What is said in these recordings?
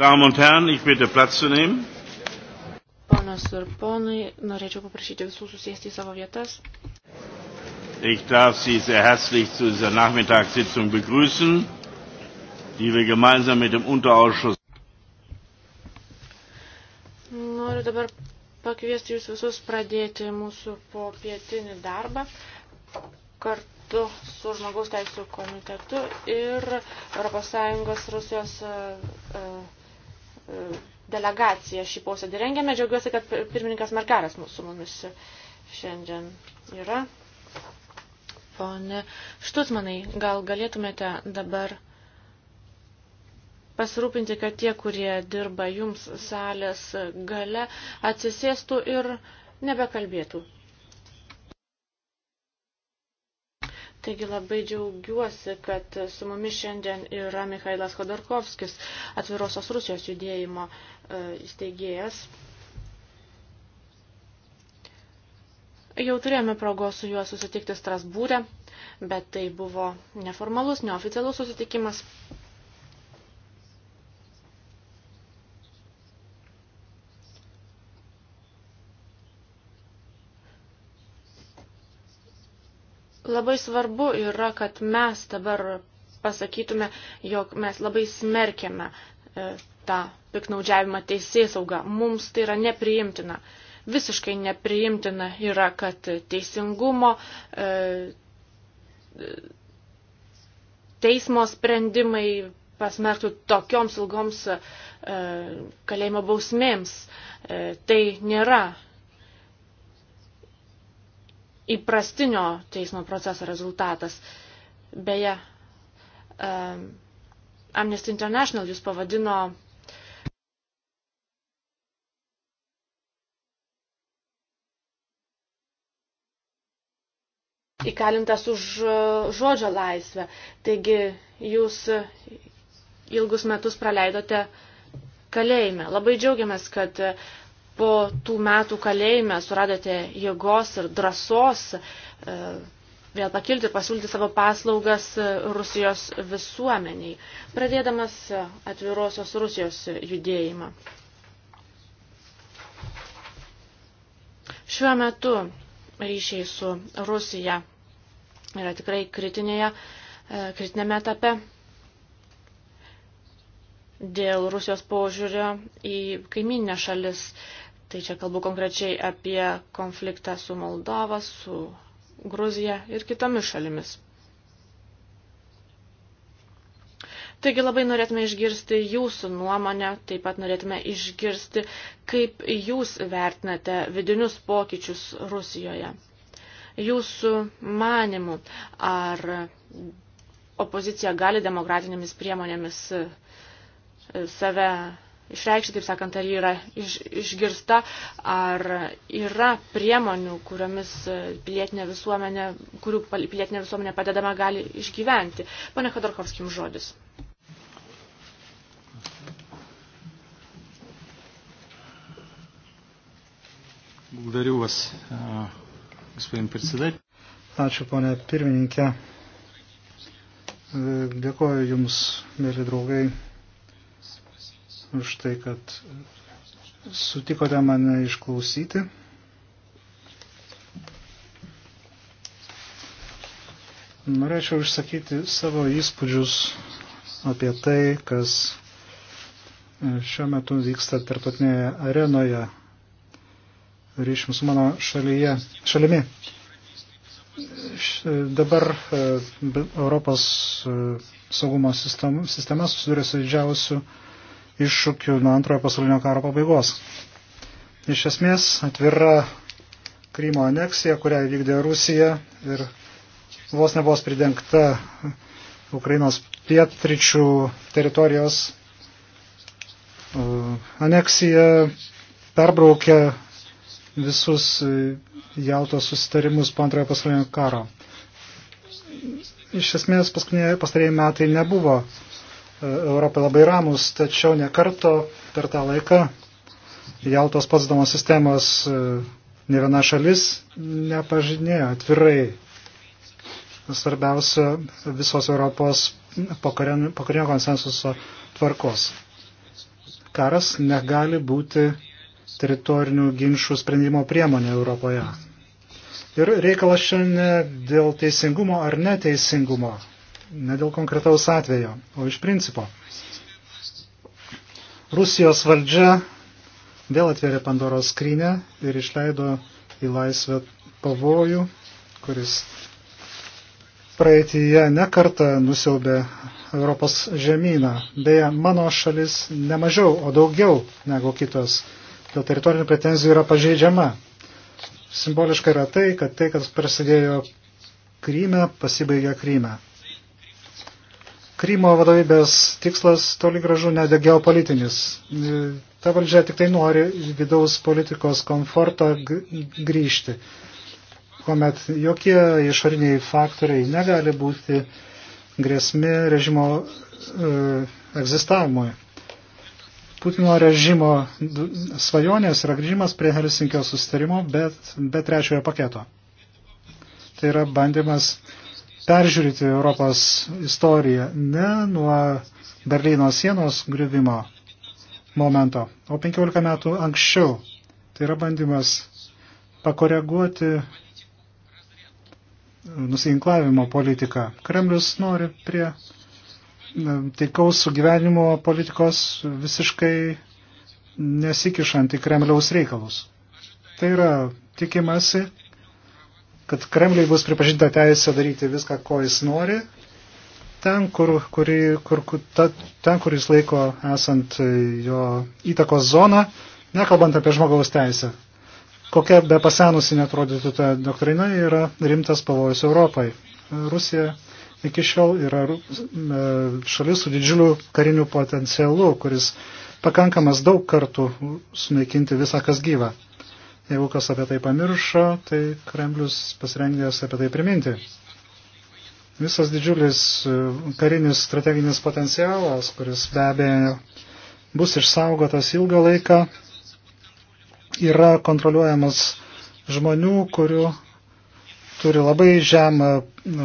Damen und Herren, ich bitte Platz zu nehmen. Ponas ir ponai, norėčiau paprašyti visų susėsti į savo vietas. Ich darf Sie sehr herzlich zu dieser Nachmittagssitzung begrüßen, die wir gemeinsam mit dem Unterausschuss. Noriu dabar pakviesti Jūs visus pradėti mūsų popietinį darbą kartu su žmogaus teisų komitetu ir ES Rusijos uh, uh, delegaciją šį posėdį rengėme. Džiaugiuosi, kad pirmininkas Margaras su mumis šiandien yra. Pone Štusmanai, gal galėtumėte dabar pasirūpinti, kad tie, kurie dirba jums salės gale, atsisėstų ir nebekalbėtų. Taigi labai džiaugiuosi, kad su mumis šiandien yra Mikhailas Khodorkovskis, atvirosios Rusijos judėjimo e, įsteigėjas. Jau turėjome progos su juo susitikti Strasbūrė, bet tai buvo neformalus, neoficialus susitikimas. Labai svarbu yra, kad mes dabar pasakytume, jog mes labai smerkiame e, tą piknaudžiavimą teisėsaugą. Mums tai yra nepriimtina. Visiškai nepriimtina yra, kad teisingumo e, teismo sprendimai pasmerktų tokioms ilgoms e, kalėjimo bausmėms. Tai nėra įprastinio teismo proceso rezultatas. Beje, um, Amnesty International jūs pavadino įkalintas už uh, žodžio laisvę. Taigi jūs ilgus metus praleidote kalėjime. Labai džiaugiamės, kad uh, po tų metų kalėjime suradote jėgos ir drąsos e, vėl pakilti ir pasiūlyti savo paslaugas e, Rusijos visuomeniai, pradėdamas e, atvirosios Rusijos judėjimą. Šiuo metu ryšiai su Rusija yra tikrai kritinėje, kritinėme etape dėl Rusijos požiūrio į kaiminę šalis Tai čia kalbu konkrečiai apie konfliktą su Moldova, su Gruzija ir kitomis šalimis. Taigi labai norėtume išgirsti jūsų nuomonę, taip pat norėtume išgirsti, kaip jūs vertinate vidinius pokyčius Rusijoje. Jūsų manimų, ar opozicija gali demokratinėmis priemonėmis save išreikšti, taip sakant, ar yra iš, išgirsta, ar yra priemonių, kuriomis pilietinė visuomenė, kurių pilietinė visuomenė padedama gali išgyventi. Pane Khodorkovskim žodis. Благодарю вас, господин председатель. Ačiū, ponė pirmininkė. Dėkuoju Jums, mėly draugai, už tai, kad sutikote mane išklausyti. Norėčiau išsakyti savo įspūdžius apie tai, kas šiuo metu vyksta tarptautinėje arenoje ryšim su mano šalyje, šalimi. Dabar e, Europos e, saugumo sistema susiduria su didžiausiu iššūkių nuo antrojo pasaulinio karo pabaigos. Iš esmės atvira Krymo aneksija, kurią vykdė Rusija ir vos nebos pridengta Ukrainos pietryčių teritorijos e, aneksija perbraukė visus e, jautos susitarimus po antrojo pasaulinio karo. Iš esmės pastarėjai metai nebuvo Europai labai ramus, tačiau nekarto per tą laiką Jaltos potsdamo sistemos e, ne viena šalis nepažinėjo atvirai svarbiausio visos Europos pokarinio konsensuso tvarkos. Karas negali būti teritorinių ginčių sprendimo priemonė Europoje. Ir reikalas čia ne dėl teisingumo ar neteisingumo ne dėl konkretaus atvejo, o iš principo. Rusijos valdžia vėl atvėrė Pandoros skrynę ir išleido į laisvę pavojų, kuris praeitįje nekartą nusiaubė Europos žemyną. Beje, mano šalis ne mažiau, o daugiau negu kitos dėl teritorinių pretenzijų yra pažeidžiama. Simboliška yra tai, kad tai, kas prasidėjo Kryme, pasibaigė Kryme. Krymo vadovybės tikslas toli gražu ne geopolitinis. Ta valdžia tik tai nori vidaus politikos komforto grįžti, kuomet jokie išoriniai faktoriai negali būti grėsmi režimo e, egzistavimui. Putino režimo svajonės yra grįžimas prie Helsinkio sustarimo, bet be trečiojo paketo. Tai yra bandymas peržiūrėti Europos istoriją ne nuo Berlyno sienos griuvimo momento, o 15 metų anksčiau. Tai yra bandymas pakoreguoti nusiginklavimo politiką. Kremlius nori prie taikaus sugyvenimo politikos visiškai nesikišant į Kremliaus reikalus. Tai yra tikimasi, kad Kremliui bus pripažinta teisė daryti viską, ko jis nori, ten, kur, kuri, kur, ta, ten, kur jis laiko esant e, jo įtakos zoną, nekalbant apie žmogaus teisę. Kokia be pasenusi netrodytų ta doktrina yra rimtas pavojus Europai. Rusija iki šiol yra e, šalis su didžiuliu kariniu potencialu, kuris pakankamas daug kartų sunaikinti visą, kas gyva. Jeigu kas apie tai pamiršo, tai Kremlius pasirengęs apie tai priminti. Visas didžiulis e, karinis strateginis potencialas, kuris be abejo bus išsaugotas ilgą laiką, yra kontroliuojamas žmonių, kurių turi labai žemą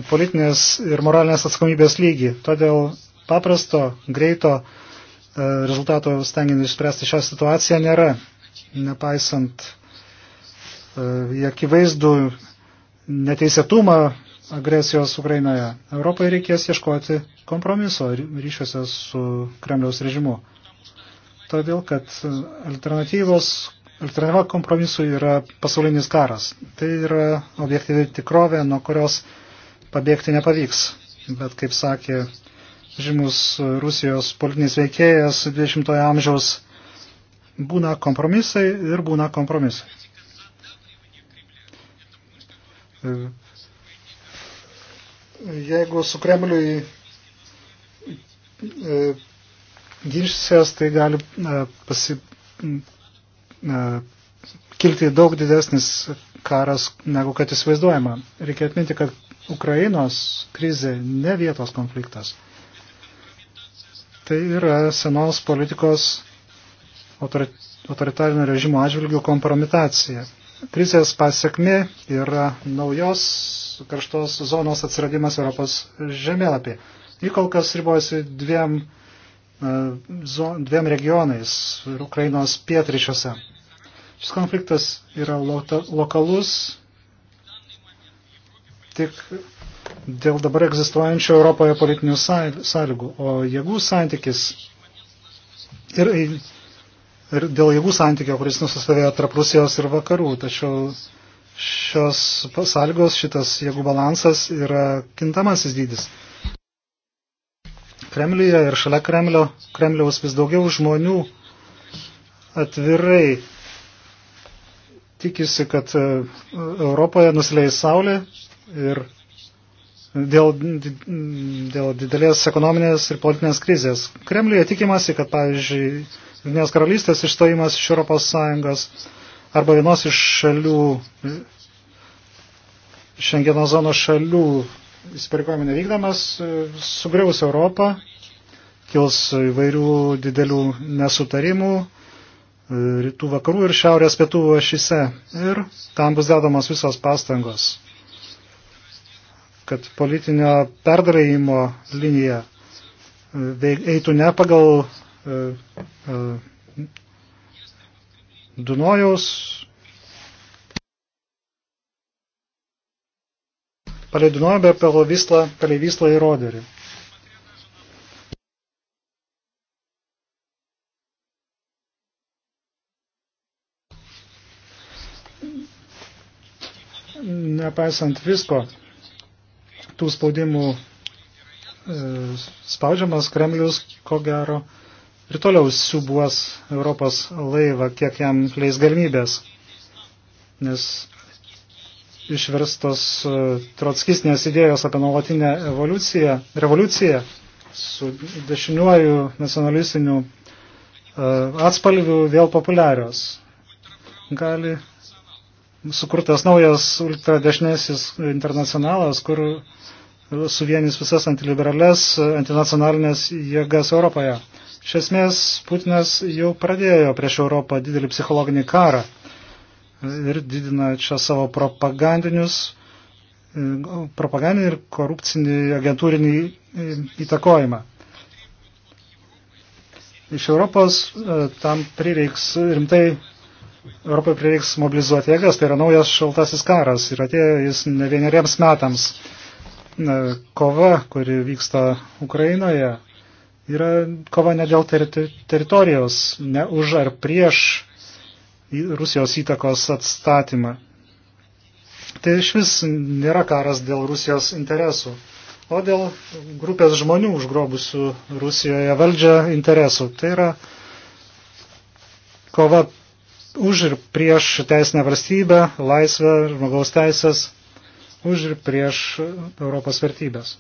politinės ir moralinės atsakomybės lygį. Todėl paprasto, greito e, rezultato stengiant išspręsti šią situaciją nėra, nepaisant į akivaizdų neteisėtumą agresijos Ukrainoje. Europai reikės ieškoti kompromiso ryšiuose su Kremliaus režimu. Todėl, kad alternatyvos, alternatyva kompromisų yra pasaulinis karas. Tai yra objektyvi tikrovė, nuo kurios pabėgti nepavyks. Bet, kaip sakė žymus Rusijos politinis veikėjas 20-ojo amžiaus, būna kompromisai ir būna kompromisai. Jeigu su Kremliui ginčysės, tai gali pasi, kilti daug didesnis karas, negu kad įsivaizduojama. Reikia atminti, kad Ukrainos krizė ne vietos konfliktas. Tai yra senos politikos autoritarinio režimo atžvilgių kompromitacija. Krizės pasiekmi yra naujos karštos zonos atsiradimas Europos žemėlapį. Ji kol kas ribojasi dviem, e, dviem regionais Ukrainos pietryčiuose. Šis konfliktas yra lo lokalus tik dėl dabar egzistuojančių Europoje politinių sąlygų, o jėgų santykis ir ir dėl jėgų santykio, kuris nusistovėjo tarp Rusijos ir vakarų. Tačiau šios sąlygos, šitas jėgų balansas yra kintamasis dydis. Kremliuje ir šalia Kremlio, Kremliaus vis daugiau žmonių atvirai tikisi, kad e, Europoje nusileis saulė ir dėl, dėl didelės ekonominės ir politinės krizės. Kremliuje tikimasi, kad, pavyzdžiui, Nes karalystės išstojimas iš Europos Sąjungos arba vienos iš šalių, Šengeno zonos šalių įsipareigojimų nevykdamas sugriaus Europą, kils įvairių didelių nesutarimų rytų vakarų ir šiaurės pietų ašise. Ir tam bus dedamos visos pastangos, kad politinio perdarėjimo linija eitų ne pagal Dunojaus palei Dunojų be Pelovislą, palei Vyslą į Roderį. Nepaisant visko, tų spaudimų e, spaudžiamas Kremlius, ko gero, e, ir toliau siubuos Europos laivą, kiek jam leis galimybės, nes išverstos e, trotskistinės idėjos apie nuolatinę evoliuciją, revoliuciją su dešiniuoju nacionalistiniu e, atspalviu vėl populiarios. Gali sukurtas naujas ultradešnesis internacionalas, kur suvienys visas antiliberales, antinacionalinės jėgas Europoje. Iš esmės, Putinas jau pradėjo prieš Europą didelį psichologinį karą ir didina čia savo propagandinius, e, propagandinį ir korupcinį agentūrinį e, įtakojimą. Iš Europos e, tam prireiks rimtai Europai prireiks mobilizuoti jėgas, tai yra naujas šaltasis karas ir atėjo jis ne vieneriems metams. Kova, kuri vyksta Ukrainoje, yra kova ne dėl terito teritorijos, ne už ar prieš Rusijos įtakos atstatymą. Tai iš vis nėra karas dėl Rusijos interesų, o dėl grupės žmonių užgrobusių Rusijoje valdžią interesų. Tai yra kova už ir prieš teisinę valstybę, laisvę, žmogaus teisės, už ir prieš Europos vertybės.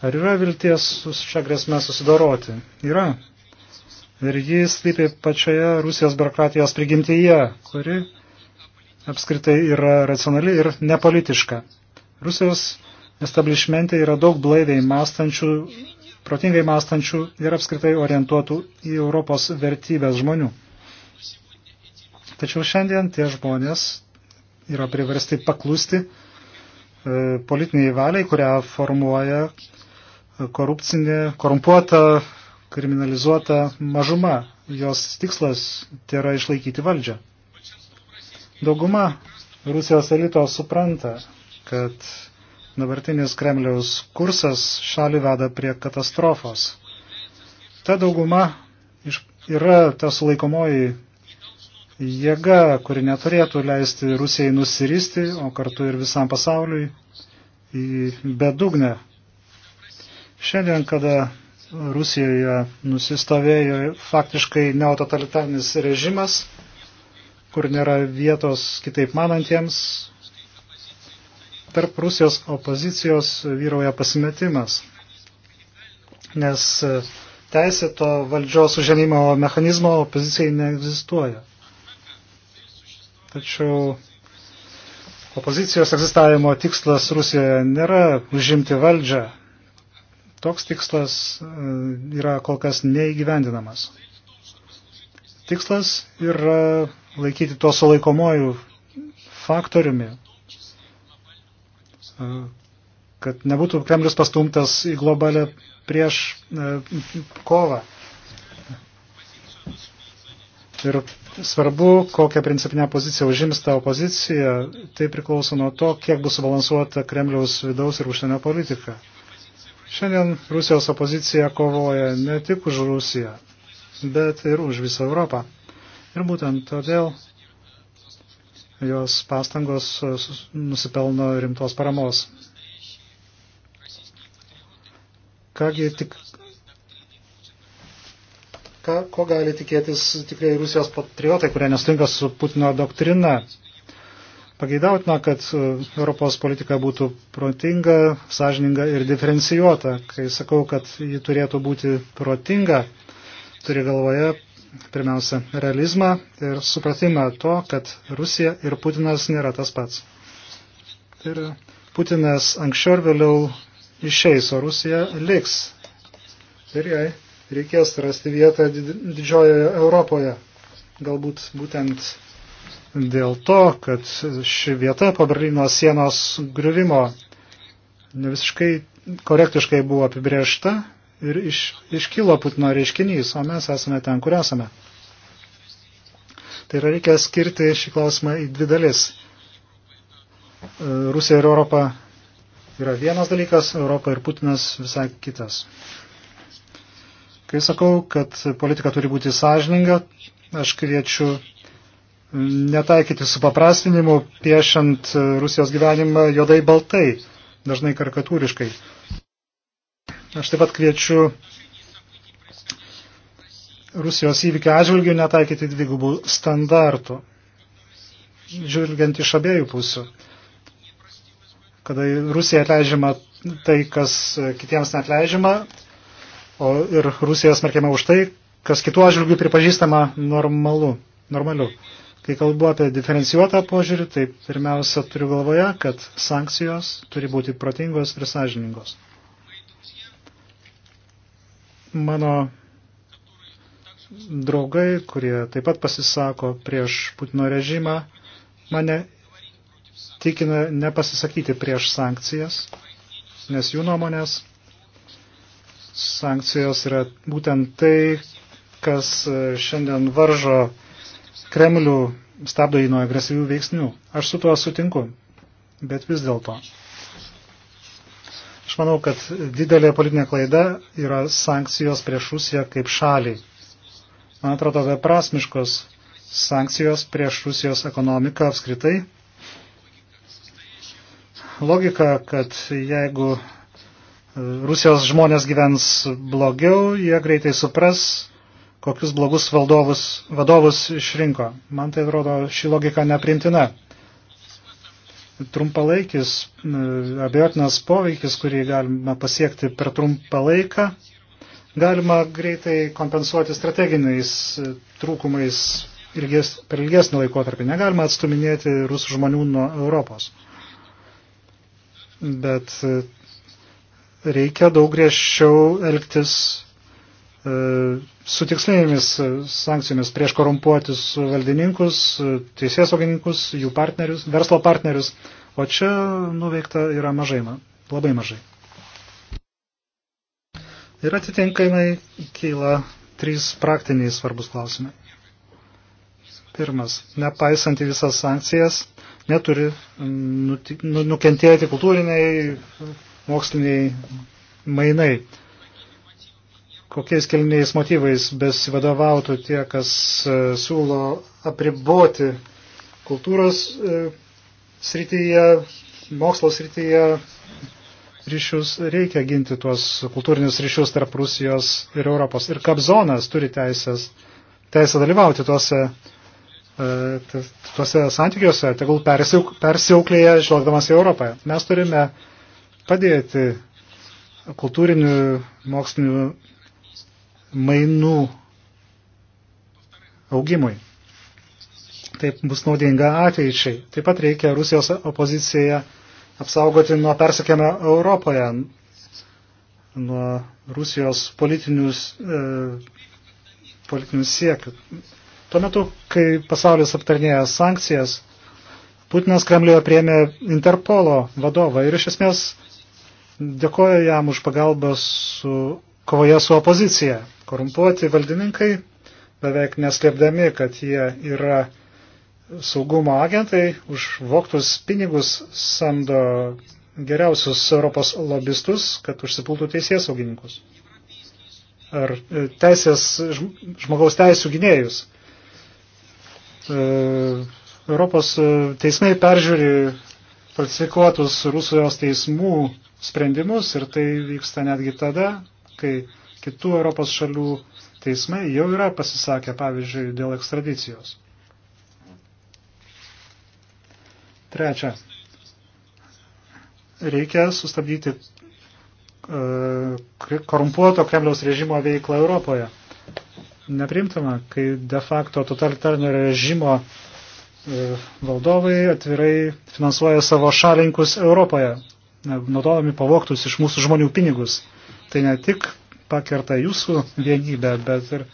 Ar yra vilties su šią grėsmę susidoroti? Yra. Ir jis slypi pačioje Rusijos biurokratijos prigimtyje, kuri apskritai yra racionali ir nepolitiška. Rusijos establishmente yra daug blaiviai mąstančių, protingai mąstančių ir apskritai orientuotų į Europos vertybės žmonių. Tačiau šiandien tie žmonės yra priversti paklusti e, politiniai valiai, kurią formuoja korupcinė, korumpuota, kriminalizuota mažuma. Jos tikslas tai yra išlaikyti valdžią. Dauguma Rusijos elito supranta, kad dabartinis Kremliaus kursas šalį veda prie katastrofos. Ta dauguma yra ta sulaikomoji jėga, kuri neturėtų leisti Rusijai nusiristi, o kartu ir visam pasauliui į bedugnę Šiandien, kada Rusijoje nusistovėjo faktiškai neototalitarnis režimas, kur nėra vietos kitaip manantiems, tarp Rusijos opozicijos vyrauja pasimetimas, nes teisėto valdžios užėmimo mechanizmo opozicijai neegzistuoja. Tačiau opozicijos egzistavimo tikslas Rusijoje nėra užimti valdžią, Toks tikslas e, yra kol kas neįgyvendinamas. Tikslas yra laikyti tuo sulaikomojų faktoriumi, e, kad nebūtų Kremlius pastumtas į globalę prieš e, kovą. Ir svarbu, kokią principinę poziciją užims ta opozicija, tai priklauso nuo to, kiek bus subalansuota Kremliaus vidaus ir užsienio politika. Šiandien Rusijos opozicija kovoja ne tik už Rusiją, bet ir už visą Europą. Ir būtent todėl jos pastangos nusipelno rimtos paramos. Kągi tik ką, ko gali tikėtis tikrai Rusijos patriotai, kurie nesutinka su Putino doktrina. Pageidautina, kad e, Europos politika būtų protinga, sąžininga ir diferencijuota. Kai sakau, kad ji turėtų būti protinga, turi galvoje pirmiausia realizmą ir supratimą to, kad Rusija ir Putinas nėra tas pats. Tai yra, Putinas anksčiau ir vėliau išeis, o Rusija liks. Ir jai reikės rasti vietą didžiojoje Europoje. Galbūt būtent dėl to, kad ši vieta po Berlyno sienos griuvimo visiškai korektiškai buvo apibriešta ir iš, iškilo Putino reiškinys, o mes esame ten, kur esame. Tai yra reikia skirti šį klausimą į dvi dalis. E, Rusija ir Europa yra vienas dalykas, Europa ir Putinas visai kitas. Kai sakau, kad politika turi būti sąžininga, aš kviečiu netaikyti supaprastinimų, piešiant e, Rusijos gyvenimą jodai baltai, dažnai karikatūriškai. Aš taip pat kviečiu Rusijos įvykių atžvilgių netaikyti dvigubų standartų, žvelgiant iš abiejų pusių, kada Rusija atleidžiama tai, kas kitiems netleidžiama, o ir Rusija smerkiama už tai, kas kitų atžvilgių pripažįstama normalu. normaliu. normaliu. Kai kalbu apie diferencijuotą požiūrį, tai pirmiausia turiu galvoje, kad sankcijos turi būti protingos ir sąžiningos. Mano draugai, kurie taip pat pasisako prieš Putino režimą, mane tikina nepasisakyti prieš sankcijas, nes jų nuomonės sankcijos yra būtent tai, kas šiandien varžo Kremlių stabdo jį nuo agresyvių veiksnių. Aš su tuo sutinku, bet vis dėlto. Aš manau, kad didelė politinė klaida yra sankcijos prieš Rusiją kaip šalį. Man atrodo, beprasmiškos sankcijos prieš Rusijos ekonomiką apskritai. Logika, kad jeigu Rusijos žmonės gyvens blogiau, jie greitai supras, kokius blogus valdovus, vadovus išrinko. Man tai atrodo ši logika neprimtina. Trumpalaikis e, abejotinas poveikis, kurį galima pasiekti per trumpą laiką, galima greitai kompensuoti strateginiais e, trūkumais ilges, per ilgesnį laikotarpį. Negalima atstuminėti rusų žmonių nuo Europos. Bet e, reikia daug griežčiau elgtis E, su tikslinėmis sankcijomis prieš korumpuotis valdininkus, e, teisėsaugininkus, jų partnerius, verslo partnerius, o čia nuveikta yra mažai, labai mažai. Ir atitinkamai kyla trys praktiniai svarbus klausimai. Pirmas, nepaisant į visas sankcijas, neturi nu, nukentėti kultūriniai, moksliniai mainai kokiais keliniais motyvais besivadovautų tie, kas e, siūlo apriboti kultūros e, srityje, mokslo srityje ryšius, reikia ginti tuos kultūrinius ryšius tarp Rusijos ir Europos. Ir Kabzonas turi teisės, teisę dalyvauti tuose, e, tuose santykiuose, tegul persiauk, persiauklėje žvelgdamas į Europą. Mes turime padėti kultūrinių mokslinių mainų augimui. Taip bus naudinga ateičiai. Taip pat reikia Rusijos opoziciją apsaugoti nuo persikėmio Europoje, nuo Rusijos politinius, e, politinius siekių. Tuo metu, kai pasaulis aptarnėja sankcijas, Putinas Kremliuje priemė Interpolo vadovą ir iš esmės dėkoja jam už pagalbą su kovoje su opozicija. Korumpuoti valdininkai, beveik neslėpdami, kad jie yra saugumo agentai, už voktus pinigus samdo geriausius Europos lobistus, kad užsipultų e, teisės saugininkus. Ar teisės, žmogaus teisų gynėjus. E, Europos e, teismai peržiūri falsifikuotus Rusijos teismų sprendimus ir tai vyksta netgi tada, kai kitų Europos šalių teismai jau yra pasisakę, pavyzdžiui, dėl ekstradicijos. Trečia. Reikia sustabdyti e, korumpuoto Kremliaus režimo veiklą Europoje. Neprimtama, kai de facto totalitarnio režimo e, valdovai atvirai finansuoja savo šalinkus Europoje, naudodami pavoktus iš mūsų žmonių pinigus tai ne tik pakerta jūsų vienybę, bet ir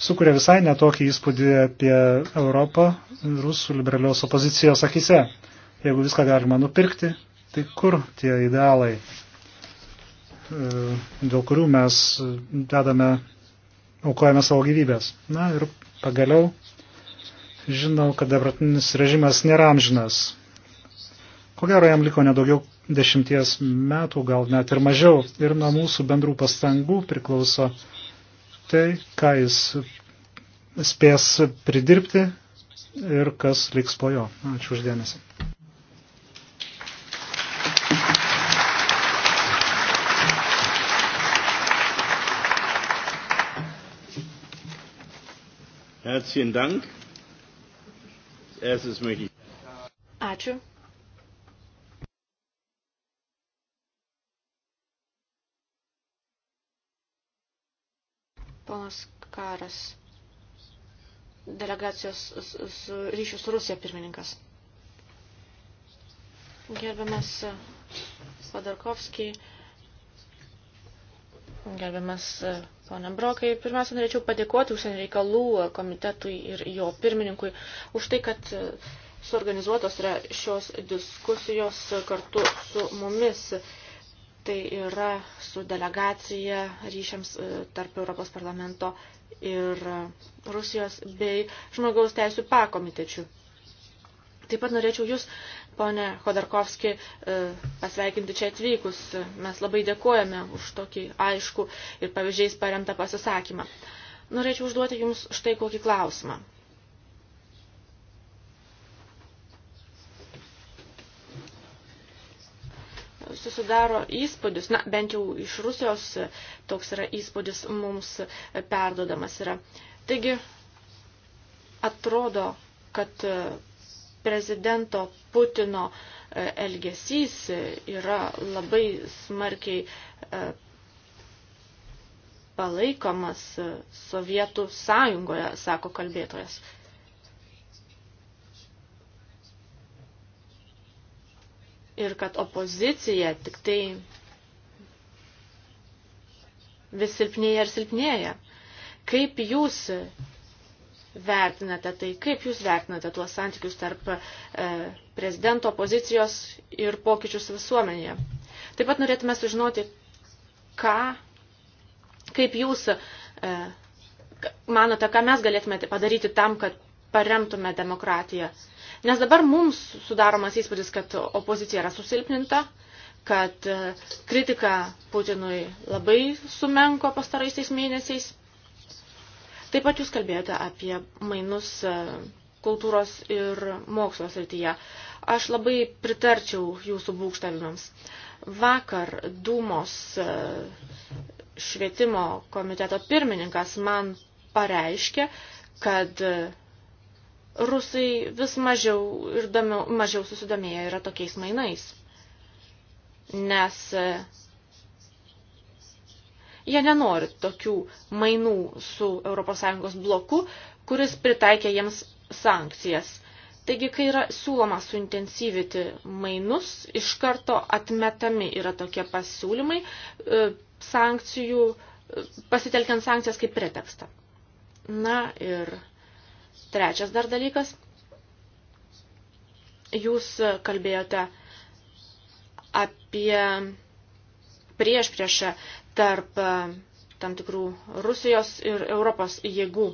sukuria visai netokį įspūdį apie Europą rusų liberalios opozicijos akise. Jeigu viską galima nupirkti, tai kur tie idealai, e, dėl kurių mes dedame, aukojame savo gyvybės. Na ir pagaliau žinau, kad dabartinis režimas nėra amžinas. Ko gero jam liko nedaugiau dešimties metų, gal net ir mažiau. Ir nuo mūsų bendrų pastangų priklauso tai, ką jis spės pridirbti ir kas liks po jo. Ačiū uždėmesi. Herzlichen Dank. Erstes möchte ich. Ačiū. Ponas Karas, delegacijos su, su ryšių su Rusija pirmininkas. Gerbiamas Padarkovskiai, e, gerbiamas e, ponė Brokai, pirmiausia, norėčiau padėkoti užsienio reikalų e, komitetui ir jo pirmininkui už tai, kad suorganizuotos yra šios diskusijos kartu su mumis. Tai yra su delegacija ryšiams e, tarp Europos parlamento ir e, Rusijos bei žmogaus teisų pakomitečių. Taip pat norėčiau Jūs, ponė Khodorkovski, e, pasveikinti čia atvykus. Mes labai dėkojame už tokį aišku ir pavyzdžiais paremtą pasisakymą. Norėčiau užduoti Jums štai kokį klausimą. susidaro įspūdis, na bent jau iš Rusijos toks yra įspūdis mums perdodamas yra. Taigi atrodo, kad prezidento Putino e, elgesys yra labai smarkiai e, palaikomas Sovietų sąjungoje, sako kalbėtojas. ir kad opozicija tik tai vis silpnėja ir silpnėja. Kaip jūs vertinate tai, kaip jūs vertinate tuos santykius tarp e, prezidento opozicijos ir pokyčius visuomenėje? Taip pat norėtume sužinoti, ką, kaip jūs e, manote, ką mes galėtume padaryti tam, kad paremtume demokratiją. Nes dabar mums sudaromas įspūdis, kad opozicija yra susilpninta, kad e, kritika Putinui labai sumenko pastaraisiais mėnesiais. Taip pat jūs kalbėjote apie mainus e, kultūros ir mokslo srityje. Aš labai pritarčiau jūsų būkštavimams. Vakar Dūmos e, švietimo komiteto pirmininkas man pareiškė, kad rusai vis mažiau ir domiau, mažiau susidomėję yra tokiais mainais. Nes e, jie nenori tokių mainų su ES bloku, kuris pritaikė jiems sankcijas. Taigi, kai yra siūloma suintensyvyti mainus, iš karto atmetami yra tokie pasiūlymai e, sankcijų, e, pasitelkiant sankcijas kaip pretekstą. Na ir Trečias dar dalykas. Jūs kalbėjote apie prieš priešą tarp e, tam tikrų Rusijos ir Europos jėgų.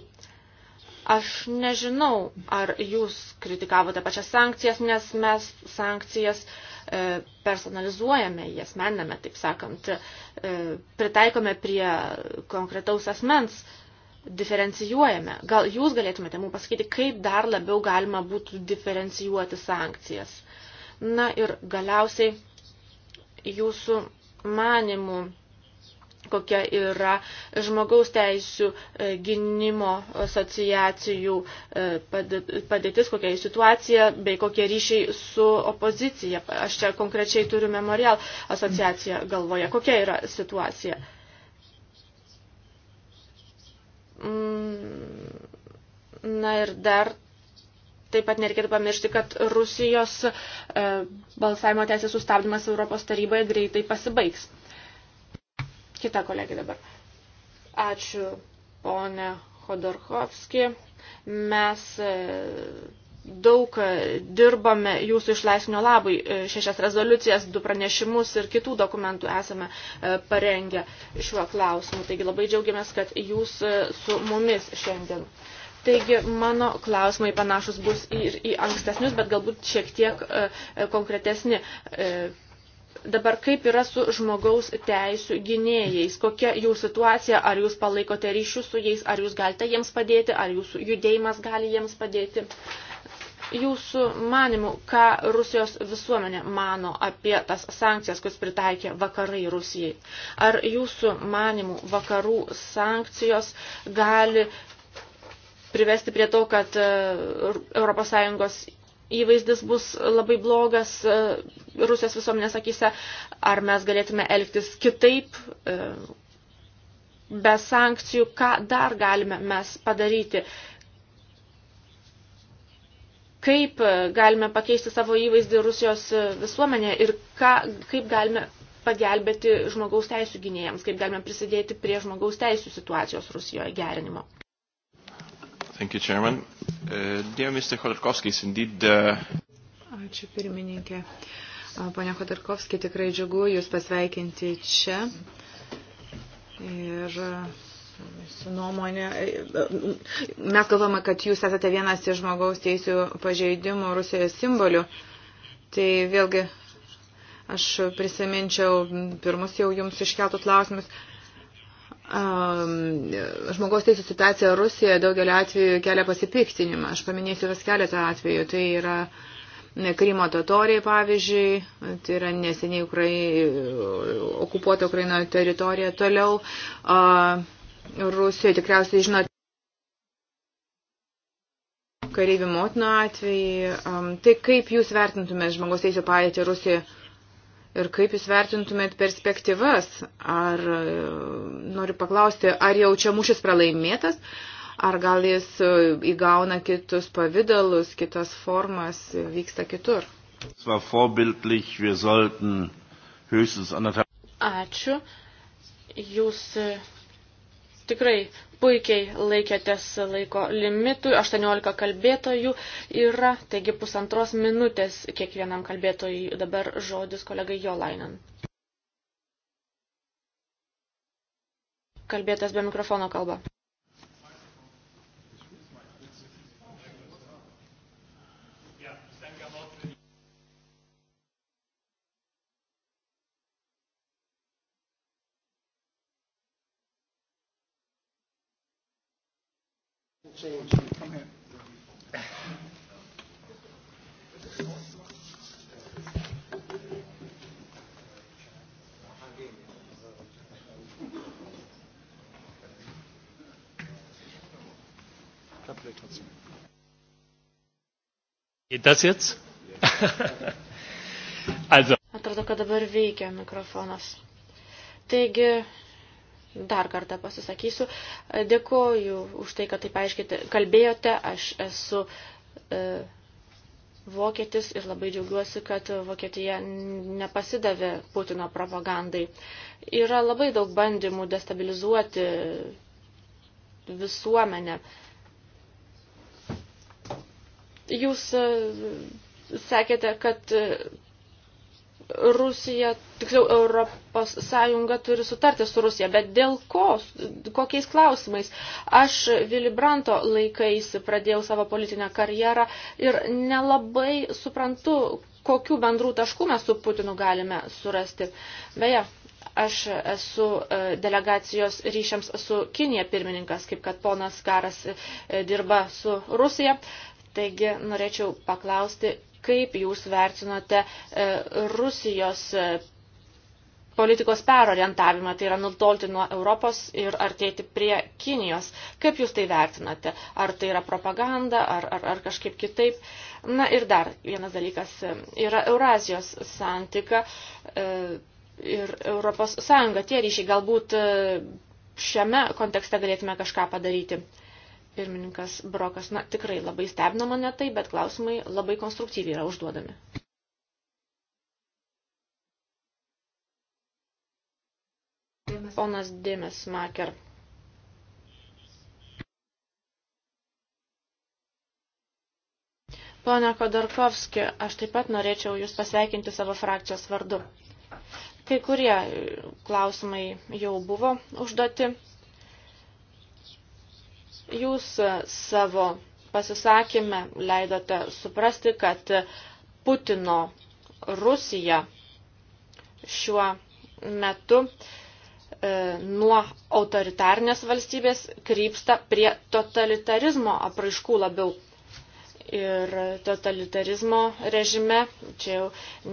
Aš nežinau, ar jūs kritikavote pačias sankcijas, nes mes sankcijas e, personalizuojame, jas mename, taip sakant, e, pritaikome prie konkretaus asmens diferencijuojame. Gal jūs galėtumėte mums pasakyti, kaip dar labiau galima būtų diferencijuoti sankcijas. Na ir galiausiai jūsų manimų, kokia yra žmogaus teisų e, gynimo asociacijų e, padėtis, kokia jų situacija, bei kokie ryšiai su opozicija. Aš čia konkrečiai turiu memorial asociaciją galvoje. Kokia yra situacija? Mm, na ir dar taip pat nereikėtų pamiršti, kad Rusijos e, balsavimo teisės sustabdymas Europos taryboje greitai pasibaigs. Kita kolegė dabar. Ačiū, ponė Hodorkovski. Mes e, daug e, dirbame jūsų išlaisvinio labui, e, šešias rezoliucijas, du pranešimus ir kitų dokumentų esame e, parengę šiuo klausimu. Taigi labai džiaugiamės, kad jūs su mumis šiandien. Taigi mano klausimai panašus bus ir į ankstesnius, bet galbūt šiek tiek konkretesni. Dabar kaip yra su žmogaus teisų gynėjais? Kokia jų situacija? Ar jūs palaikote ryšius su jais? Ar jūs galite jiems padėti? Ar jūsų judėjimas gali jiems padėti? Uh, jūsų manimų, ką Rusijos visuomenė mano apie tas sankcijas, kuris pritaikė vakarai Rusijai? Ar jūsų manimų vakarų sankcijos gali privesti prie to, kad ES įvaizdis bus labai blogas e, Rusijos visuomenės akise? Ar mes galėtume elgtis kitaip? E, be sankcijų, ką dar galime mes padaryti? kaip e, galime pakeisti savo įvaizdį Rusijos e, visuomenė ir ką, kaip galime pagelbėti žmogaus teisų gynėjams, kaip galime prisidėti prie žmogaus teisų situacijos Rusijoje gerinimo. Thank you, Chairman. Uh, dear Mr. Khodorkovskis, indeed... Uh... Ačiū, pirmininkė. Pane Khodorkovski, tikrai džiugu Jūs pasveikinti čia. Ir uh, Su nuomonė, mes galvome, kad jūs esate vienas iš žmogaus teisų pažeidimų Rusijos simbolių. Tai vėlgi aš prisiminčiau pirmus jau jums iškeltų klausimus. Žmogaus teisų situacija Rusijoje daugelio atveju kelia pasipiktinimą. Aš paminėsiu vis keletą atvejų. Tai yra Krymo totoriai, pavyzdžiui, tai yra neseniai Ukrai, okupuota Ukraino teritorija. Toliau. Uh, Rusijoje tikriausiai žinote kareivių motino atvejį. Um, tai kaip jūs vertintumėt žmogaus teisų padėtį Rusijoje ir kaip jūs vertintumėt perspektyvas? Ar e, noriu paklausti, ar jau čia mūšis pralaimėtas, ar gal jis e, įgauna kitus pavydalus, kitas formas, vyksta kitur? Ačiū. Jūs e, tikrai puikiai laikėtės laiko limitų, 18 kalbėtojų yra, taigi pusantros minutės kiekvienam kalbėtojui dabar žodis kolegai Jolainan. Kalbėtas be mikrofono kalba. change. Come here. Geht das jetzt? also. Atrodo, kad dabar veikia mikrofonas. Taigi, dar kartą pasisakysiu. Dėkoju už tai, kad taip aiškiai kalbėjote. Aš esu e, vokietis ir labai džiaugiuosi, kad Vokietija nepasidavė Putino propagandai. Yra labai daug bandymų destabilizuoti visuomenę. Jūs e, sakėte, kad Rusija, tiksliau Europos Sąjunga turi sutarti su Rusija, bet dėl ko, kokiais klausimais. Aš Vili Branto laikais pradėjau savo politinę karjerą ir nelabai suprantu, kokių bendrų taškų mes su Putinu galime surasti. Beje, aš esu e, delegacijos ryšiams su Kinija pirmininkas, kaip kad ponas Karas e, dirba su Rusija. Taigi norėčiau paklausti, kaip jūs vertinote e, Rusijos e, politikos perorientavimą, tai yra nutolti nuo Europos ir artėti prie Kinijos. Kaip jūs tai vertinate? Ar tai yra propaganda, ar, ar, ar kažkaip kitaip? Na ir dar vienas dalykas e, yra Eurazijos santika ir Europos Sąjunga. Tie ryšiai galbūt šiame kontekste galėtume kažką padaryti. Pirmininkas Brokas, na tikrai labai stebina mane tai, bet klausimai labai konstruktyviai yra užduodami. Ponas Dėmes Maker. Pone Kodarkovski, aš taip pat norėčiau Jūs pasveikinti savo frakcijos vardu. Kai kurie klausimai jau buvo užduoti, Jūs e, savo pasisakymę leidote suprasti, kad Putino Rusija šiuo metu e, nuo autoritarnės valstybės krypsta prie totalitarizmo apraiškų labiau. Ir totalitarizmo režime čia jau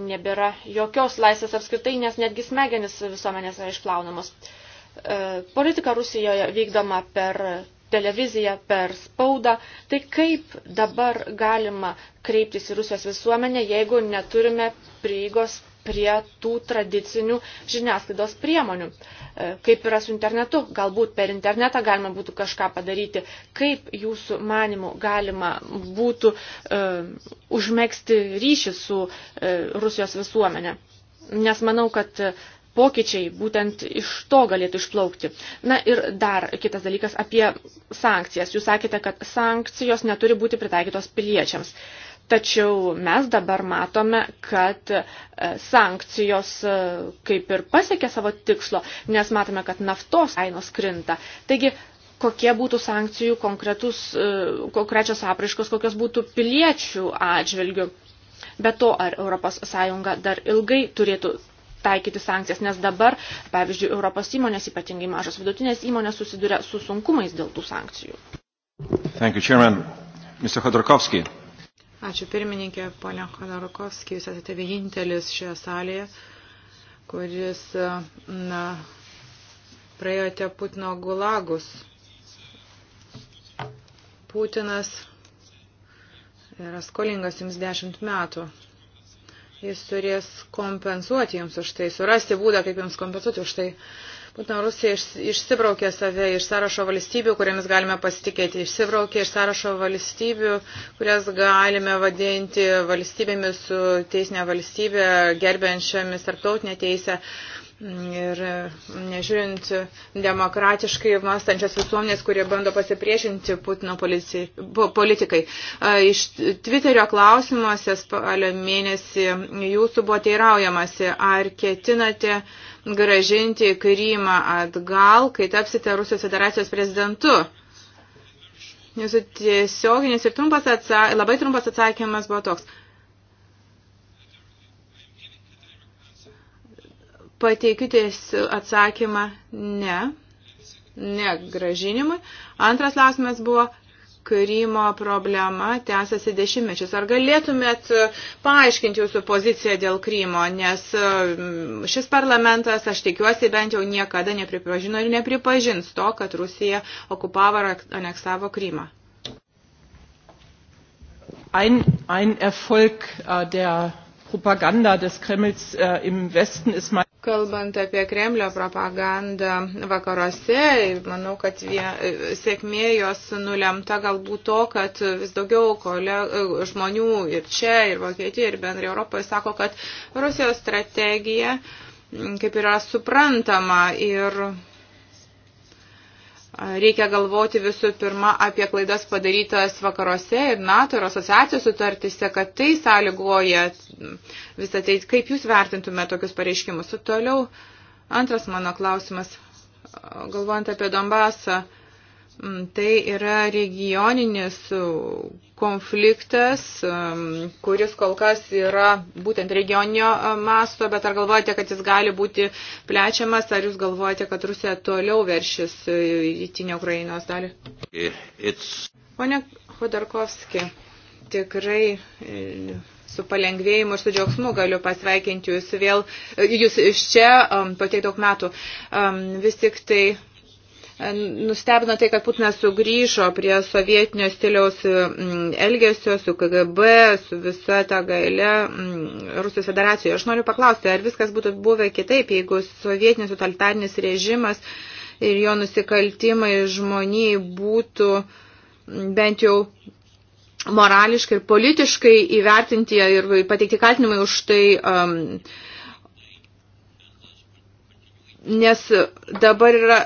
nebėra jokios laisvės apskritai, nes netgi smegenis visuomenės yra išplaunamos. E, politika Rusijoje vykdoma per televiziją, per spaudą. Tai kaip dabar galima kreiptis į Rusijos visuomenę, jeigu neturime prieigos prie tų tradicinių žiniasklaidos priemonių. E, kaip yra su internetu, galbūt per internetą galima būtų kažką padaryti. Kaip jūsų manimų galima būtų e, užmėgsti ryšį su e, Rusijos visuomenė? Nes manau, kad pokyčiai būtent iš to galėtų išplaukti. Na ir dar kitas dalykas apie sankcijas. Jūs sakėte, kad sankcijos neturi būti pritaikytos piliečiams. Tačiau mes dabar matome, kad e, sankcijos e, kaip ir pasiekė savo tikslo, nes matome, kad naftos kainos krinta. Taigi, kokie būtų sankcijų e, konkrečios apraiškos, kokios būtų piliečių atžvilgių. Be to, ar ES dar ilgai turėtų taikyti sankcijas, nes dabar, pavyzdžiui, Europos įmonės, ypatingai mažos vidutinės įmonės, susiduria su sunkumais dėl tų sankcijų. Thank you, Chairman. Mr. Khodorkovsky. Ačiū pirmininkė, ponia Khodorkovsky, jūs esate vienintelis šioje salėje, kuris na, praėjote Putino gulagus. Putinas yra skolingas jums dešimt metų. Jis turės kompensuoti jums už tai, surasti būdą, kaip jums kompensuoti už tai. Putino Rusija išsibraukė save iš sąrašo valstybių, kuriamis galime pasitikėti. Išsibraukė iš sąrašo valstybių, kurias galime vadinti valstybėmis su teisinė valstybė, gerbiančiamis tarptautinė teisė. Ir mm, nežiūrint demokratiškai mąstančios visuomenės, kurie bando pasipriešinti Putino policijai, politikai. Iš Twitterio klausimuose spalio mėnesį jūsų buvo teiraujamasi, ar ketinate gražinti Krymą atgal, kai tapsite Rusijos federacijos prezidentu. Jūsų tiesioginis ir trumpas atsa, labai trumpas atsakymas buvo toks. Pateikitės atsakymą ne, ne gražinimui. Antras klausimas buvo, Krymo problema tęsiasi dešimtmečius. Ar galėtumėt e, paaiškinti jūsų poziciją dėl Krymo, nes e, šis parlamentas, aš tikiuosi, bent jau niekada nepripažino ir nepripažins to, kad Rusija okupavo ar aneksavo Krymą. Ein, ein Erfolg äh, der propaganda des Kremls äh, im Westen ist mal. Kalbant apie Kremlio propagandą vakaruose, manau, kad vie, e, sėkmė jos nulemta galbūt to, kad vis daugiau kole, e, žmonių ir čia, ir Vokietijoje, ir bendrai Europoje sako, kad Rusijos strategija kaip yra suprantama ir Reikia galvoti visų pirma apie klaidas padarytas vakaruose ir NATO ir asociacijos sutartise, kad tai sąlygoja visą tai. Kaip Jūs vertintume tokius pareiškimus? Toliau antras mano klausimas, galvojant apie Donbasą. Mm, tai yra regioninis konfliktas, mm, kuris kol kas yra būtent regioninio e, masto, bet ar galvojate, kad jis gali būti plečiamas, ar jūs galvojate, kad Rusija toliau veršis rytinę Ukrainos dalį? Eh, it's... Pone Khodorkovski, tikrai e, su palengvėjimu ir su džiaugsmu galiu pasveikinti jūs vėl, e, jūs iš čia po tiek daug metų. Vis tik tai Nustebino tai, kad Putinas sugrįžo prie sovietinio stiliaus mm, elgesio su KGB, su visa ta gaile mm, Rusijos federacijoje. Aš noriu paklausti, ar viskas būtų buvę kitaip, jeigu sovietinis totalitarinis režimas ir jo nusikaltimai žmonijai būtų mm, bent jau morališkai ir politiškai įvertinti ir pateikti kaltinimai už tai. Um, nes dabar yra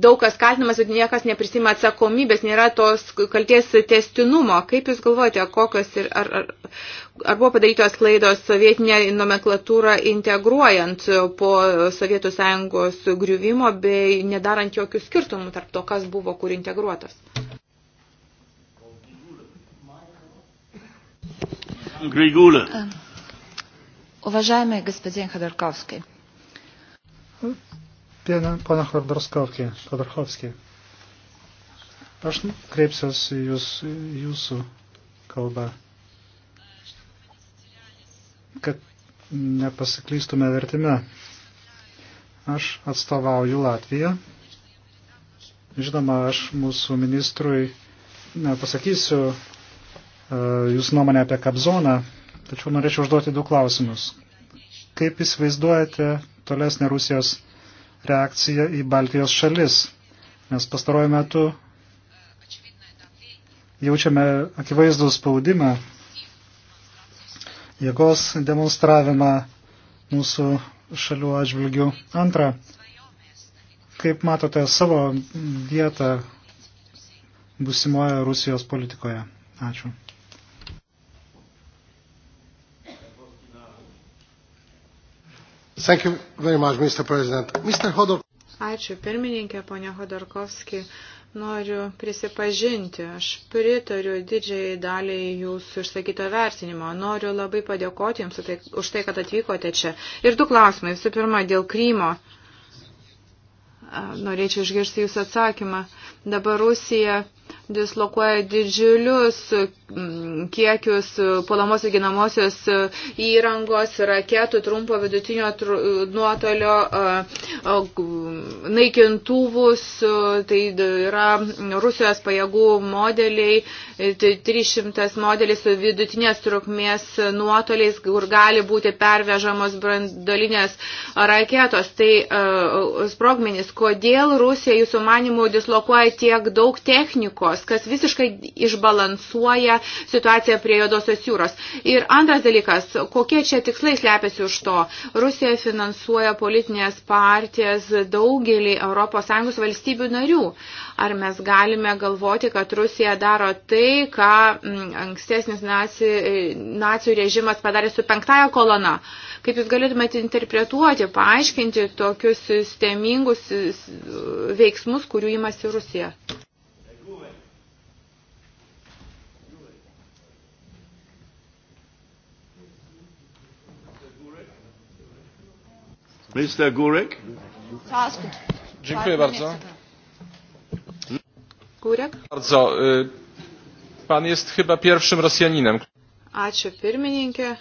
daug kas kaltinamas, bet niekas neprisima atsakomybės, nėra tos kalties testinumo. Kaip Jūs galvojate, kokios ir ar, ar, ar buvo padarytos klaidos sovietinė nomenklatūra integruojant po Sovietų sąjungos griuvimo bei nedarant jokių skirtumų tarp to, kas buvo kur integruotas? Grigula. Уважаемый господин Ходорковский, Pana Khodorkovskį. Aš kreipsiuosi jūs, jūsų kalbą, kad nepasiklystume vertime. Aš atstovauju Latviją. Žinoma, aš mūsų ministrui ne, pasakysiu e, jūsų nuomonę apie Kabzoną, tačiau norėčiau užduoti du klausimus. Kaip įsivaizduojate tolesnė Rusijos reakcija į Baltijos šalis, nes pastaruoju metu jaučiame akivaizdų spaudimą, jėgos demonstravimą mūsų šalių atžvilgių. Antra, kaip matote savo vietą busimoje Rusijos politikoje? Ačiū. Thank you very much, Mr. President. Mr. Hodor... Ačiū pirmininkė, ponia Hodorkovski. Noriu prisipažinti, aš pritariu didžiai daliai jūsų išsakyto vertinimo. Noriu labai padėkoti jums už tai, tai kad atvykote čia. Ir du klausimai. Visų pirma, dėl Krymo. Norėčiau išgirsti jūsų atsakymą. Dabar Rusija dislokuoja didžiulius mm, kiekius puolamos ir ginamosios įrangos, raketų, trumpo vidutinio nuotolio, naikintuvus, tai yra Rusijos pajėgų modeliai, 300 tai modeliai su vidutinės trukmės nuotoliais, kur gali būti pervežamos brandolinės raketos. Tai sprogmenis, kodėl Rusija jūsų manimų dislokuoja tiek daug technikų? politikos, kas visiškai išbalansuoja situaciją prie Jodosios jūros. Ir antras dalykas, kokie čia tikslai slepiasi už to. Rusija finansuoja politinės partijas daugelį ES valstybių narių. Ar mes galime galvoti, kad Rusija daro tai, ką mm, ankstesnis naci, nacijų režimas padarė su penktaja kolona? Kaip jūs galėtumėte interpretuoti, paaiškinti tokius sistemingus veiksmus, kurių imasi Rusija? Mr. Gurek. Dziękuję bardzo. Gurek. Bardzo. Pan jest chyba pierwszym Rosjaninem. Ačiū pirmininkė.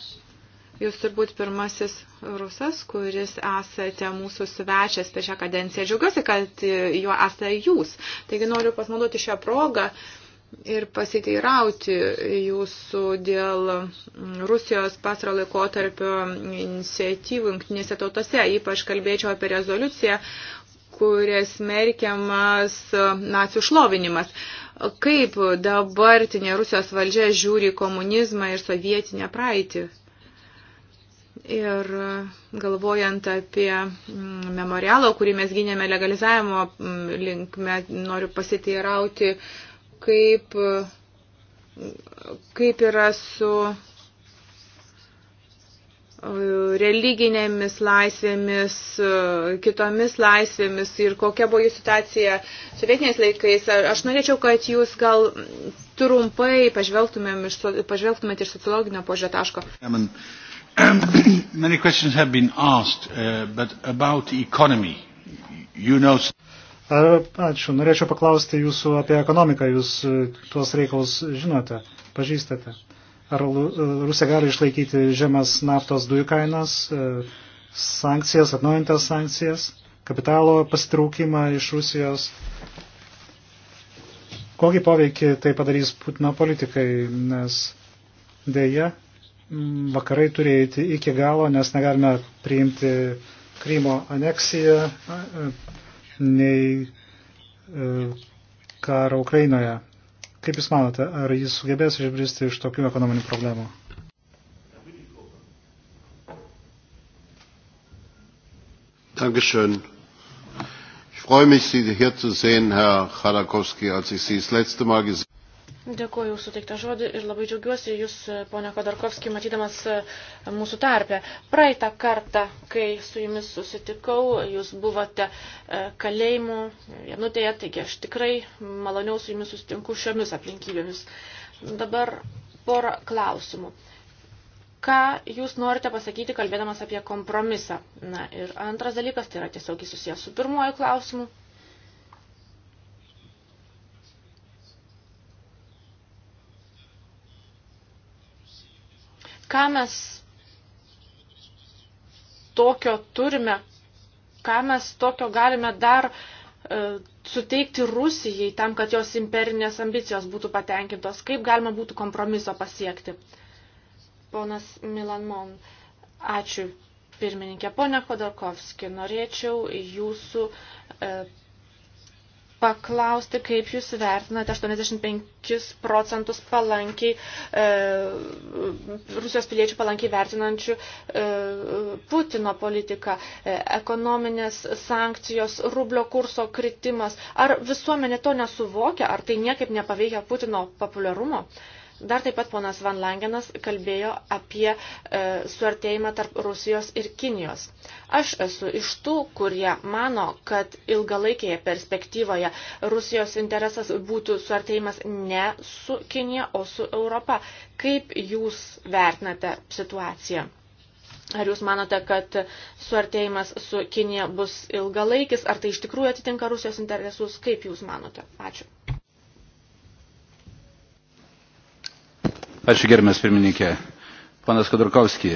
Jūs turbūt pirmasis rusas, kuris esate mūsų svečias per šią kadenciją. Džiaugiuosi, kad juo esate jūs. Taigi noriu pasinaudoti šią progą. Uh, ir pasiteirauti jūsų dėl Rusijos pasro laikotarpio iniciatyvų jungtinėse tautose. Ypač kalbėčiau apie rezoliuciją, kuria smerkiamas nacijų šlovinimas. Kaip dabartinė Rusijos valdžia žiūri komunizmą ir sovietinę praeitį? Ir galvojant apie memorialą, kurį mes gynėme legalizavimo linkme, noriu pasiteirauti, kaip, kaip yra su e, religinėmis laisvėmis, e, kitomis laisvėmis ir kokia buvo jų situacija sovietiniais laikais. Aš norėčiau, kad jūs gal trumpai pažvelgtumėt iš sociologinio požiūrio taško. Many questions have been asked, uh, but about the economy, you know. Ačiū. Norėčiau paklausti jūsų apie ekonomiką. Jūs e, tuos reikalus žinote, pažįstate. Ar e, Rusija gali išlaikyti žemas naftos dujų kainas, e, sankcijas, atnaujintas sankcijas, kapitalo pasitraukimą iš Rusijos? Kokį poveikį tai padarys Putino politikai, nes dėja vakarai turi eiti iki galo, nes negalime priimti Krymo aneksiją nei e, karą Ukrainoje. Kaip Jūs manote, ar jis sugebės išbristi iš tokių ekonominių problemų? Dankeschön. Ich freue mich, Sie hier zu sehen, Herr Khodorkovsky, als ich Sie das letzte Mal gesehen habe. Dėkuoju už suteiktą žodį ir labai džiaugiuosi Jūs, ponia Kodarkovskį, matydamas e, mūsų tarpę. Praeitą kartą, kai su Jumis susitikau, Jūs buvote e, kalėjimų vienutėje, taigi aš tikrai maloniau su Jumis susitinku šiomis aplinkybėmis. Dabar porą klausimų. Ką Jūs norite pasakyti, kalbėdamas apie kompromisą? Na ir antras dalykas, tai yra tiesiog susijęs su pirmuoju klausimu. Ką mes tokio turime, ką mes tokio galime dar e, suteikti Rusijai tam, kad jos imperinės ambicijos būtų patenkintos, kaip galima būtų kompromiso pasiekti. Ponas Milanmon, ačiū pirmininkė. Pone Kodorkovski, norėčiau jūsų e, paklausti, kaip jūs vertinate 85 procentus palankiai, e, Rusijos piliečių palankiai vertinančių e, Putino politiką, e, ekonominės sankcijos, rublio kurso kritimas. Ar visuomenė to nesuvokia, ar tai niekaip nepaveikia Putino populiarumo? E, Dar taip pat ponas Van Langenas kalbėjo apie e, suartėjimą tarp Rusijos ir Kinijos. Aš esu iš tų, kurie mano, kad ilgalaikėje perspektyvoje Rusijos interesas būtų suartėjimas ne su Kinija, o su Europa. Kaip jūs vertinate situaciją? Ar jūs manote, kad suartėjimas su Kinija bus ilgalaikis, ar tai iš tikrųjų atitinka Rusijos interesus? Kaip jūs manote? Ačiū. Ačiū gerbiamas pirmininkė. Panas Kadurkovski,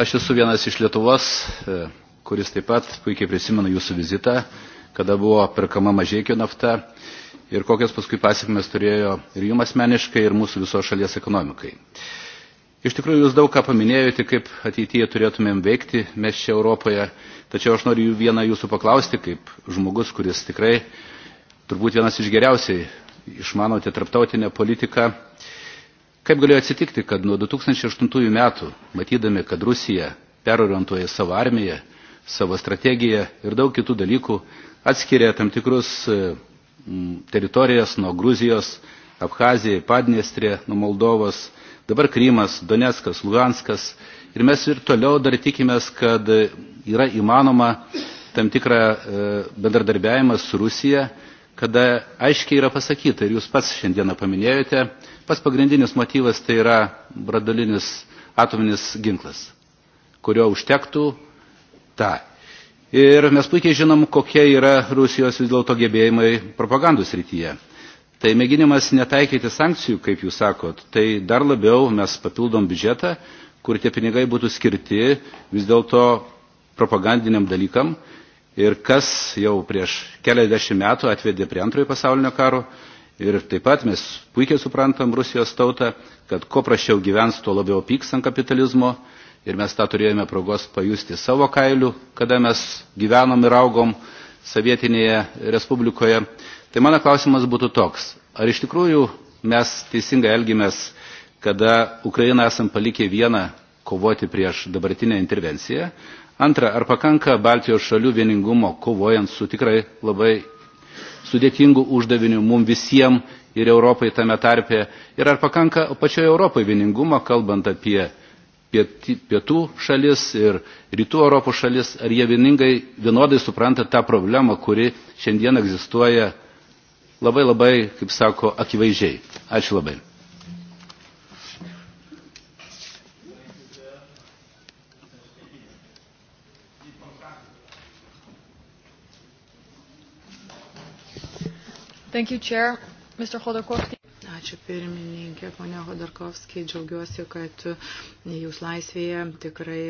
aš esu vienas iš Lietuvos, e, kuris taip pat puikiai prisimena jūsų vizitą, kada buvo perkama mažėkio nafta ir kokias paskui pasiekmes turėjo ir jums asmeniškai, ir mūsų visos šalies ekonomikai. Iš tikrųjų, jūs daug ką paminėjote, kaip ateityje turėtumėm veikti mes čia Europoje, tačiau aš noriu vieną jūsų paklausti, kaip žmogus, kuris tikrai turbūt vienas iš geriausiai išmanote tarptautinę politiką Kaip galėjo atsitikti, kad nuo 2008 metų, matydami, kad Rusija perorientuoja savo armiją, savo strategiją ir daug kitų dalykų, atskiria tam tikrus e, teritorijas nuo Gruzijos, Abhazija, Padniestrė, nuo Moldovos, dabar Krymas, Donetskas, Luganskas. Ir mes ir toliau dar tikimės, kad yra įmanoma tam tikrą e, bendradarbiavimą su Rusija kada aiškiai yra pasakyta ir jūs pats šiandieną paminėjote, pats pagrindinis motyvas tai yra bradalinis atominis ginklas, kurio užtektų tą. Tai. Ir mes puikiai žinom, kokie yra Rusijos vis dėlto gebėjimai propagandos rytyje. Tai mėginimas netaikyti sankcijų, kaip jūs sakot, tai dar labiau mes papildom biudžetą, kur tie pinigai būtų skirti vis dėlto propagandiniam dalykam ir kas jau prieš keliasdešimt metų atvedė prie antrojo pasaulinio karo. Ir taip pat mes puikiai suprantam Rusijos tautą, kad kuo prašiau gyvens, tuo labiau pyks ant kapitalizmo. Ir mes tą turėjome progos pajusti savo kailių, kada mes gyvenom ir augom Savietinėje Respublikoje. Tai mano klausimas būtų toks. Ar iš tikrųjų mes teisingai elgimės, kada Ukrainą esam palikę vieną kovoti prieš dabartinę intervenciją, Antra, ar pakanka Baltijos šalių vieningumo kovojant su tikrai labai sudėtingu uždaviniu mum visiems ir Europai tame tarpe? Ir ar pakanka pačioje Europai vieningumo, kalbant apie pietų šalis ir rytų Europos šalis, ar jie vieningai vienodai supranta tą problemą, kuri šiandien egzistuoja labai labai, kaip sako, akivaizdžiai. Ačiū labai. Thank you, Chair. Mr. Khodorkovsky. Ačiū pirmininkė, ponia Khodorkovsky. Džiaugiuosi, kad jūs laisvėje tikrai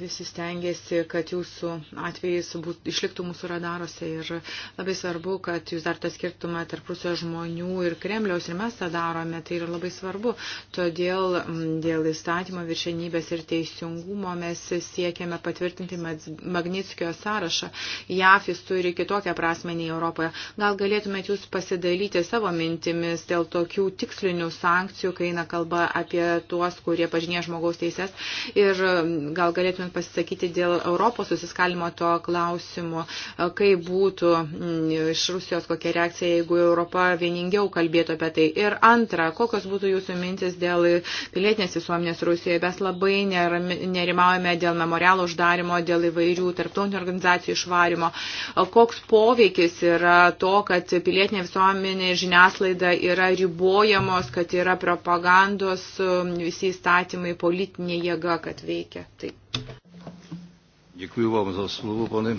visi stengiasi, kad jūsų atvejais būt, išliktų mūsų radarose ir labai svarbu, kad jūs dar tą skirtumą tarp Rusijos žmonių ir Kremliaus ir mes tą darome, tai yra labai svarbu. Todėl dėl įstatymo viršenybės ir teisingumo mes siekiame patvirtinti Magnitskio sąrašą. JAF jis turi kitokią prasme nei Europoje. Gal galėtumėt jūs pasidalyti savo mintimis dėl tokių tikslinių sankcijų, kai eina kalba apie tuos, kurie pažinė žmogaus teises ir gal galėtumėt pasisakyti dėl Europos susiskalimo to klausimu, kaip būtų mm, iš Rusijos kokia reakcija, jeigu Europa vieningiau kalbėtų apie tai. Ir antra, kokios būtų jūsų mintis dėl pilietinės visuomenės Rusijoje. Mes labai nerimaujame dėl memorialo uždarimo, dėl įvairių tarptautinių organizacijų išvarimo. Koks poveikis yra to, kad pilietinė visuomenė ir žiniaslaida yra ribojamos, kad yra propagandos mm, visi įstatymai, politinė jėga, kad veikia. Taip. Děkuji vám za slovo, pane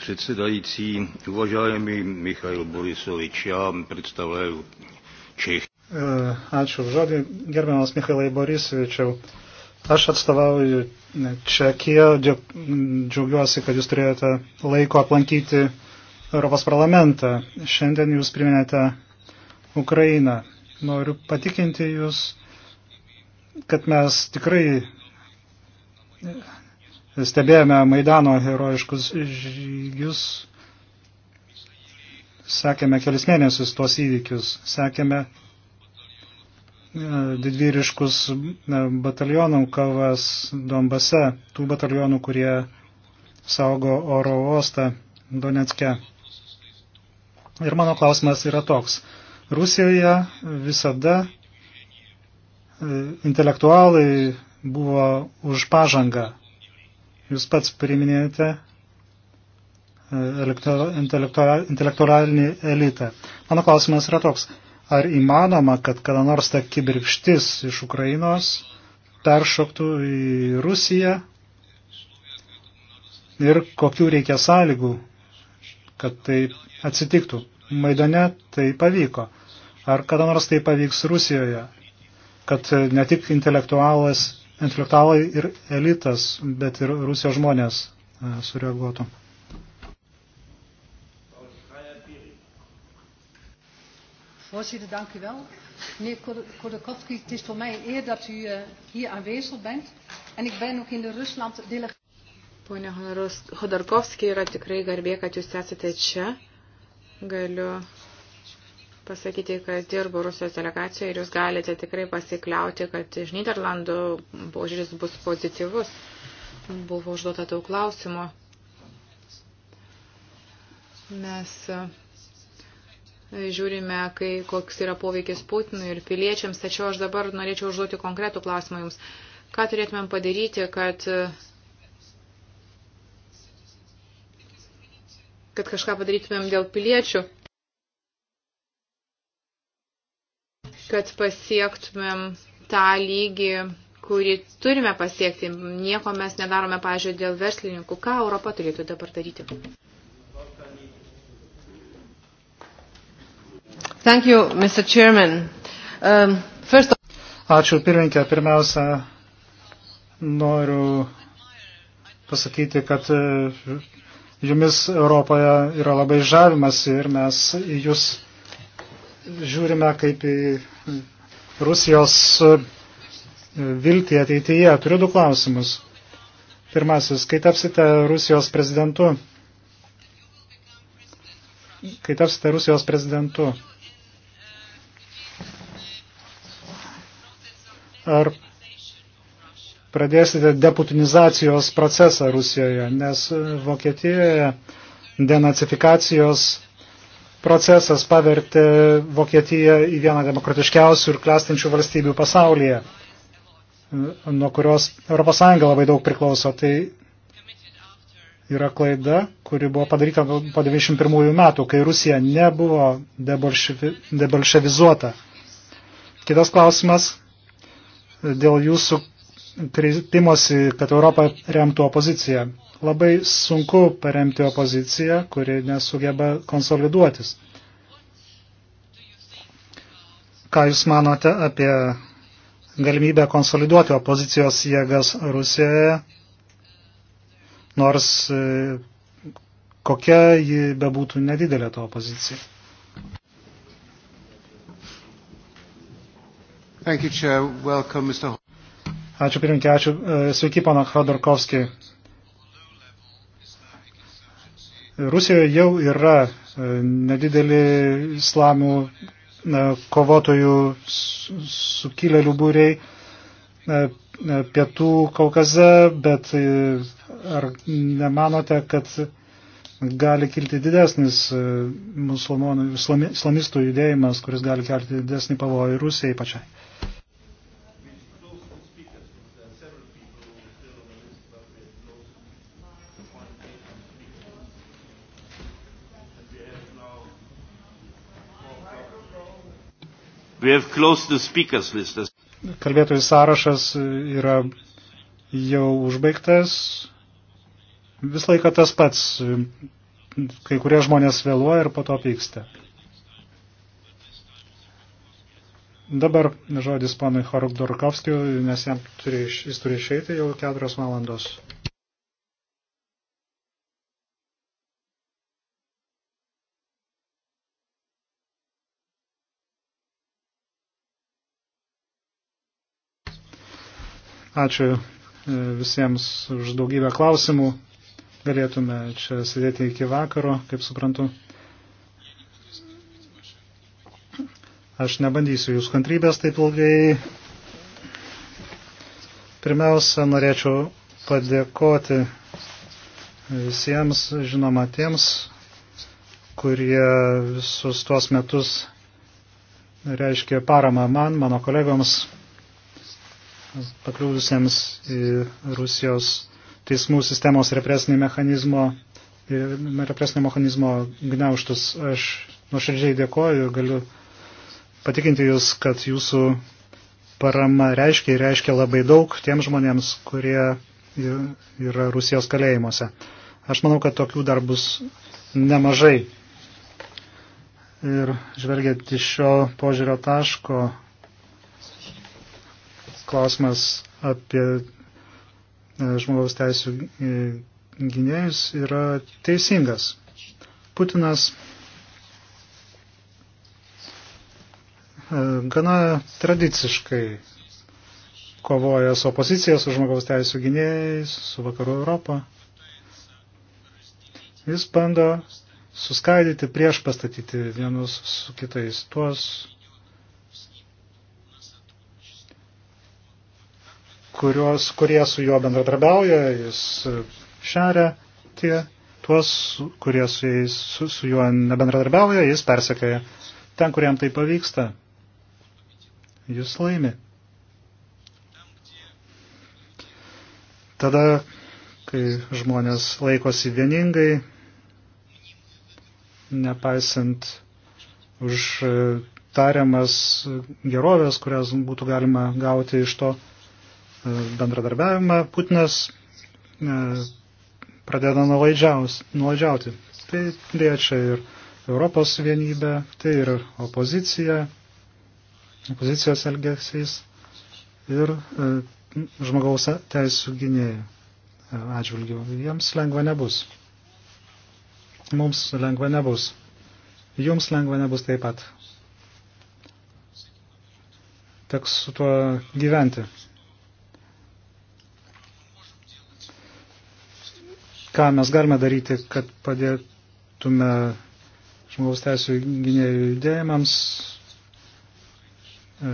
předsedající. Uvažiajami Michail Borisovič, já představuju Čech. Eh, Ačiū žodį, gerbiamas Michailai Borisovičiau. Aš atstovauju Čekiją, džiaugiuosi, kad jūs turėjote laiko aplankyti Europos parlamentą. Šiandien jūs priminėte Ukrainą. Noriu patikinti jūs, kad mes tikrai stebėjome Maidano herojiškus žygius, sekėme kelis mėnesius tuos įvykius, sekėme e, didvyriškus e, batalionų kavas Donbase, tų batalionų, kurie saugo oro uostą Donetske. Ir mano klausimas yra toks. Rusijoje visada e, intelektualai buvo už pažangą. Jūs pats priminėjote e, intelektualinį elitą. Mano klausimas yra toks. Ar įmanoma, kad kada nors ta kibirkštis iš Ukrainos peršoktų į Rusiją? Ir kokių reikia sąlygų, kad tai atsitiktų? Maidone tai pavyko. Ar kada nors tai pavyks Rusijoje? Kad ne tik intelektualas infliktavo ir elitas, bet ir Rusijos žmonės e, sureaguotų. Voorzitter, dank u wel. Meneer Kodakowski, het is voor mij een eer dat u uh, hier aanwezig bent. En ik ben ook in de Rusland delegatie. Pone Hodorkovskiai, yra tikrai garbė, kad jūs esate čia. Galiu pasakyti, kad dirbu Rusijos delegacijoje ir jūs galite tikrai pasikliauti, kad iš Niderlandų požiūris bus pozityvus. Buvo užduota daug klausimų. Mes e, žiūrime, kai, koks yra poveikis Putinui ir piliečiams, tačiau aš dabar norėčiau užduoti konkretų klausimą jums. Ką turėtumėm padaryti, kad e, kad kažką padarytumėm dėl piliečių, kad pasiektumėm tą lygį, kurį turime pasiekti. Nieko mes nedarome, pažiūrėjau, dėl verslininkų. Ką Europa turėtų dabar daryti? Thank you, Mr. Chairman. Um, first... Ačiū pirmininkė. Pirmiausia, noriu pasakyti, kad uh, jumis Europoje yra labai žavimas ir mes jūs žiūrime kaip į Rusijos viltį ateityje. Turiu du klausimus. Pirmasis, kai tapsite Rusijos prezidentu, kai tapsite Rusijos prezidentu, ar pradėsite deputinizacijos procesą Rusijoje, nes Vokietijoje denacifikacijos procesas pavertė Vokietiją į vieną demokratiškiausių ir klestinčių valstybių pasaulyje, nuo kurios ES labai daug priklauso. Tai yra klaida, kuri buvo padaryta po 91 metų, kai Rusija nebuvo debolševizuota. Kitas klausimas dėl jūsų kreipimosi, kad Europą remtų opoziciją labai sunku paremti opoziciją, kuri nesugeba konsoliduotis. Ką Jūs manote apie galimybę konsoliduoti opozicijos jėgas Rusijoje, nors e, kokia ji bebūtų nedidelė ta opozicija? Ačiū pirmininkė, ačiū. E, sveiki, pana Khodorkovski. Rusijoje jau yra e, nedideli islamų kovotojų sukilėlių būriai e, e, pietų Kaukaze, bet ar nemanote, kad gali kilti didesnis musulmonų islamistų judėjimas, kuris gali kelti didesnį pavojų Rusijai pačiai? Kalbėtojų sąrašas yra jau užbaigtas. Vis laika tas pats. Kai kurie žmonės vėluoja ir po to pyksta. Dabar žodis panui Horokdorkovskijui, nes jam turi, jis turi išeiti jau keturios valandos. Ačiū e, visiems už daugybę klausimų. Galėtume čia sėdėti iki vakaro, kaip suprantu. Aš nebandysiu jūsų kantrybės taip ilgai. Pirmiausia, norėčiau padėkoti visiems, žinoma, tiems, kurie visus tuos metus reiškia paramą man, mano kolegoms pakliūvusiems į Rusijos teismų sistemos represinį mechanizmo, represinio mechanizmo gneuštus. Aš nuoširdžiai dėkoju ir galiu patikinti Jūs, kad Jūsų parama reiškia ir reiškia labai daug tiem žmonėms, kurie yra Rusijos kalėjimuose. Aš manau, kad tokių dar bus nemažai. Ir žvelgiant iš šio požiūrio taško, klausimas apie e, žmogaus teisų e, gynėjus yra teisingas. Putinas e, gana tradiciškai kovoja su opozicija, su žmogaus teisų gynėjais, su vakarų Europą. Jis bando suskaidyti prieš pastatyti vienus su kitais tuos, kurios, kurie su juo bendradarbiauja, jis e, šeria tie, tuos, kurie su, jais, su, su juo nebendradarbiauja, jis persekėja. Ten, kuriam tai pavyksta, jis laimi. Tada, kai žmonės laikosi vieningai, nepaisant už e, tariamas gerovės, kurias būtų galima gauti iš to, bendradarbiavimą, Putinas e, pradeda nuolaidžiauti. Tai liečia ir Europos vienybę, tai ir opozicija, opozicijos elgesys ir e, žmogaus teisų gynėjai e, atžvilgių. Jiems lengva nebus. Mums lengva nebus. Jums lengva nebus taip pat. Teks su tuo gyventi. ką mes galime daryti, kad padėtume žmogaus teisų gynėjų judėjimams. E,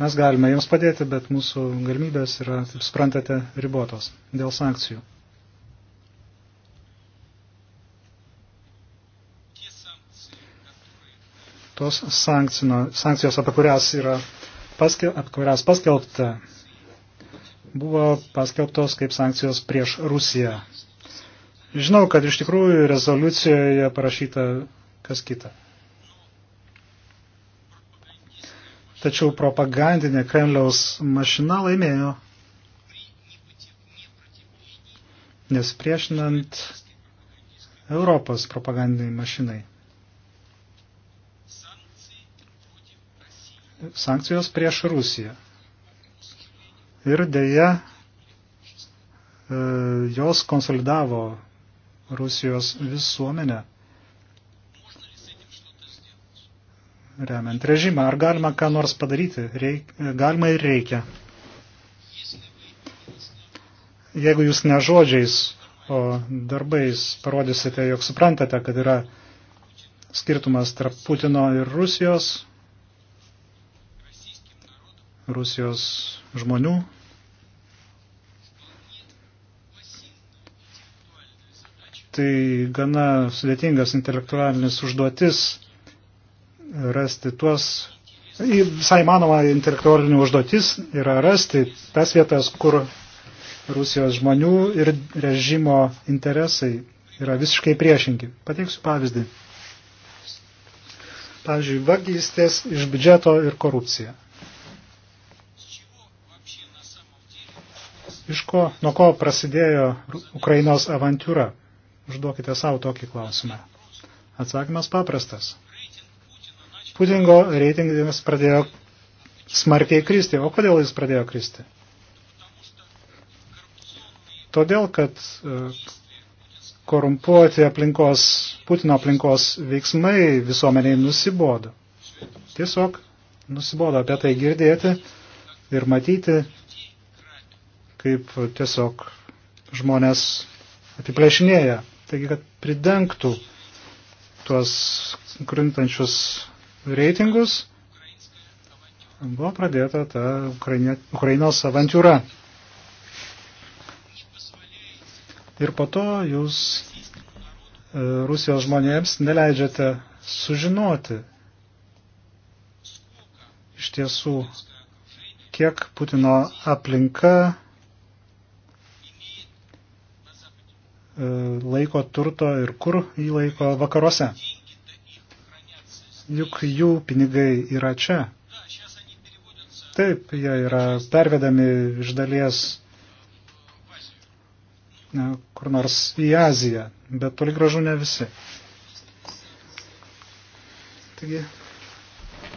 mes galime jiems padėti, bet mūsų galimybės yra, kaip suprantate, ribotos dėl sankcijų. Tos sankcijos, apie kurias, yra, paske, apie kurias paskelbta, buvo paskelbtos kaip sankcijos prieš Rusiją. Žinau, kad iš tikrųjų rezoliucijoje parašyta kas kita. Tačiau propagandinė Kremliaus mašina laimėjo, nes priešinant Europos propagandiniai mašinai. Sankcijos prieš Rusiją. Ir dėja, e, jos konsolidavo Rusijos visuomenę, remiant režimą. Ar galima ką nors padaryti? Reik, e, galima ir reikia. Jeigu jūs ne žodžiais, o darbais parodysite, jog suprantate, kad yra skirtumas tarp Putino ir Rusijos, Rusijos žmonių. Tai gana sudėtingas intelektualinis užduotis rasti tuos, visai manoma intelektualinė užduotis yra rasti tas vietas, kur Rusijos žmonių ir režimo interesai yra visiškai priešingi. Pateiksiu pavyzdį. Pavyzdžiui, vagystės iš biudžeto ir korupcija. Iš ko, nuo ko prasidėjo Ukrainos avantūra? Užduokite savo tokį klausimą. Atsakymas paprastas. Putingo reitingas pradėjo smarkiai kristi. O kodėl jis pradėjo kristi? Todėl, kad e, korumpuoti aplinkos, Putino aplinkos veiksmai visuomeniai nusibodo. Tiesiog nusibodo apie tai girdėti ir matyti kaip tiesiog žmonės apiplėšinėja. Taigi, kad pridengtų tuos krintančius reitingus, buvo pradėta ta Ukrainė, Ukrainos avantūra. Ir po to jūs e, Rusijos žmonėms neleidžiate sužinoti iš tiesų, kiek Putino aplinka E, laiko turto ir kur jį laiko vakaruose. Juk jų pinigai yra čia. Taip, jie yra pervedami iš dalies ne, kur nors į Aziją, bet toli gražu ne visi. Taigi,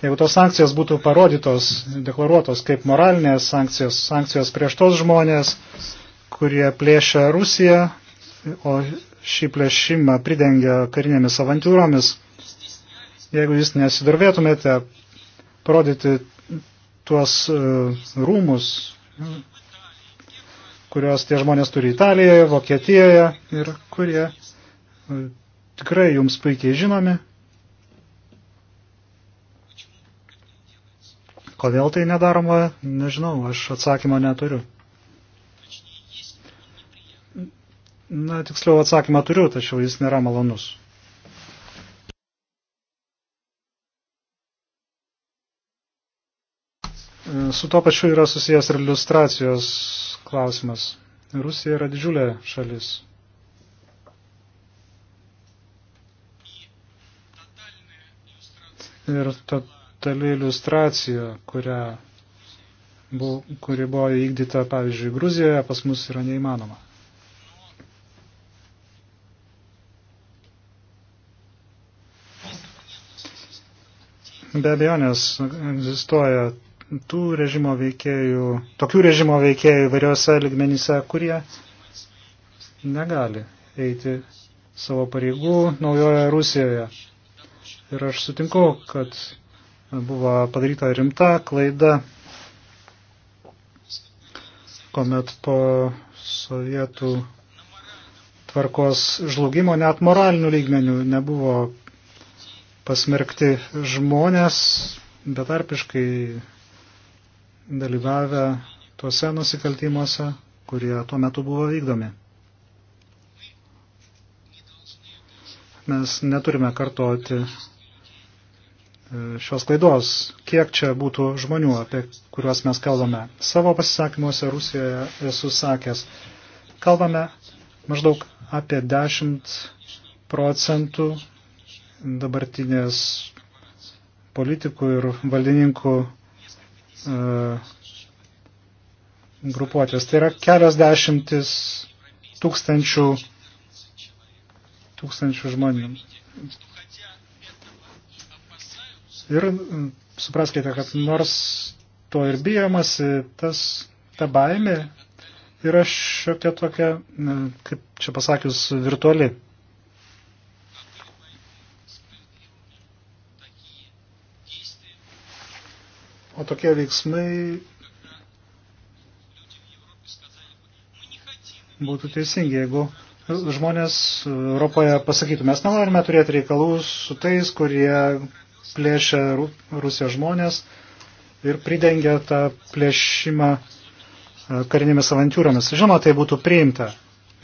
jeigu tos sankcijos būtų parodytos, deklaruotos kaip moralinės sankcijos, sankcijos prieš tos žmonės, kurie plėšia Rusiją, o šį plėšimą pridengia karinėmis avantūromis. Jeigu jūs nesidurvėtumėte parodyti tuos e, rūmus, kuriuos tie žmonės turi Italijoje, Vokietijoje ir kurie e, tikrai jums puikiai žinomi. Kodėl tai nedaroma, nežinau, aš atsakymo neturiu. Na, tiksliau atsakymą turiu, tačiau jis nėra malonus. Su to pačiu yra susijęs ir iliustracijos klausimas. Rusija yra didžiulė šalis. ir totali iliustracija, kurią, bu, kuri buvo įvykdyta, pavyzdžiui, Gruzijoje, pas mus yra neįmanoma. Be abejonės egzistuoja tų režimo veikėjų, tokių režimo veikėjų įvairiose ligmenyse, kurie negali eiti savo pareigų naujoje Rusijoje. Ir aš sutinku, kad buvo padaryta rimta klaida, kuomet po sovietų tvarkos žlugimo net moralinių lygmenių nebuvo pasmerkti žmonės betarpiškai dalyvavę tuose nusikaltimuose, kurie tuo metu buvo vykdomi. Mes neturime kartoti e, šios klaidos, kiek čia būtų žmonių, apie kuriuos mes kalbame. Savo pasisakymuose Rusijoje esu sakęs, kalbame maždaug apie 10 procentų dabartinės politikų ir valdininkų uh, grupuotės. Tai yra kelios dešimtis tūkstančių, tūkstančių žmonių. Ir supraskite, kad nors to ir bijomasi, tas ta baimė yra šiokia tokia, kaip čia pasakius, virtuali. O tokie veiksmai būtų teisingi, jeigu žmonės Europoje pasakytų, mes nenorime turėti reikalų su tais, kurie plėšia Rusijos žmonės ir pridengia tą plėšimą e, karinėmis avantūromis. Žinoma, tai būtų priimta.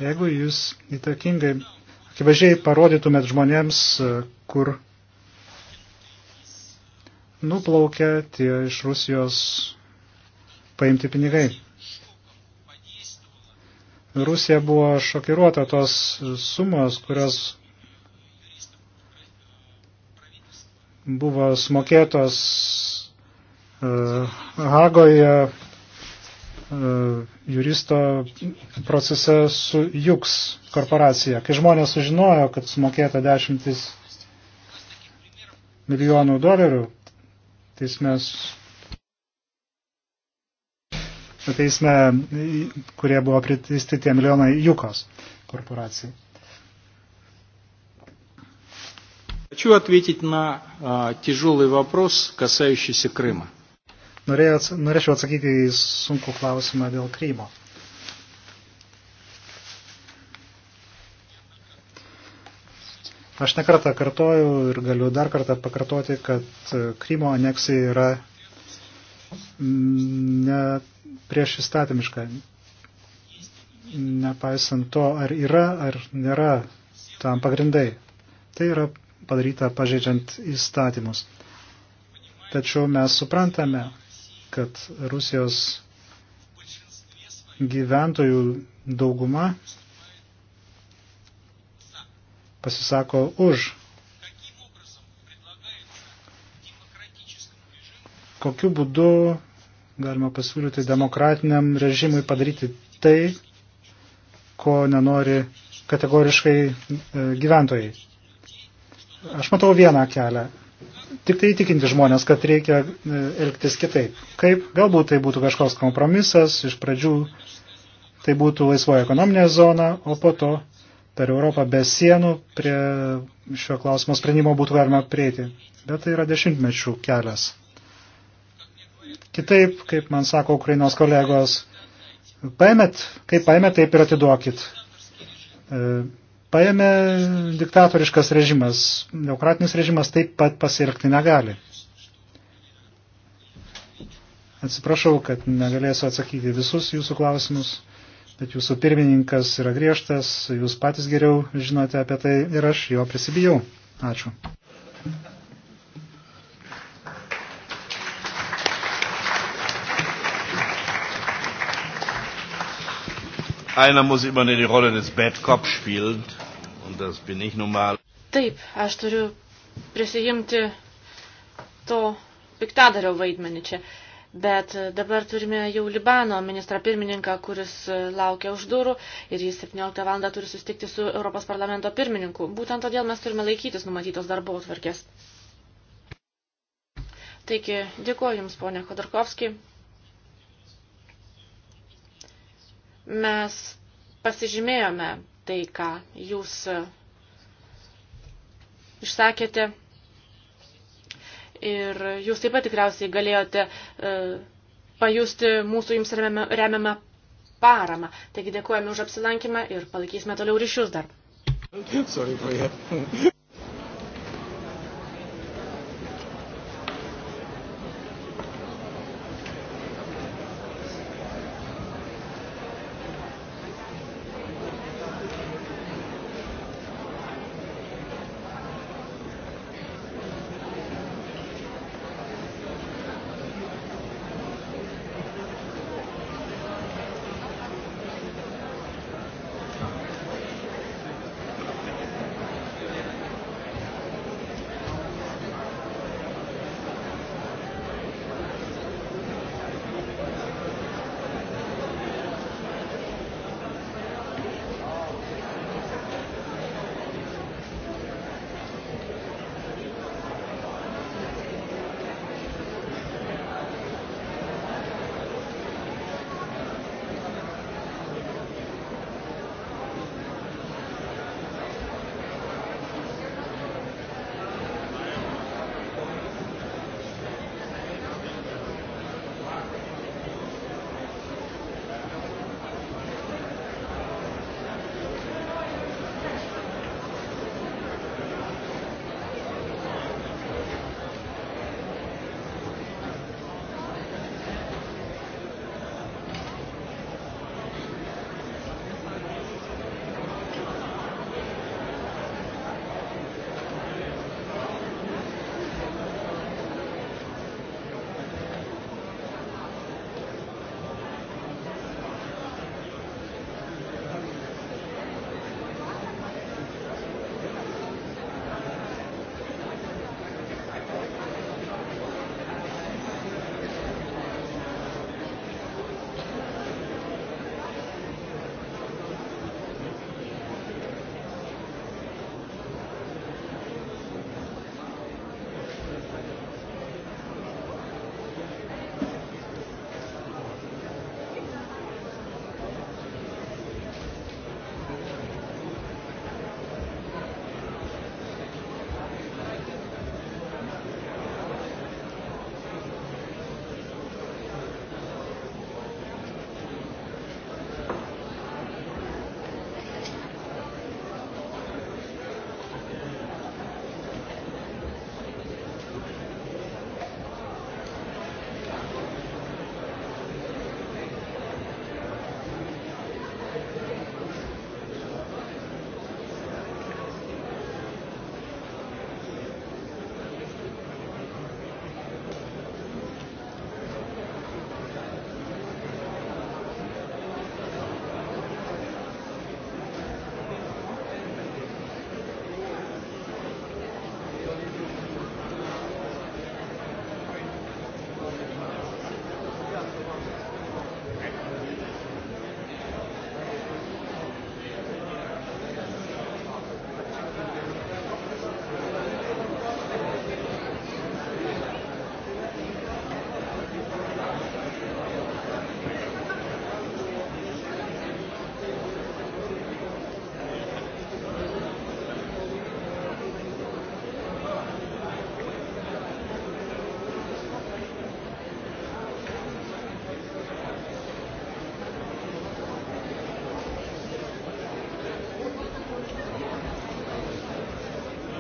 Jeigu jūs įtakingai, akivaizdžiai parodytumėt žmonėms, e, kur nuplaukia tie iš Rusijos paimti pinigai. Rusija buvo šokiruota tos sumos, kurios buvo smokėtos uh, Hagoje e, juristo procese su JUKS korporacija. Kai žmonės sužinojo, kad sumokėta dešimtis milijonų dolerių, teisme, tai nu, teisme tai kurie buvo priteisti tie milijonai Jukos korporacijai. Хочу ответить на а, тяжелый вопрос, касающийся Крыма. Norėjau, norėčiau atsakyti į sunkų klausimą dėl Krymo. Aš nekartą kartoju ir galiu dar kartą pakartoti, kad e, Krymo aneksija yra ne prieš įstatymišką. Nepaisant to, ar yra, ar nėra tam pagrindai. Tai yra padaryta pažeidžiant įstatymus. Tačiau mes suprantame, kad Rusijos gyventojų dauguma pasisako už. Kokiu būdu galima pasiūlyti demokratiniam režimui padaryti tai, ko nenori kategoriškai e, gyventojai. Aš matau vieną kelią. Tik tai įtikinti žmonės, kad reikia e, elgtis kitaip. Kaip? Galbūt tai būtų kažkoks kompromisas, iš pradžių tai būtų laisvoji ekonominė zona, o po to per Europą be sienų prie šio klausimo sprendimo būtų galima prieiti. Bet tai yra dešimtmečių kelias. Kitaip, kaip man sako Ukrainos kolegos, paėmėt, kaip paėmėt, taip ir atiduokit. E, paėmė diktatoriškas režimas, demokratinis režimas taip pat pasirkti negali. Atsiprašau, kad negalėsiu atsakyti visus jūsų klausimus kad jūsų pirmininkas yra griežtas, jūs patys geriau žinote apie tai ir aš jo prisibijau. Ačiū. Einer muss immer die Rolle des Bad Cop spielen und das bin ich nun mal. Taip, aš turiu prisijimti to piktadario vaidmenį čia. Uh, Bet dabar turime jau Libano ministrą pirmininką, kuris laukia už durų ir jis 17 val. turi sustikti su Europos parlamento pirmininku. Būtent todėl mes turime laikytis numatytos darbo atvarkės. Taigi, dėkuoju Jums, ponė Khodorkovski. Mes pasižymėjome tai, ką Jūs išsakėte Ir jūs taip pat tikriausiai galėjote e, pajusti mūsų jums remiamą paramą. Taigi dėkojame už apsilankymą ir palaikysime toliau ryšius dar. Sorry for you.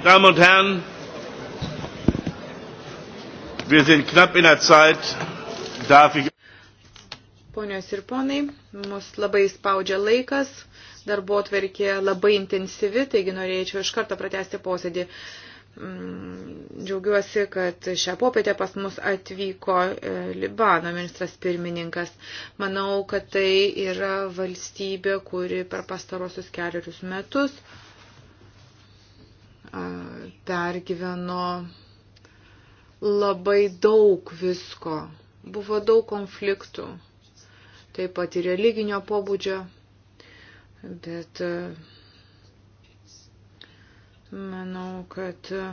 Damen und Herren, wir sind knapp in der Zeit. Darf ich. Ponios ir ponai, mus labai spaudžia laikas, darbo atverkė labai intensyvi, taigi norėčiau iš karto pratesti posėdį. Mm, džiaugiuosi, kad šią popietę pas mus atvyko e, Libano ministras pirmininkas. Manau, kad tai yra valstybė, kuri per pastarosius keliarius metus pergyveno labai daug visko. Buvo daug konfliktų, taip pat ir religinio pobūdžio, bet e, manau, kad e,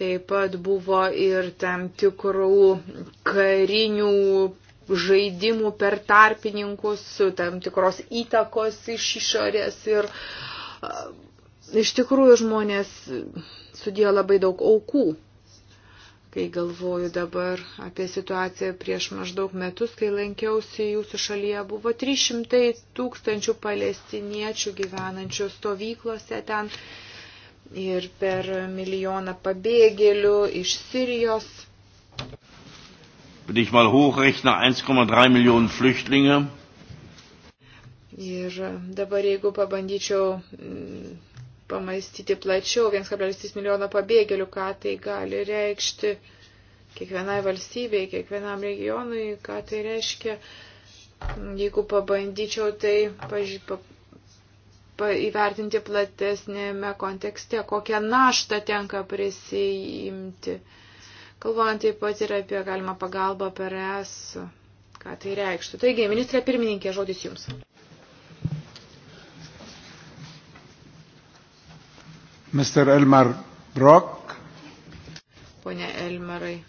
taip pat buvo ir tam tikrų karinių žaidimų per tarpininkus, tam tikros įtakos iš išorės ir uh, iš tikrųjų žmonės sudėjo labai daug aukų. Kai galvoju dabar apie situaciją prieš maždaug metus, kai lankiausi jūsų šalyje, buvo 300 tūkstančių palestiniečių gyvenančių stovyklose ten ir per milijoną pabėgėlių iš Sirijos. Wenn ich mal hochrechne, 1,3 Millionen Flüchtlinge. Ir dabar jeigu pabandyčiau mm, pamastyti plačiau 1,3 milijono pabėgėlių, ką tai gali reikšti kiekvienai valstybei, kiekvienam regionui, ką tai reiškia. Jeigu pabandyčiau tai paži, pa, pa, įvertinti platesnėme kontekste, kokią naštą tenka prisijimti. Kalbant taip pat ir apie galimą pagalbą per es, ką tai reikštų. Taigi, ministrė pirmininkė, žodis jums. Mr. Elmar Brok. Pone Elmarai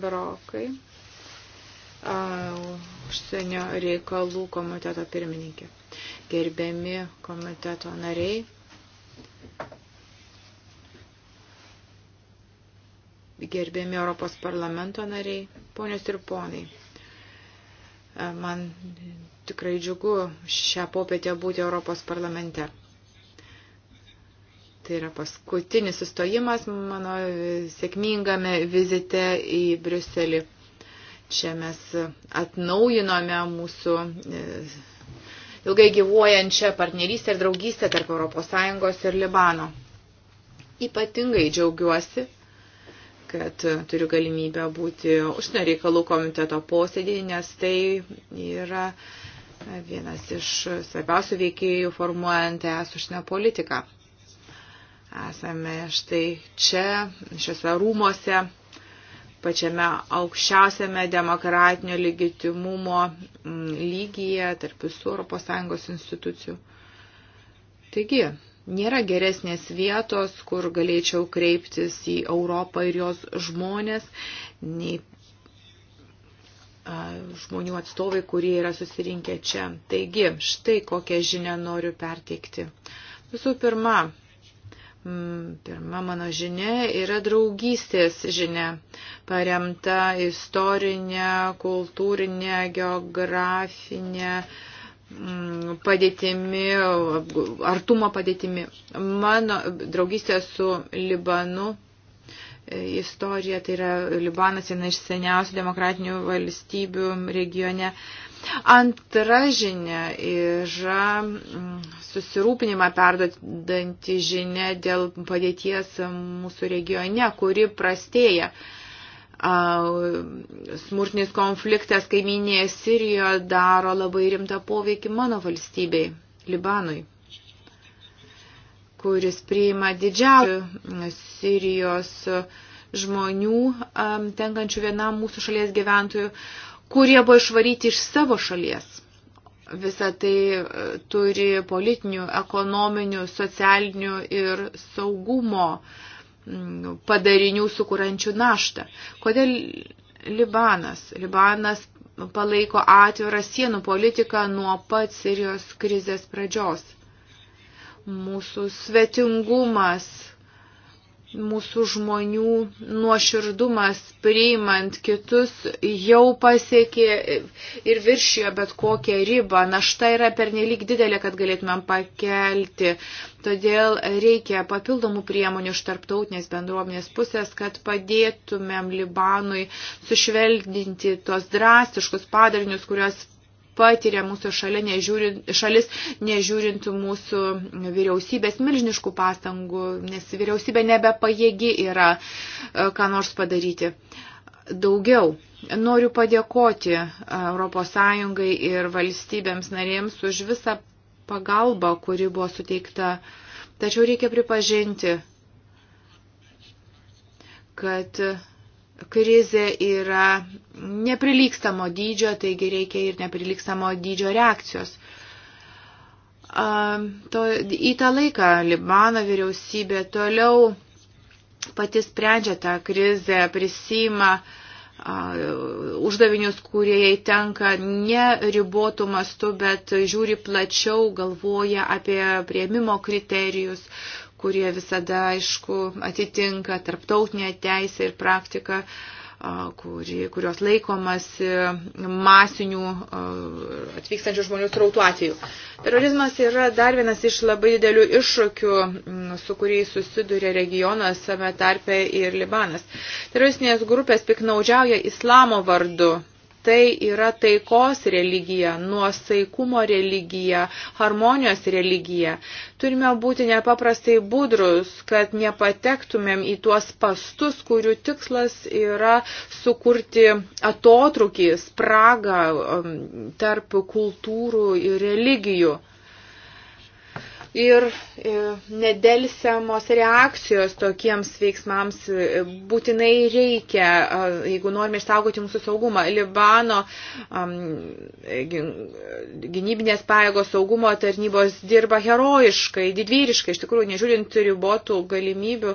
Brokai, užsienio reikalų komiteto pirmininkė. Gerbiami komiteto nariai, gerbiami Europos parlamento nariai, ponios ir ponai. Man tikrai džiugu šią popietę būti Europos parlamente. Tai yra paskutinis sustojimas mano sėkmingame vizite į Briuselį. Čia mes atnaujinome mūsų e, ilgai gyvuojančią partnerystę ir draugystę tarp ES ir Libano. Ypatingai džiaugiuosi, kad turiu galimybę būti užsienio reikalų komiteto posėdėje, nes tai yra vienas iš svarbiausių veikėjų formuojant es užsienio politiką. Esame štai čia, šiuose rūmose, pačiame aukščiausiame demokratinio legitimumo mm, lygyje tarp visų ES institucijų. Taigi, nėra geresnės vietos, kur galėčiau kreiptis į Europą ir jos žmonės, nei žmonių atstovai, kurie yra susirinkę čia. Taigi, štai kokią žinę noriu perteikti. Visų pirma, Mm, pirma mano žinia yra draugystės žinia, paremta istorinė, kultūrinė, geografinė mm, padėtimi, artumo padėtimi. Mano draugystė su Libanu e, istorija, tai yra Libanas viena iš seniausių demokratinių valstybių regione. Antra žinia yra mm, susirūpinimą perdodanti žinia dėl padėties mūsų regione, kuri prastėja smurtinis konfliktas kaiminėje Sirijoje daro labai rimtą poveikį mano valstybei, Libanui, kuris priima didžiausių mm, Sirijos žmonių, tenkančių vienam mūsų šalies gyventojų kurie buvo išvaryti iš savo šalies. Visa tai e, turi politinių, ekonominių, socialinių ir saugumo mm, padarinių sukūrančių naštą. Kodėl Libanas? Libanas palaiko atvirą sienų politiką nuo pat Sirijos krizės pradžios. Mūsų svetingumas, mūsų žmonių nuoširdumas priimant kitus jau pasiekė ir viršijo bet kokią ribą. Našta yra pernelyg didelė, kad galėtumėm pakelti. Todėl reikia papildomų priemonių iš tarptautinės bendruomenės pusės, kad padėtumėm Libanui sušveldinti tos drastiškus padarinius, kuriuos patiria mūsų šalia, nežiūrint, šalis, nežiūrint mūsų vyriausybės milžiniškų pastangų, nes vyriausybė nebepajėgi yra e, ką nors padaryti. Daugiau. Noriu padėkoti ES ir valstybėms narėms už visą pagalbą, kuri buvo suteikta. Tačiau reikia pripažinti, kad krizė yra neprilykstamo dydžio, taigi reikia ir neprilykstamo dydžio reakcijos. To, į tą laiką Libano vyriausybė toliau pati sprendžia tą krizę, prisima uždavinius, kurie jai tenka ne ribotų mastų, bet žiūri plačiau, galvoja apie prieimimo kriterijus, kurie visada, aišku, atitinka tarptautinę teisę ir praktiką, kuri, kurios laikomasi masinių atvykstančių žmonių srautų atveju. Terorizmas yra dar vienas iš labai didelių iššūkių, su kuriais susiduria regionas, tame tarpe ir Libanas. Teroristinės grupės piknaudžiauja islamo vardu tai yra taikos religija, nuosaikumo religija, harmonijos religija. Turime būti nepaprastai budrus, kad nepatektumėm į tuos pastus, kurių tikslas yra sukurti atotrukį, spragą um, tarp kultūrų ir religijų ir e, nedelsiamos reakcijos tokiems veiksmams e, būtinai reikia, jeigu norime išsaugoti mūsų saugumą. Libano e, gynybinės pajėgos saugumo tarnybos dirba herojiškai, didvyriškai, iš tikrųjų, nežiūrint ribotų galimybių,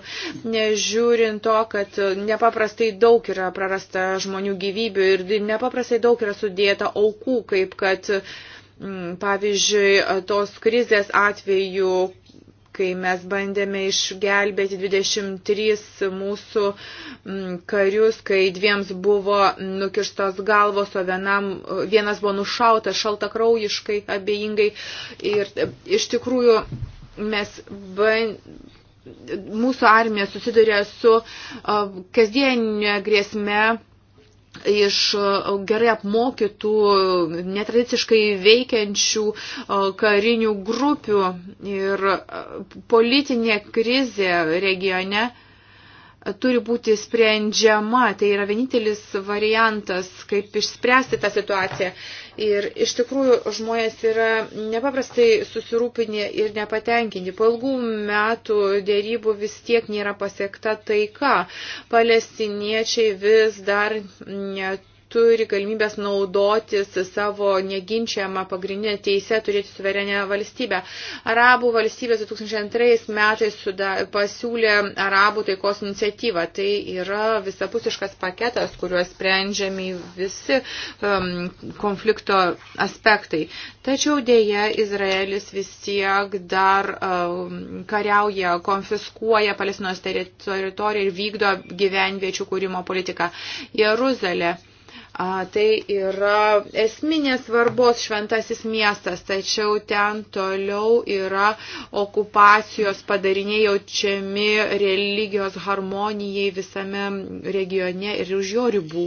nežiūrint to, kad nepaprastai daug yra prarasta žmonių gyvybių ir nepaprastai daug yra sudėta aukų, kaip kad uh, Mm, pavyzdžiui, tos krizės atveju, kai mes bandėme išgelbėti 23 mūsų mm, karius, kai dviems buvo nukirstos galvos, o vienam, vienas buvo nušautas šaltakraujiškai, abejingai. Ir e, iš tikrųjų mes bandėme mūsų armija susiduria su kasdienė grėsme iš e, gerai apmokytų, netradiciškai veikiančių e, karinių grupių ir e, politinė krizė regione turi būti sprendžiama. Tai yra vienintelis variantas, kaip išspręsti tą situaciją. Ir iš tikrųjų žmonės yra nepaprastai susirūpinę ir nepatenkinti. Po ilgų metų dėrybų vis tiek nėra pasiekta taika. Palestiniečiai vis dar neturi turi galimybės naudotis savo neginčiamą pagrindinę teisę turėti suverenę valstybę. Arabų valstybės 2002 metais pasiūlė Arabų taikos iniciatyvą. Tai yra visapusiškas paketas, kuriuo sprendžiami visi um, konflikto aspektai. Tačiau dėja Izraelis vis tiek dar um, kariauja, konfiskuoja Palestinos teritoriją ir vykdo gyvenviečių kūrimo politiką. Jeruzalė. A, tai yra esminės svarbos šventasis miestas, tačiau ten toliau yra okupacijos padariniai jaučiami religijos harmonijai visame regione ir už jo ribų.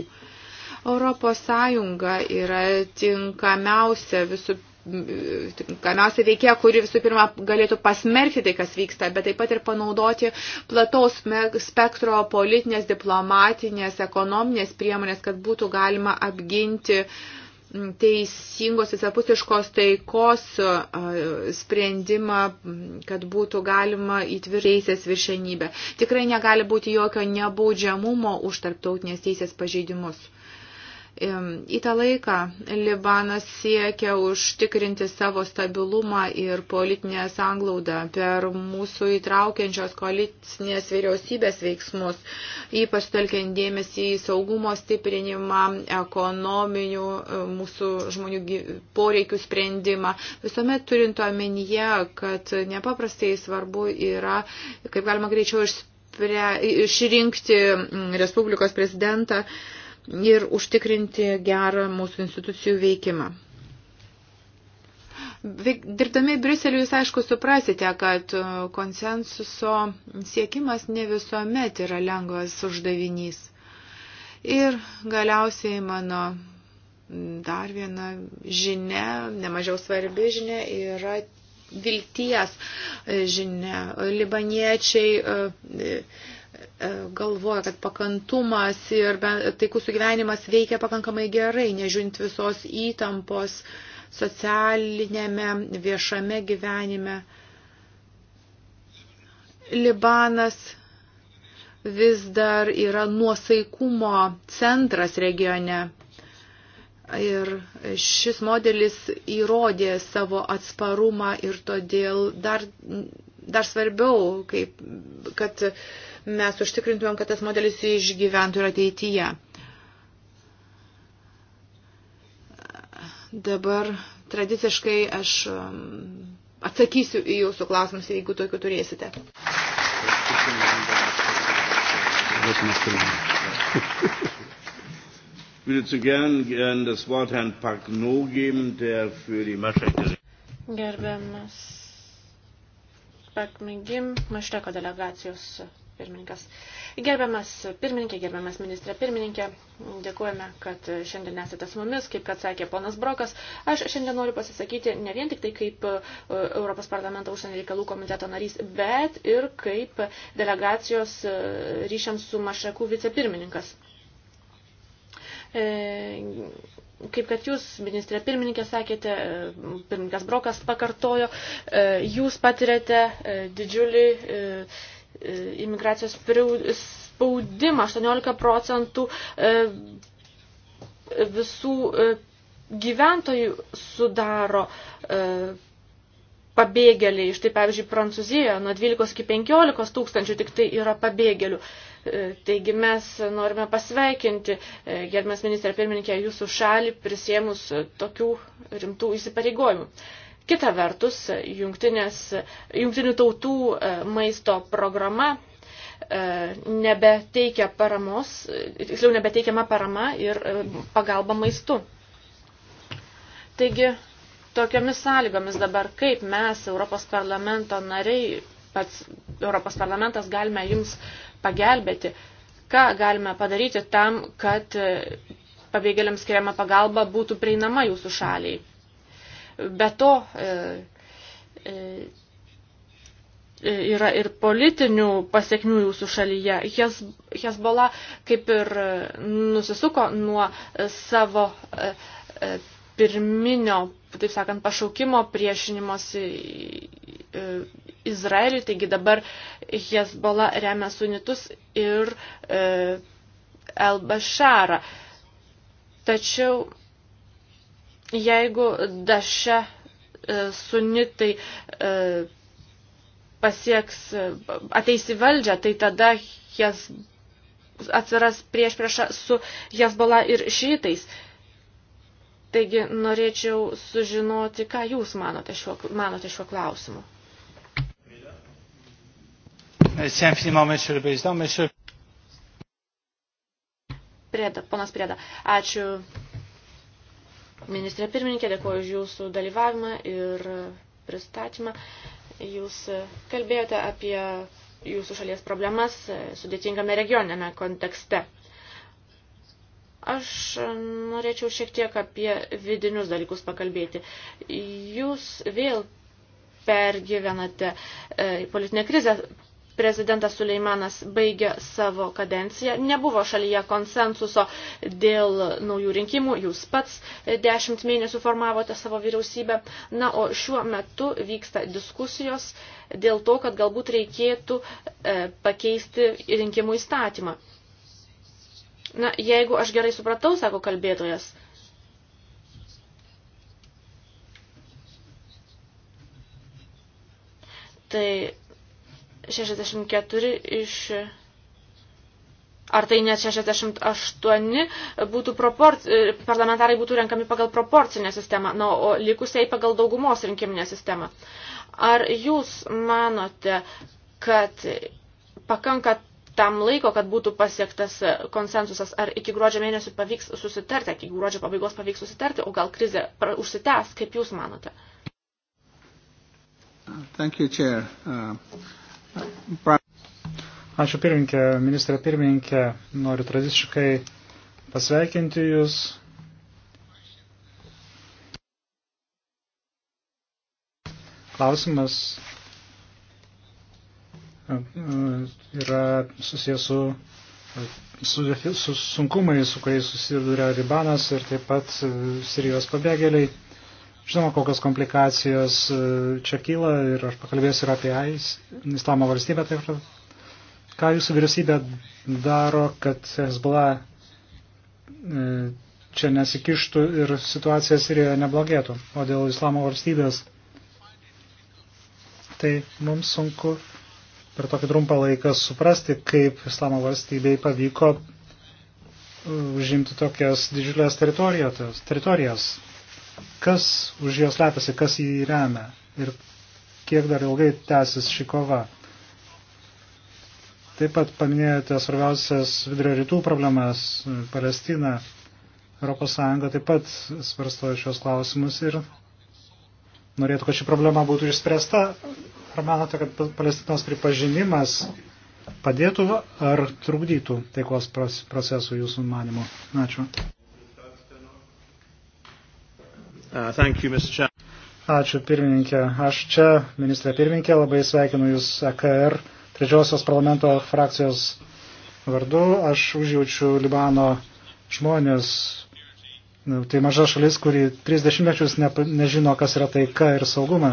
Europos Sąjunga yra tinkamiausia visų tinkamiausia veikėja, kuri visų pirma galėtų pasmerkti tai, kas vyksta, bet taip pat ir panaudoti plataus spektro politinės, diplomatinės, ekonominės priemonės, kad būtų galima apginti teisingos visapusiškos taikos sprendimą, kad būtų galima įtvirteisės viršenybę. Tikrai negali būti jokio nebaudžiamumo už tarptautinės teisės pažeidimus. Į tą laiką Libanas siekia užtikrinti savo stabilumą ir politinę sanglaudą per mūsų įtraukiančios koalicinės vyriausybės veiksmus, ypač telkiant dėmesį į saugumo stiprinimą, ekonominių e, mūsų žmonių poreikių sprendimą. Visuomet turint omenyje, kad nepaprastai svarbu yra, kaip galima greičiau išspręsti išrinkti Respublikos prezidentą, ir užtikrinti gerą mūsų institucijų veikimą. Dirbdami Briseliu jūs aišku suprasite, kad e, konsensuso siekimas ne visuomet yra lengvas uždavinys. Ir galiausiai mano dar viena žinia, nemažiau svarbi žinia, yra vilties e, žinia. Libaniečiai e, E, galvoja, kad pakantumas ir taikus sugyvenimas veikia pakankamai gerai, nežiūrint visos įtampos socialinėme, viešame gyvenime. Libanas vis dar yra nuosaikumo centras regione. Ir šis modelis įrodė savo atsparumą ir todėl dar, dar svarbiau, kaip, kad uh, mes užtikrintumėm, kad tas modelis išgyventų ir ateityje. Dabar tradiciškai aš um, atsakysiu į jūsų klausimus, jeigu tokių turėsite. Gerbiamas Pakmigim, Mašreko delegacijos pirmininkas. Gerbiamas pirmininkė, gerbiamas ministrė pirmininkė, dėkujame, kad šiandien esate su mumis, kaip kad sakė ponas Brokas. Aš šiandien noriu pasisakyti ne vien tik tai kaip e, Europos parlamento užsienio reikalų komiteto narys, bet ir kaip delegacijos e, ryšiams su Mašakų vicepirmininkas. E, kaip kad jūs, ministrė pirmininkė, sakėte, e, pirmininkas Brokas pakartojo, jūs patirėte didžiulį E, imigracijos spaudimą. 18 procentų e, visų e, gyventojų sudaro pabėgėliai. Štai pavyzdžiui, Prancūzijoje nuo 12 iki 15 tūkstančių tik tai yra pabėgėlių. Taigi mes norime pasveikinti, gerbiamas ministrė pirmininkė, jūsų šalį prisėmus tokių rimtų įsipareigojimų. Kita vertus, jungtinių tautų e, maisto programa e, nebeteikia paramos, tiksliau nebeteikiama parama ir e, pagalba maistu. Taigi, tokiomis sąlygomis dabar, kaip mes, Europos parlamento nariai, pats Europos parlamentas galime jums pagelbėti, ką galime padaryti tam, kad pabėgėliams skiriama pagalba būtų prieinama jūsų šaliai. Be to e, e, yra ir politinių pasiekmių jūsų šalyje. Hezbola kaip ir e, nusisuko nuo savo pirminio, taip sakant, pašaukimo priešinimosi Izraeliui, taigi dabar Hezbola remia sunitus ir El Basharą. Tačiau Jeigu daše sunitai e, pasieks, e, ateis į valdžią, tai tada jas atsiras prieš priešą su Jasbala ir šitais. Taigi norėčiau sužinoti, ką jūs manote šiuo, manote šiuo klausimu. Prieda, ponas Prieda, ačiū Ministrė pirmininkė, dėkuoju už jūsų dalyvavimą ir pristatymą. Jūs kalbėjote apie jūsų šalies problemas sudėtingame regioninėme kontekste. Aš norėčiau šiek tiek apie vidinius dalykus pakalbėti. Jūs vėl pergyvenate e, politinę krizę prezidentas Suleimanas baigė savo kadenciją. Nebuvo šalyje konsensuso dėl naujų rinkimų, jūs pats dešimt mėnesių formavote savo vyriausybę. Na, o šiuo metu vyksta diskusijos dėl to, kad galbūt reikėtų e, pakeisti rinkimų įstatymą. Na, jeigu aš gerai supratau, sako kalbėtojas, tai 64 iš ar tai net 68 būtų proporc... parlamentarai būtų renkami pagal proporcinę sistemą, na, o likusiai pagal daugumos rinkiminę sistemą. Ar jūs manote, kad pakanka tam laiko, kad būtų pasiektas konsensusas, ar iki gruodžio mėnesio pavyks susitarti, iki gruodžio pabaigos pavyks susitarti, o gal krizė užsitęs, kaip jūs manote? Thank you, Chair. Uh... Ačiū pirmininkė, ministrė pirmininkė, noriu tradiciškai pasveikinti Jūs. Klausimas e, e, yra susijęs su, su, su sunkumai, su kuriais susiduria Libanas ir taip pat Sirijos pabėgėliai. Žinoma, kokios komplikacijos e, čia kyla ir aš pakalbėsiu ir apie AIS, Islamo valstybę. Taip, ką jūsų vyriausybė daro, kad Hezbollah e, čia nesikištų ir situacija Sirijoje neblogėtų. O dėl Islamo valstybės, tai mums sunku per tokį trumpą laiką suprasti, kaip Islamo valstybei pavyko e, užimti tokias didžiulės teritorijas. teritorijas kas už jos slepiasi, kas jį remia ir kiek dar ilgai tęsis ši kova. Taip pat paminėjote svarbiausias vidurio rytų problemas - Palestina. ES taip pat svarsto šios klausimus ir norėtų, kad ši problema būtų išspręsta. Ar manote, kad Palestinos pripažinimas padėtų ar trukdytų taikos procesų jūsų manimu? Ačiū. Uh, thank you, Mr. Chair. Ačiū pirmininkė. Aš čia, ministrė pirmininkė, labai sveikinu Jūs AKR trečiosios parlamento frakcijos vardu. Aš užjaučiu Libano žmonės. Tai maža šalis, kuri 30 mečius ne, nežino, kas yra taika ir sauguma.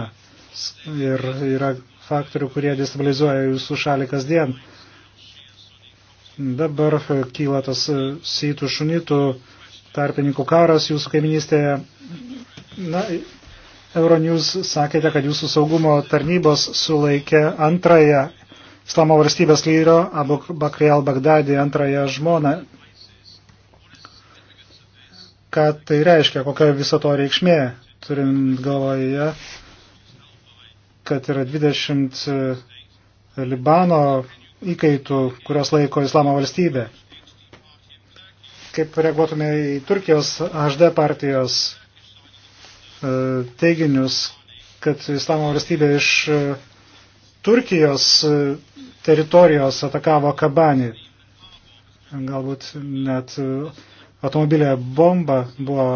Ir yra faktorių, kurie destabilizuoja jūsų šalį kasdien. Dabar kyla tas sytų šunitų tarpininkų karas jūsų kaiminystėje Na, Euronews sakėte, kad jūsų saugumo tarnybos sulaikė antrąją Islamo valstybės lyro Abu Bakri al-Baghdadi antrąją žmoną. Ką tai reiškia, kokia viso to reikšmė, turint galvoje, kad yra 20 e, Libano įkaitų, kurios laiko Islamo valstybė. Kaip reaguotume į Turkijos HD partijos E, teiginius, kad Islamo valstybė iš e, Turkijos e, teritorijos atakavo Kabanį. Galbūt net automobilė bomba buvo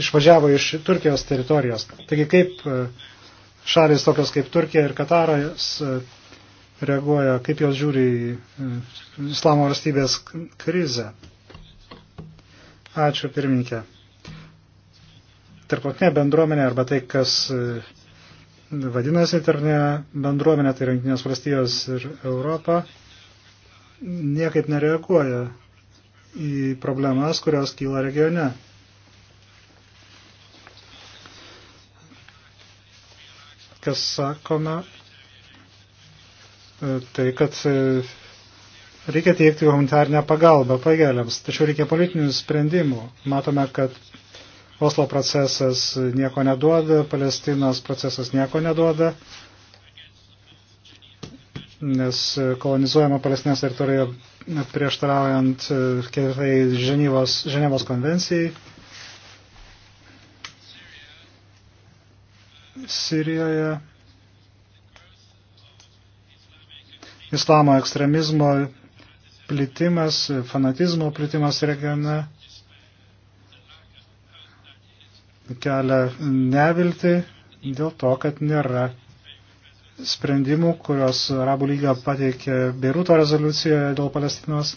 išvažiavo iš Turkijos teritorijos. Taigi kaip šalis tokios kaip Turkija ir Kataras reaguoja, kaip jos žiūri į Islamo valstybės krizę. Ačiū pirminkė tarptautinė bendruomenė arba tai, kas e, vadinasi tarptautinė bendruomenė, tai Junktinės valstijos ir Europa, niekaip nereaguoja į problemas, kurios kyla regione. Kas sakome, tai kad e, reikia teikti humanitarnę pagalbą pageliams, tačiau reikia politinių sprendimų. Matome, kad Oslo procesas nieko neduoda, Palestinos procesas nieko neduoda, nes kolonizuojama Palestinos teritorija prieštaraujant e, ketvirtai Ženevos, Ženevos konvencijai. Sirijoje islamo ekstremizmo plitimas, fanatizmo plitimas regione kelia nevilti dėl to, kad nėra sprendimų, kurios Arabų lyga pateikė Beiruto rezoliucijoje dėl Palestinos.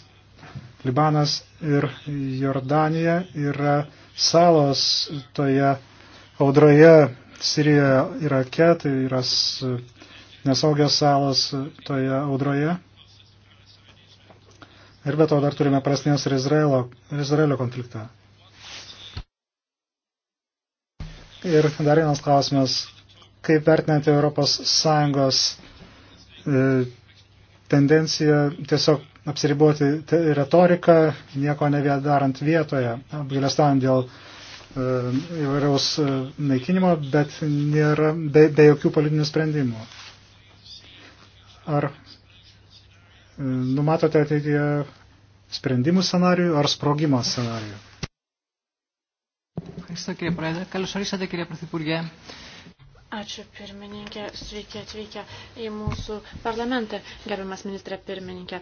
Libanas ir Jordanija yra salos toje audroje Sirijoje, Irake, tai yra nesaugios salos toje audroje. Ir be to dar turime prasnės ir Izraelio, Izraelio konfliktą. Ir dar vienas klausimas, kaip vertinate ES e, tendenciją tiesiog apsiriboti retoriką, nieko nevėdarant vietoje, apgailestavant dėl e, įvairiaus e, naikinimo, bet nėra, be, be jokių politinių sprendimų. Ar numatote ateityje sprendimų scenarijų ar sprogimo scenarijų? Ευχαριστώ κύριε Πρόεδρε. Καλώς ορίσατε κύριε Πρωθυπουργέ. Ačiū pirmininkė, sveiki atvykę į mūsų parlamentą, gerbiamas ministrė pirmininkė.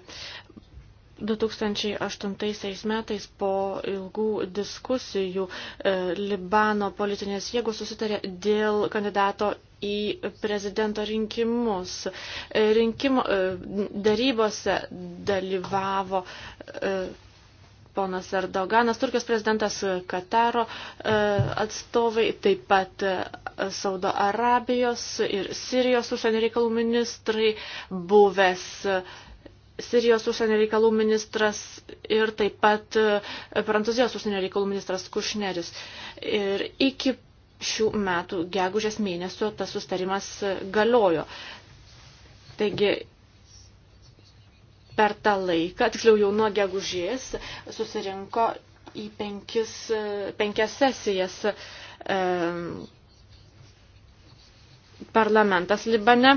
2008 metais po ilgų diskusijų e, Libano politinės jėgos susitarė dėl kandidato į prezidento rinkimus. E, rinkimo e, darybose dalyvavo ponas Erdoganas, Turkijos prezidentas Kataro e, atstovai, taip pat e, Saudo Arabijos ir Sirijos užsienio reikalų ministrai, buvęs e, Sirijos užsienio reikalų ministras ir taip pat Prancūzijos užsienio reikalų ministras Kušneris. Ir iki šių metų gegužės mėnesio tas sustarimas galiojo. Taigi per tą laiką, tiksliau jau nuo gegužės, susirinko į penkis, penkias sesijas e, parlamentas Libane.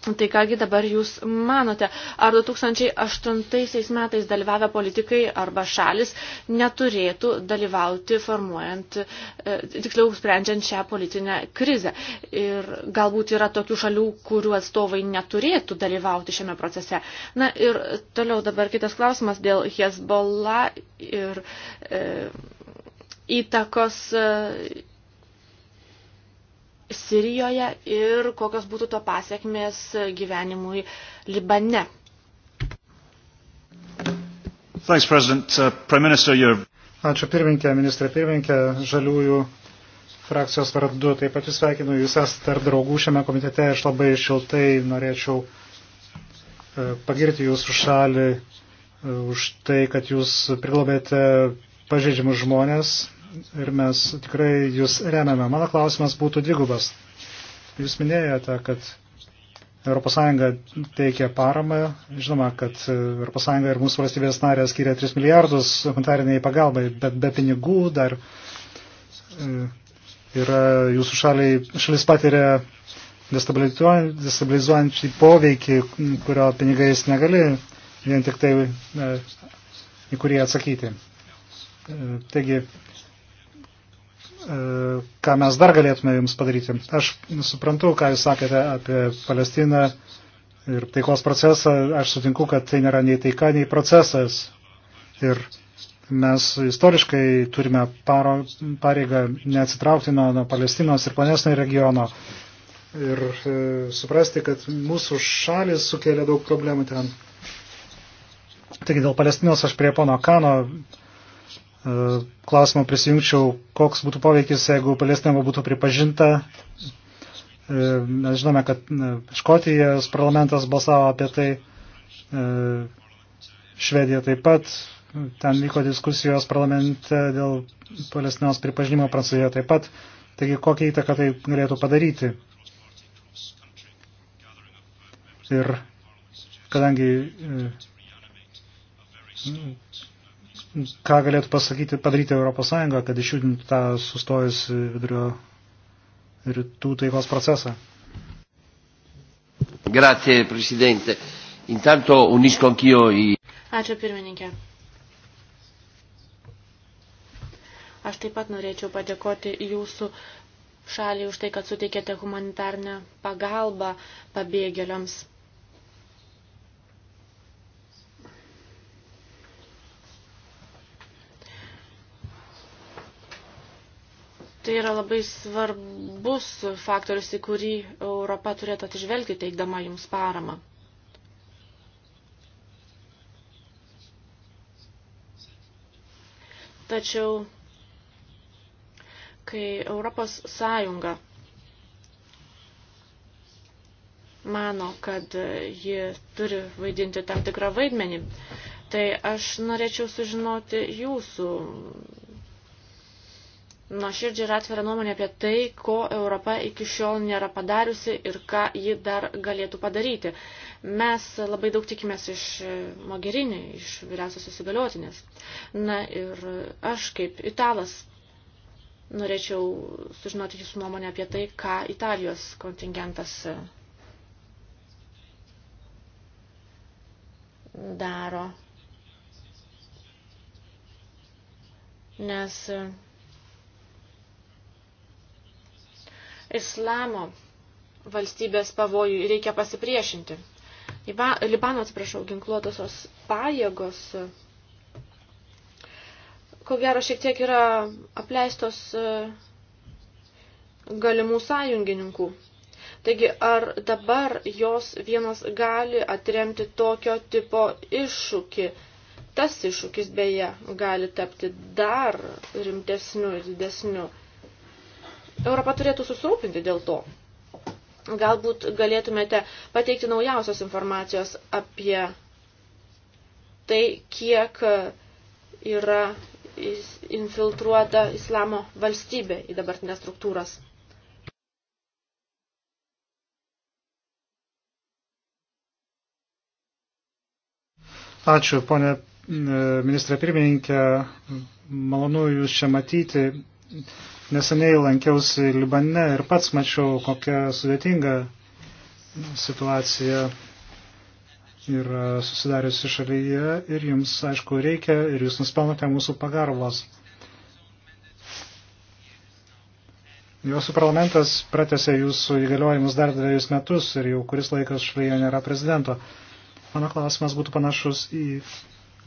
Tai kągi dabar jūs manote, ar 2008 metais dalyvavę politikai arba šalis neturėtų dalyvauti formuojant, e, tiksliau sprendžiant šią politinę krizę. Ir galbūt yra tokių šalių, kurių atstovai neturėtų dalyvauti šiame procese. Na ir toliau dabar kitas klausimas dėl Hezbollah ir e, įtakos. E, Sirijoje ir kokios būtų to pasiekmės gyvenimui Libane. Thanks, President. Uh, Prime Minister, you're... Ačiū pirmininkė, ministrė pirmininkė, žaliųjų frakcijos vardu. Taip pat jūs sveikinu, jūs esate tarp draugų šiame komitete. Aš labai šiltai norėčiau uh, pagirti jūsų šalį uh, už tai, kad jūs priglobėte pažeidžiamus žmonės, ir mes tikrai jūs remiame. Mano klausimas būtų dvigubas. Jūs minėjote, kad ES teikia paramą. Žinoma, kad ES ir mūsų valstybės narė skiria 3 milijardus humanitariniai pagalbai, bet be pinigų dar e, yra jūsų šaliai, šalis patiria destabilizuojantį poveikį, kurio pinigais negali vien tik tai e, į kurį atsakyti. E, taigi, E, ką mes dar galėtume jums padaryti. Aš suprantu, ką jūs sakėte apie Palestiną ir taikos procesą. Aš sutinku, kad tai nėra nei taika, nei procesas. Ir mes istoriškai turime paro, pareigą neatsitraukti nuo, nuo Palestinos ir planesnio regiono. Ir e, suprasti, kad mūsų šalis sukėlė daug problemų ten. Taigi dėl Palestinos aš prie pono Kano E, klausimą prisijungčiau, koks būtų poveikis, jeigu Palestina būtų pripažinta. E, mes žinome, kad e, Škotijos parlamentas balsavo apie tai, Švedija taip pat, ten vyko diskusijos parlamente dėl Palestinos pripažinimo, Prancūzija taip pat. Taigi kokią įtaką tai galėtų padaryti. Ir kadangi ką galėtų pasakyti, padaryti ES, kad išjudintų tą sustojus vidurio rytų taikos procesą. Grazie, Presidente. Intanto unisco anch'io i... Ačiū, pirmininkė. Aš taip pat norėčiau padėkoti jūsų šaliai už tai, kad suteikėte humanitarnę pagalbą pabėgėliams. Tai yra labai svarbus faktorius, į kurį Europa turėtų atižvelgti, teikdama jums paramą. Tačiau, kai Europos Sąjunga mano, kad ji turi vaidinti tam tikrą vaidmenį. Tai aš norėčiau sužinoti jūsų nuoširdžiai ir atvirą nuomonę apie tai, ko Europa iki šiol nėra padariusi ir ką ji dar galėtų padaryti. Mes labai daug tikimės iš Mogerinį, iš vyriausios įsigaliotinės. Na ir aš kaip italas norėčiau sužinoti jūsų nuomonę apie tai, ką Italijos kontingentas daro. Nes islamo valstybės pavojui reikia pasipriešinti. Libano, atsiprašau, ginkluotosios pajėgos, ko gero, šiek tiek yra apleistos galimų sąjungininkų. Taigi, ar dabar jos vienas gali atremti tokio tipo iššūkį? Tas iššūkis beje gali tapti dar rimtesniu ir didesniu. Europa turėtų susirūpinti dėl to. Galbūt galėtumėte pateikti naujausios informacijos apie tai, kiek yra infiltruota islamo valstybė į dabartinės struktūras. Ačiū, ponė e, ministrė pirmininkė. Malonu Jūs čia matyti. Neseniai lankiausi Libane ir pats mačiau, kokia sudėtinga situacija yra susidariusi šalyje ir jums, aišku, reikia ir jūs nuspelnote mūsų pagarvos. Jūsų parlamentas pratėse jūsų įgaliojimus dar dviejus metus ir jau kuris laikas šalyje nėra prezidento. Mano klausimas būtų panašus į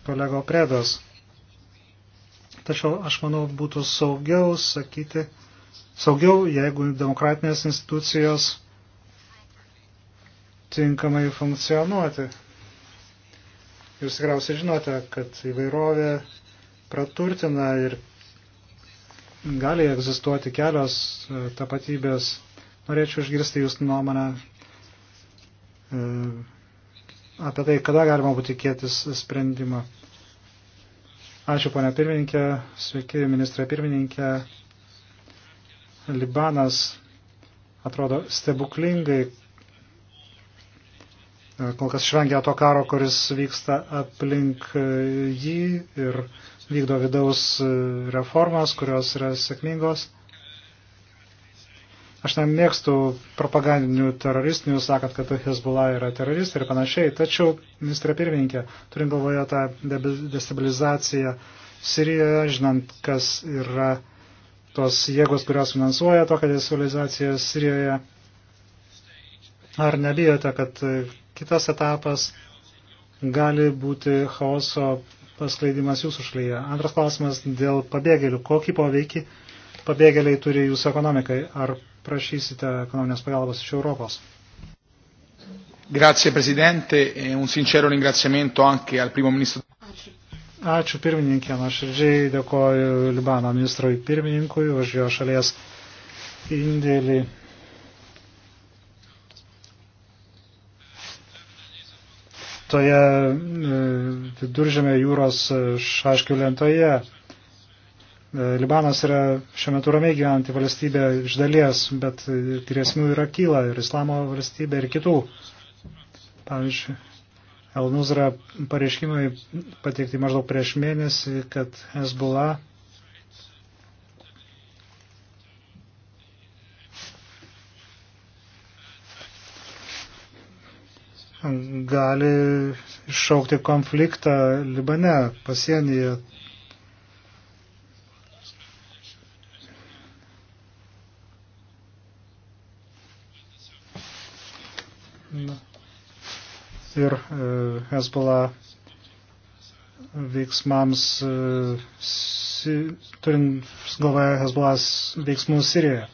kolego Predos. Tačiau aš manau būtų saugiau sakyti, saugiau, jeigu demokratinės institucijos tinkamai funkcionuoti. Jūs tikriausiai žinote, kad įvairovė praturtina ir gali egzistuoti kelios e, tapatybės. Norėčiau išgirsti jūsų nuomonę e, apie tai, kada galima būtų tikėtis sprendimą. Ačiū, ponia pirmininkė. Sveiki, ministrė pirmininkė. Libanas atrodo stebuklingai e, kol kas išvengia to karo, kuris vyksta aplink e, jį ir vykdo vidaus e, reformas, kurios yra sėkmingos. Aš nemėgstu propagandinių teroristinių, sakant, kad Hezbollah yra teroristai ir panašiai, tačiau, ministrė pirmininkė, turint galvoje tą destabilizaciją Sirijoje, žinant, kas yra tos jėgos, kurios finansuoja tokią destabilizaciją Sirijoje, ar nebijote, kad kitas etapas gali būti chaoso paskleidimas jūsų šalyje? Antras klausimas dėl pabėgėlių. Kokį poveikį pabėgėliai turi jūsų ekonomikai? Ar prašysite ekonominės pagalbos iš Europos. Grazie Presidente e un sincero ringraziamento anche al primo ministro. Ačiū. Ačiū pirmininkė, nuoširdžiai dėkoju Libano ministrui pirmininkui už jo šalies indėlį. Toje e, viduržėme jūros e, šaškių lentoje E, Libanas yra šiuo metu ramiai gyventi valstybė iš dalies, bet grėsmių yra kyla ir islamo valstybė ir kitų. Pavyzdžiui, Elnuzra pareiškimai pateikti maždaug prieš mėnesį, kad Hezbollah gali iššaukti konfliktą Libane pasienyje ir e, Hezbollah veiksmams, e, turint galvoje Hezbollah veiksmus Sirijoje.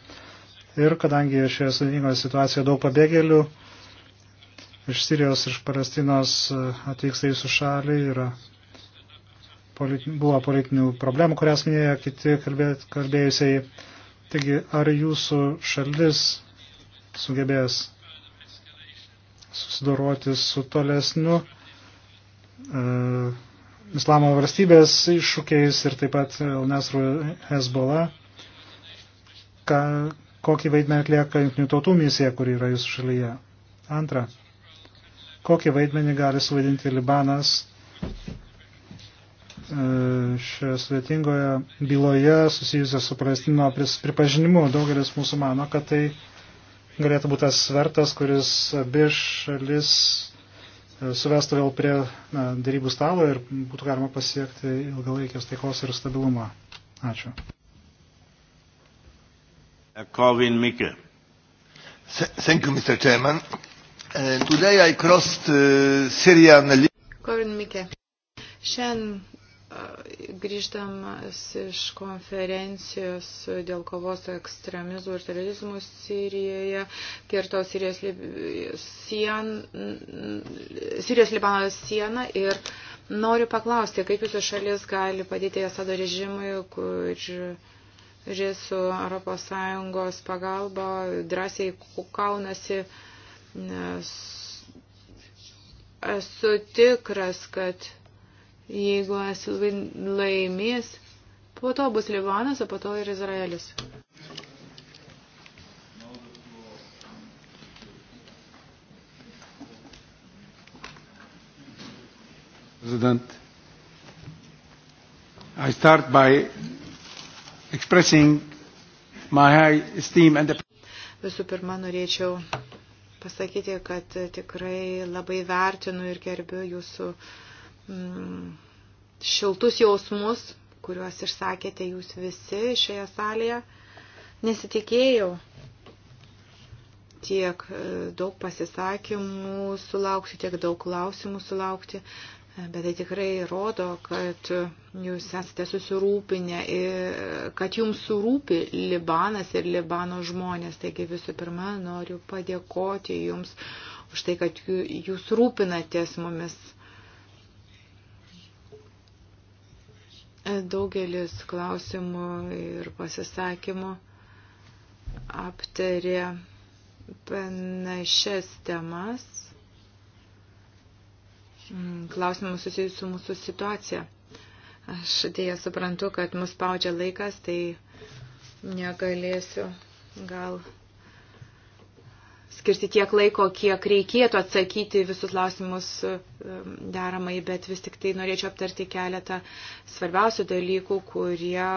Ir kadangi šioje sudėtingoje situacijoje daug pabėgėlių iš Sirijos, iš Palestinos e, atvyksta į jūsų šalį, yra, politi, buvo politinių problemų, kurias minėjo kiti kalbė, kalbėjusiai. Taigi, ar jūsų šalis sugebės susidoroti su tolesniu uh, islamo valstybės iššūkiais ir taip pat Nesru Hezbollah, ką, kokį vaidmenį atlieka jungtinių tautų misija, kuri yra jūsų šalyje. Antra, kokį vaidmenį gali suvaidinti Libanas e, šioje sudėtingoje byloje susijusios su Palestino pripažinimu. Daugelis mūsų mano, kad tai galėtų būti tas svertas, kuris abi šalis e, suvestų vėl prie dėrybų stalo ir būtų galima pasiekti ilgalaikės taikos ir stabilumą. Ačiū. Corvin Mikke. Thank you, Mr. Chairman. Uh, today I crossed uh, Syrian... Corvin Mikke. Šiandien grįždamas iš konferencijos dėl kovos su ekstremizmu ir terorizmu Sirijoje, kirto Sirijos, sien, Sirijos Libano sieną ir noriu paklausti, kaip jūsų šalis gali padėti Asado režimui, kur kuris su ES pagalba drąsiai kaunasi. Esu tikras, kad Jeigu es laimės, po to bus Libanas, o po to ir Izraelis. President, I start by expressing my high esteem and the... Visų pirma, norėčiau pasakyti, kad tikrai labai vertinu ir gerbiu jūsų uh, Mm, šiltus jausmus, kuriuos išsakėte jūs visi šioje salėje. Nesitikėjau tiek e, daug pasisakymų sulaukti, tiek daug klausimų sulaukti, e, bet tai tikrai rodo, kad jūs esate susirūpinę, e, kad jums surūpi Libanas ir Libano žmonės. Taigi visų pirma, noriu padėkoti jums už tai, kad jūs rūpinatės mumis. Daugelis klausimų ir pasisakymų aptarė panašias temas, mm, klausimus susijusius su mūsų situacija. Aš dėja suprantu, kad mus spaudžia laikas, tai negalėsiu gal skirti tiek laiko, kiek reikėtų atsakyti visus klausimus e, deramai, bet vis tik tai norėčiau aptarti keletą svarbiausių dalykų, kurie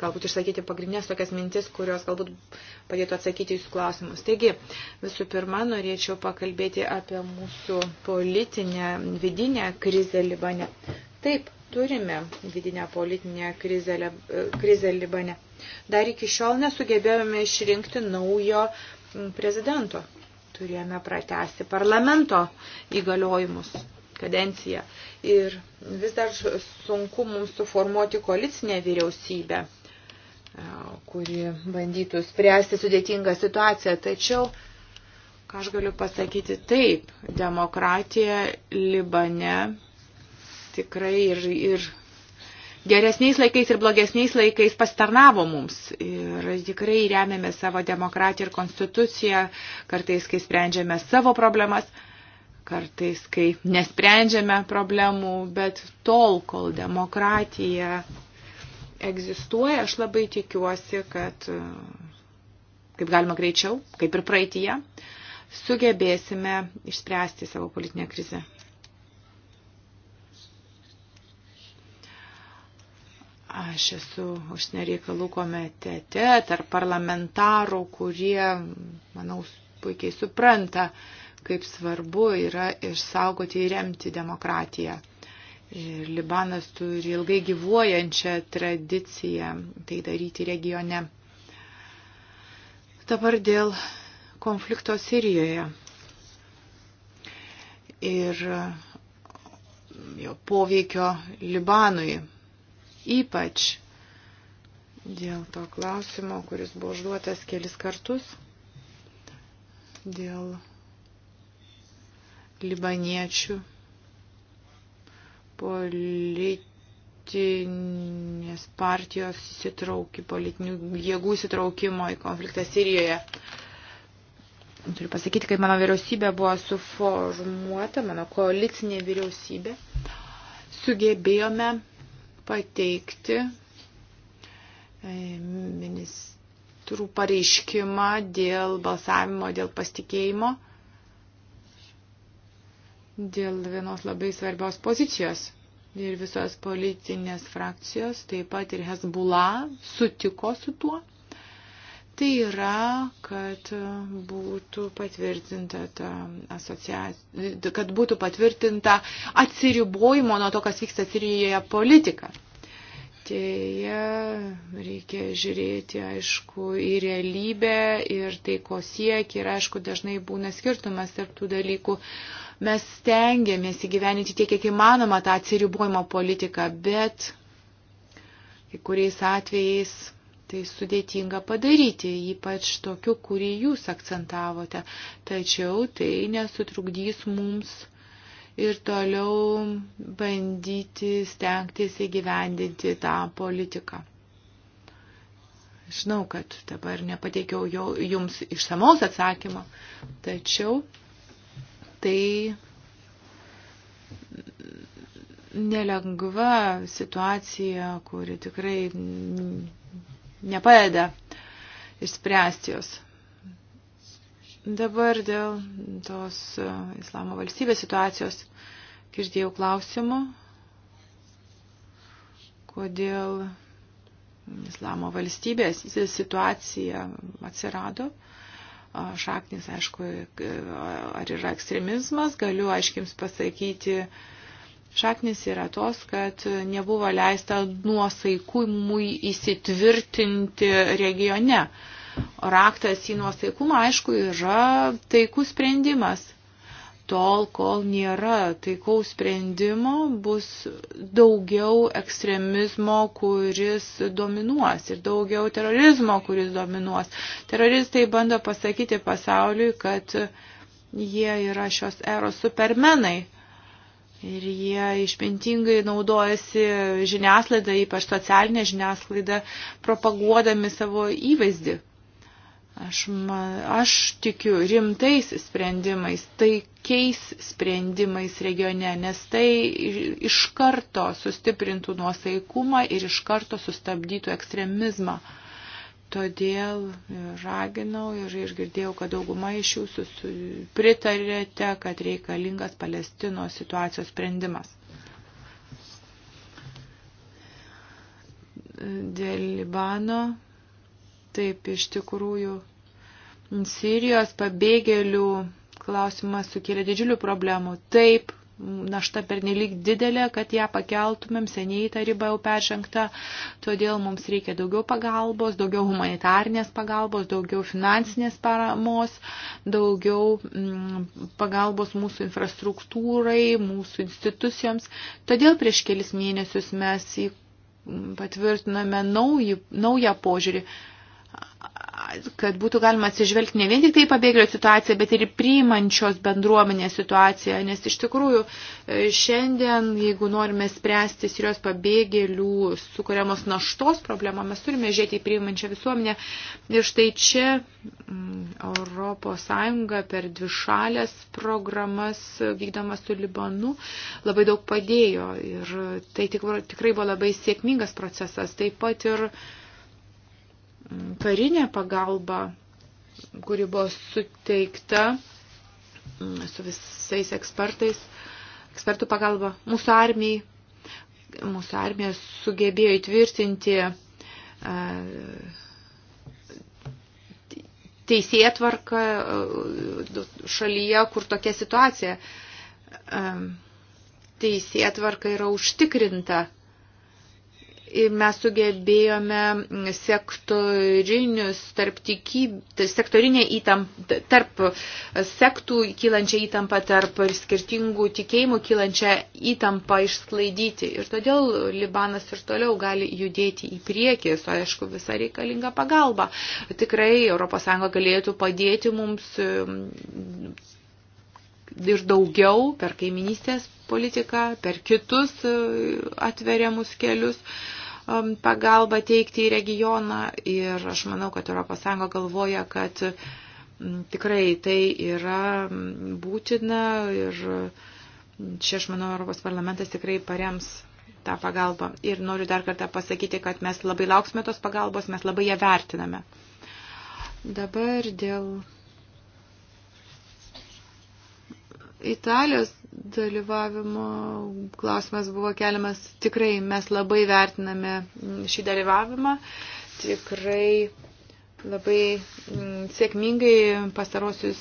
galbūt išsakyti pagrindinės tokias mintis, kurios galbūt padėtų atsakyti jūsų klausimus. Taigi, visų pirma, norėčiau pakalbėti apie mūsų politinę vidinę krizę Libane. Taip, turime vidinę politinę krizę, e, krizę Libane. Dar iki šiol nesugebėjome išrinkti naujo prezidento. Turėjome pratesti parlamento įgaliojimus kadenciją. Ir vis dar sunku mums suformuoti koalicinę vyriausybę, kuri bandytų spręsti sudėtingą situaciją. Tačiau, ką aš galiu pasakyti, taip, demokratija Libane tikrai ir, ir geresniais laikais ir blogesniais laikais pasitarnavo mums. Ir tikrai remiame savo demokratiją ir konstituciją, kartais, kai sprendžiame savo problemas, kartais, kai nesprendžiame problemų, bet tol, kol demokratija egzistuoja, aš labai tikiuosi, kad kaip galima greičiau, kaip ir praeitie, sugebėsime išspręsti savo politinę krizę. Aš esu užsienio reikalų komitete tarp parlamentarų, kurie, manau, puikiai supranta, kaip svarbu yra išsaugoti ir remti demokratiją. Ir Libanas turi ilgai gyvuojančią tradiciją tai daryti regione. Dabar dėl konflikto Sirijoje. Ir jo poveikio Libanui ypač dėl to klausimo, kuris buvo užduotas kelis kartus, dėl libaniečių politinės partijos įsitraukį, politinių jėgų įsitraukimo į konfliktą Sirijoje. Turiu pasakyti, kai mano vyriausybė buvo suformuota, mano koalicinė vyriausybė, sugebėjome pateikti e, ministrų pareiškimą dėl balsavimo, dėl pasitikėjimo, dėl vienos labai svarbios pozicijos. Ir visos politinės frakcijos, taip pat ir Hezbollah, sutiko su tuo. Tai yra, kad būtų patvirtinta ta asociacija, kad būtų patvirtinta atsiribojimo nuo to, kas vyksta Sirijoje politika. Deja, reikia žiūrėti, aišku, į realybę ir tai, ko siekia, ir aišku, dažnai būna skirtumas tarp tų dalykų. Mes stengiamės įgyveninti tiek, kiek įmanoma tą atsiribojimo politiką, bet kai kuriais atvejais tai sudėtinga padaryti, ypač tokiu, kurį jūs akcentavote. Tačiau tai nesutrukdys mums ir toliau bandyti stengtis įgyvendinti tą politiką. Žinau, kad dabar nepateikiau jau jums išsamaus atsakymo, tačiau tai nelengva situacija, kuri tikrai nepadeda išspręsti jos. Dabar dėl tos e, islamo valstybės situacijos girdėjau klausimų, kodėl islamo valstybės situacija atsirado. Šaknis, aišku, e, ar yra ekstremizmas, galiu aiškiai jums pasakyti, Šaknis yra tos, kad nebuvo leista nuosaikumui įsitvirtinti regione. Raktas į nuosaikumą, aišku, yra taikus sprendimas tol, kol nėra taikaus sprendimo, bus daugiau ekstremizmo, kuris dominuos ir daugiau terorizmo, kuris dominuos. Teroristai bando pasakyti pasauliui, kad jie yra šios eros supermenai. Ir jie išmintingai naudojasi žiniaslaidą, ypač socialinę žiniaslaidą, propaguodami savo įvaizdį. Aš, aš tikiu rimtais sprendimais, taikiais sprendimais regione, nes tai iš karto sustiprintų nuosaikumą ir iš karto sustabdytų ekstremizmą. Todėl raginau ir išgirdėjau, kad dauguma iš jūsų pritarėte, kad reikalingas Palestino situacijos sprendimas. Dėl Libano, taip iš tikrųjų, Sirijos pabėgėlių klausimas sukėlė didžiulių problemų. Taip, našta pernelyg didelė, kad ją pakeltumėm, seniai ta riba jau peržengta, todėl mums reikia daugiau pagalbos, daugiau humanitarnės pagalbos, daugiau finansinės paramos, daugiau mm, pagalbos mūsų infrastruktūrai, mūsų institucijoms. Todėl prieš kelis mėnesius mes patvirtiname naują, naują požiūrį kad būtų galima atsižvelgti ne vien tik tai pabėgėlio situaciją, bet ir priimančios bendruomenės situaciją, nes iš tikrųjų e, šiandien, jeigu norime spręsti Sirijos pabėgėlių sukuriamos naštos problemą, mes turime žiūrėti į priimančią visuomenę. Ir štai čia mm, Europos Sąjunga per dvišalės programas vykdamas su Libanu labai daug padėjo ir tai tikrai buvo labai sėkmingas procesas. Taip pat ir Mm, karinė pagalba, kuri buvo suteikta mm, su visais ekspertais, ekspertų pagalba mūsų armijai. Mūsų armija sugebėjo įtvirtinti e, teisėtvarką e, šalyje, kur tokia situacija. E, teisėtvarka yra užtikrinta mes sugebėjome sektorinius, tarp tiky, sektorinę įtampą, tarp sektų kylančią įtampą, tarp skirtingų tikėjimų kylančią įtampą išsklaidyti. Ir todėl Libanas ir toliau gali judėti į priekį, su aišku, visa reikalinga pagalba. Tikrai ES galėtų padėti mums um, ir daugiau per kaiminystės politiką, per kitus uh, atveriamus kelius. Uh, Um, pagalbą teikti į regioną ir aš manau, kad ES galvoja, kad mm, tikrai tai yra mm, būtina ir mm, čia aš manau, Europos parlamentas tikrai parems tą pagalbą. Ir noriu dar kartą pasakyti, kad mes labai lauksime tos pagalbos, mes labai ją vertiname. Dabar dėl Italijos dalyvavimo klausimas buvo keliamas. Tikrai mes labai vertiname šį dalyvavimą. Tikrai labai mm, sėkmingai pastarosius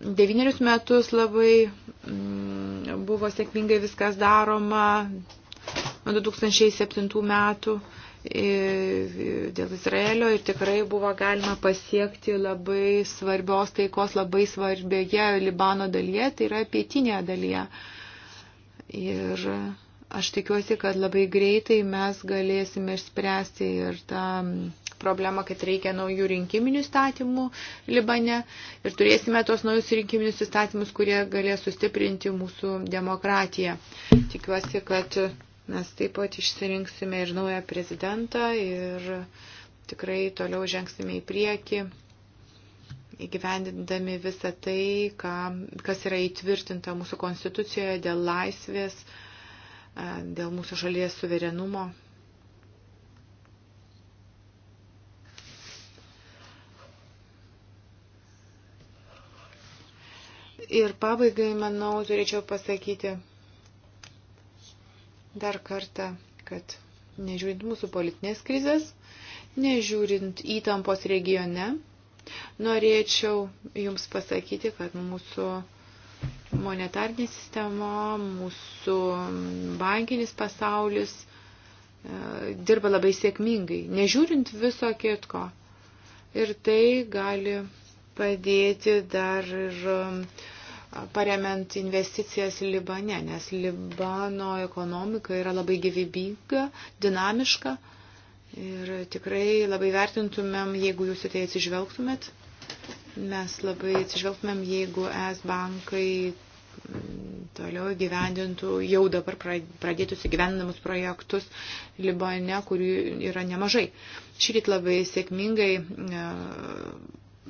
devynerius metus labai mm, buvo sėkmingai viskas daroma nuo 2007 metų dėl Izraelio ir tikrai buvo galima pasiekti labai svarbios taikos, labai svarbioje Libano dalyje, tai yra pietinėje dalyje. Ir aš tikiuosi, kad labai greitai mes galėsime išspręsti ir tą problemą, kad reikia naujų rinkiminių statymų Libane ir turėsime tos naujus rinkiminius įstatymus, kurie galės sustiprinti mūsų demokratiją. Tikiuosi, kad Mes taip pat išsirinksime ir naują prezidentą ir tikrai toliau žengsime į priekį, įgyvendindami visą tai, ką, kas yra įtvirtinta mūsų konstitucijoje dėl laisvės, e, dėl mūsų šalies suverenumo. Ir pabaigai, manau, turėčiau pasakyti dar kartą, kad nežiūrint mūsų politinės krizės, nežiūrint įtampos regione, norėčiau Jums pasakyti, kad mūsų monetarnė sistema, mūsų bankinis pasaulis e, dirba labai sėkmingai, nežiūrint viso kitko. Ir tai gali padėti dar ir paremiant investicijas Libane, nes Libano ekonomika yra labai gyvybinga, dinamiška ir tikrai labai vertintumėm, jeigu jūs į tai atsižvelgtumėt. Mes labai atsižvelgtumėm, jeigu es bankai mm, toliau gyvendintų jau dabar pradėtus įgyvendinamus projektus Libane, kurių yra nemažai. Šį rytą labai sėkmingai e,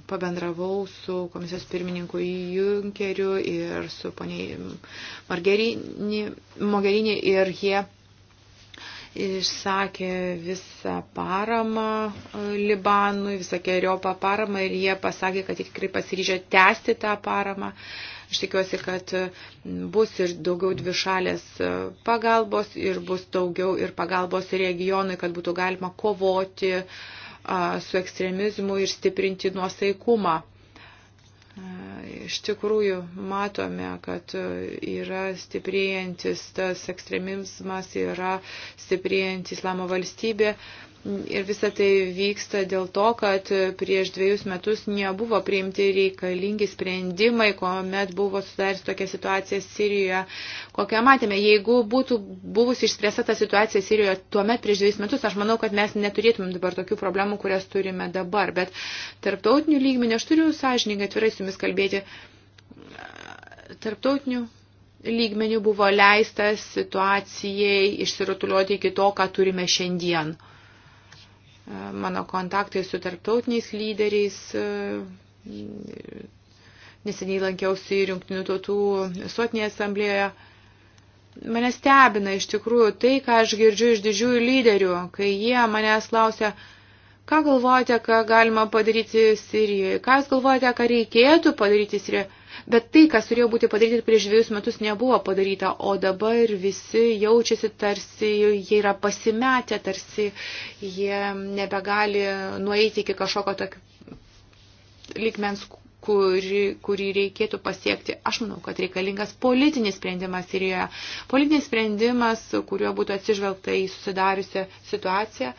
pabendravau su komisijos pirmininku Junkeriu ir su poniai Mogherini ir jie išsakė visą paramą e, Libanui, visą keriopą paramą ir jie pasakė, kad tikrai pasiryžę tęsti tą paramą. Aš tikiuosi, kad e, bus ir daugiau dvišalės e, pagalbos ir bus daugiau ir pagalbos regionui, kad būtų galima kovoti uh, su ekstremizmu ir stiprinti nuosaikumą. Iš tikrųjų matome, kad yra stiprėjantis tas ekstremizmas, yra stiprėjanti islamo valstybė. Ir visa tai vyksta dėl to, kad prieš dviejus metus nebuvo priimti reikalingi sprendimai, kuomet buvo sudarys tokia situacija Sirijoje, kokią matėme. Jeigu būtų buvusi išspręsta ta situacija Sirijoje tuomet prieš dviejus metus, aš manau, kad mes neturėtumėm dabar tokių problemų, kurias turime dabar. Bet tarptautinių lygmenių aš turiu sąžininkai atvirai su jumis kalbėti. Tarptautinių lygmenių buvo leista situacijai išsirutuliuoti iki to, ką turime šiandien mano kontaktai su tarptautiniais lyderiais. E, neseniai lankiausi ir Junktinių tautų visuotinėje asamblėje. Mane stebina iš tikrųjų tai, ką aš girdžiu iš didžiųjų lyderių, kai jie manęs klausia, ką galvojate, ką galima padaryti Sirijoje, ką jūs galvojate, ką reikėtų padaryti Sirijoje. Bet tai, kas turėjo būti padaryta prieš dviejus metus, nebuvo padaryta, o dabar visi jaučiasi tarsi, jie yra pasimetę, tarsi jie nebegali nueiti iki kažkokio tokio lygmens, kurį, kurį reikėtų pasiekti. Aš manau, kad reikalingas politinis sprendimas Sirijoje. Politinis sprendimas, kuriuo būtų atsižvelgta į susidariusią situaciją,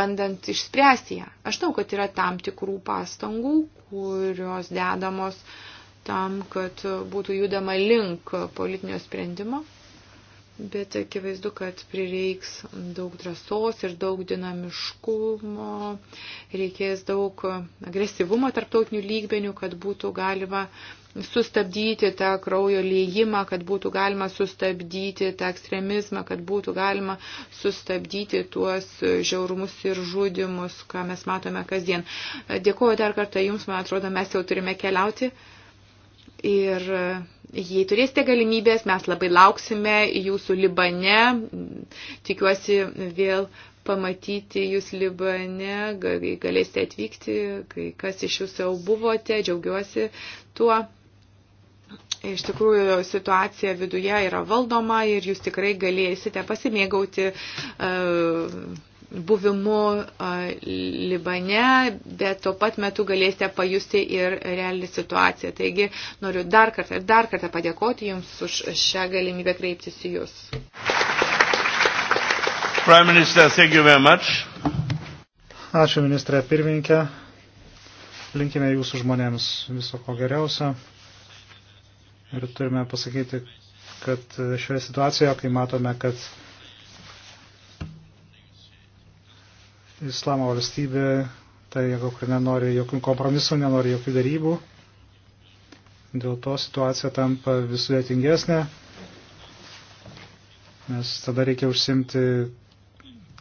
bandant išspręsti ją. Aš žinau, kad yra tam tikrų pastangų, kurios dedamos uh, tam, kad būtų judama link politinio sprendimo, bet akivaizdu, kad prireiks daug drąsos ir daug dinamiškumo, reikės daug agresyvumo tarptautinių lygmenių, kad būtų galima sustabdyti tą kraujo liejimą, kad būtų galima sustabdyti tą ekstremizmą, kad būtų galima sustabdyti tuos žiaurumus ir žudimus, ką mes matome kasdien. Dėkuoju dar kartą Jums, man atrodo, mes jau turime keliauti. Ir e, jei turėsite galimybės, mes labai lauksime jūsų Libane. Tikiuosi vėl pamatyti jūs Libane, kai galėsite atvykti, kai kas iš jūsų jau buvote, džiaugiuosi tuo. Iš tikrųjų, situacija viduje yra valdoma ir jūs tikrai galėsite pasimėgauti uh, buvimu Libane, bet tuo pat metu galėsite pajusti ir realią situaciją. Taigi noriu dar kartą ir dar kartą padėkoti Jums už šią galimybę kreiptis į Jūs. Minister, Ačiū ministrė pirmininkė. Linkime Jūsų žmonėms viso ko geriausio. Ir turime pasakyti, kad šioje situacijoje, kai matome, kad islamo valstybė, tai jeigu kur nenori jokių kompromisų, nenori jokių darybų, dėl to situacija tampa vis sudėtingesnė, nes tada reikia užsimti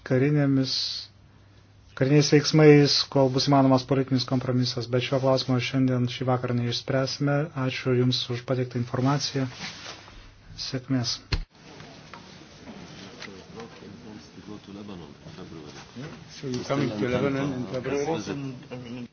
karinėmis, kariniais veiksmais, kol bus įmanomas politinis kompromisas. Bet šio klausimo šiandien šį vakarą neišspręsime. Ačiū Jums už pateiktą informaciją. Sėkmės. So you're coming to 11 and February?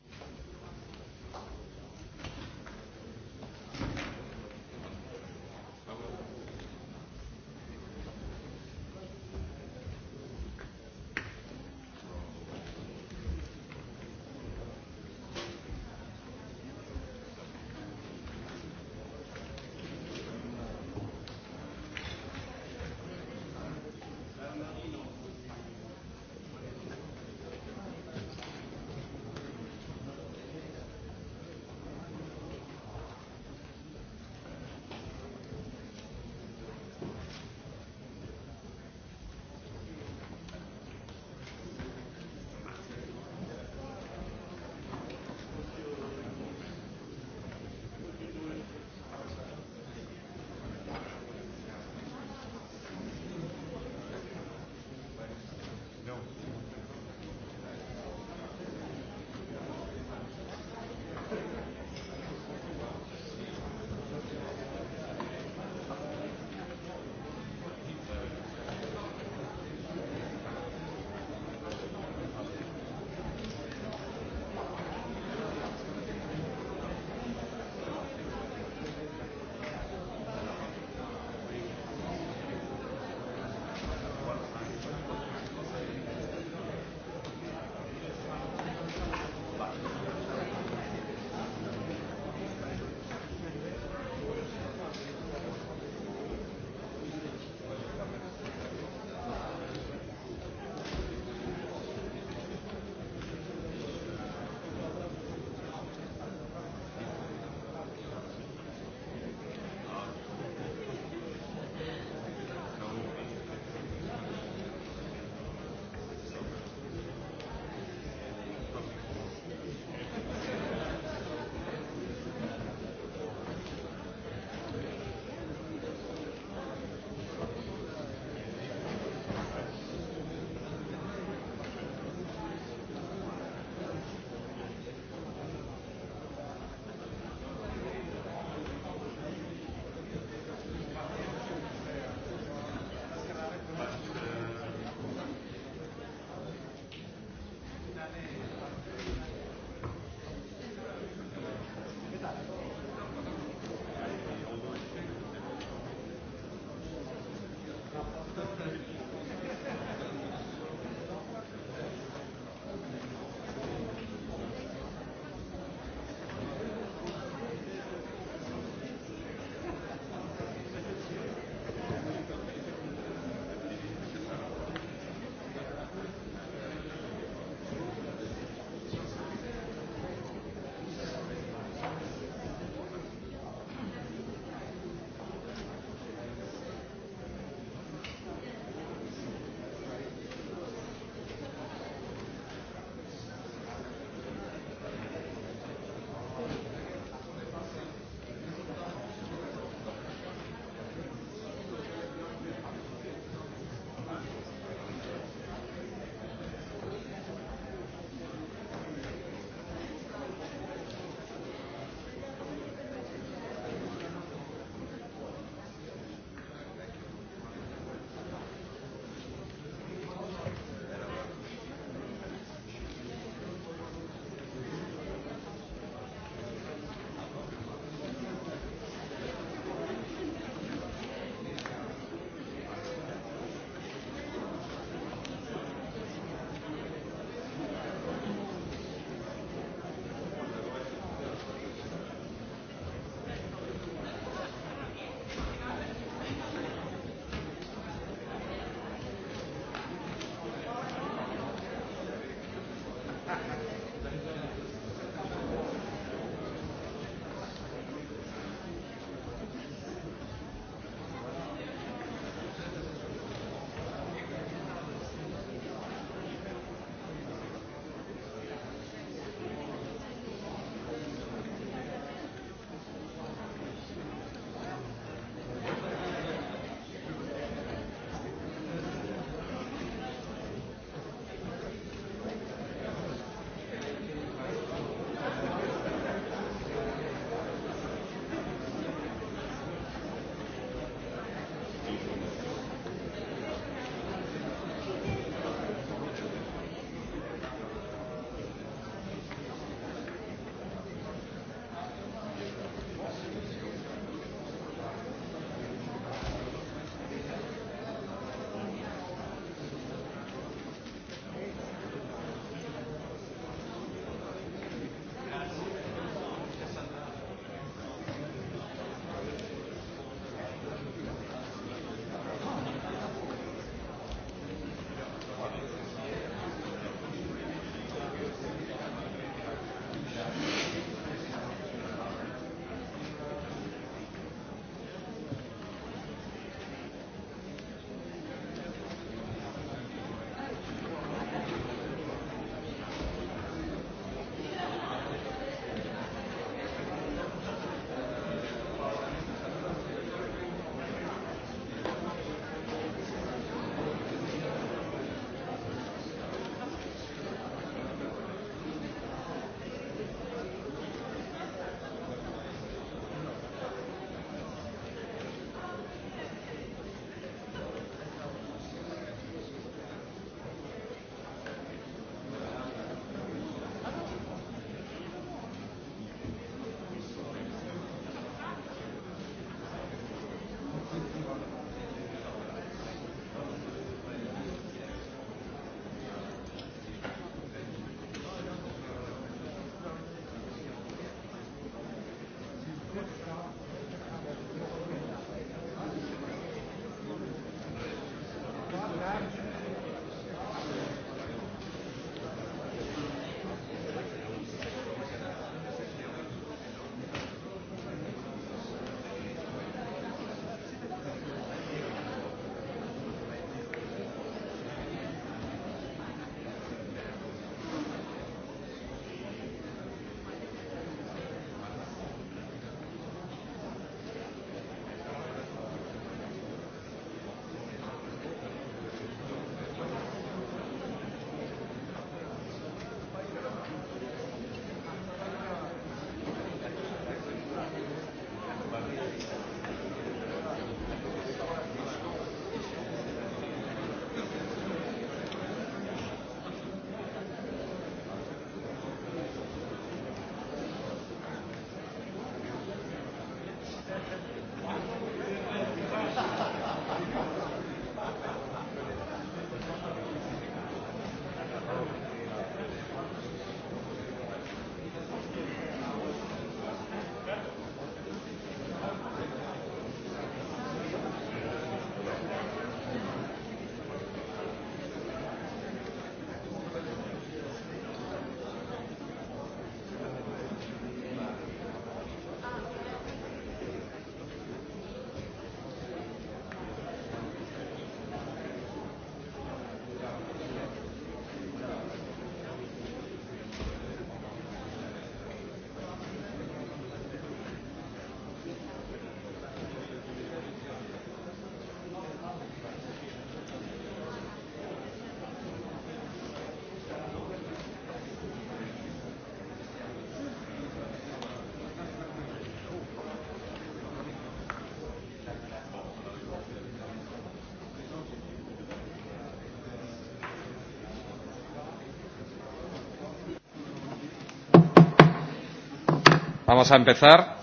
Vamos a empezar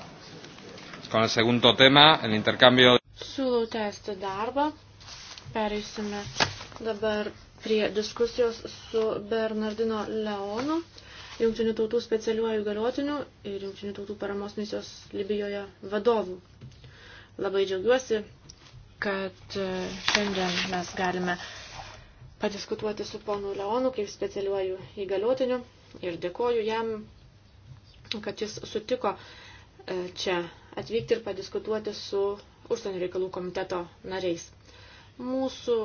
con el segundo tema, el intercambio. Siūlau tęsti darbą. Pereisime dabar prie diskusijos su Bernardino Leonu, jungtinių tautų specialiuoju galiotiniu ir jungtinių tautų paramos misijos Libijoje vadovu. Labai džiaugiuosi, kad e, šiandien mes galime padiskutuoti su ponu Leonu kaip specialiuoju įgaliotiniu ir dėkoju jam kad jis sutiko e, čia atvykti ir padiskutuoti su užsienio reikalų komiteto nariais. Mūsų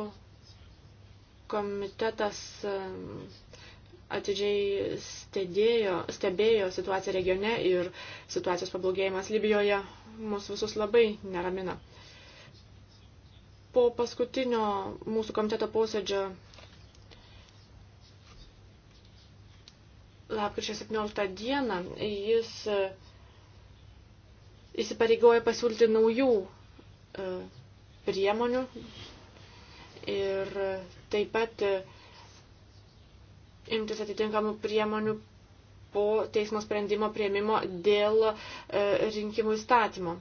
komitetas e, atidžiai stebėjo, stebėjo situaciją regione ir situacijos pablogėjimas Libijoje mus visus labai neramina. Po paskutinio mūsų komiteto posėdžio lapkričio 17 dieną jis e, įsipareigoja pasiūlyti naujų e, priemonių ir e, taip pat imtis atitinkamų priemonių po teismo sprendimo prieimimo dėl rinkimų įstatymo.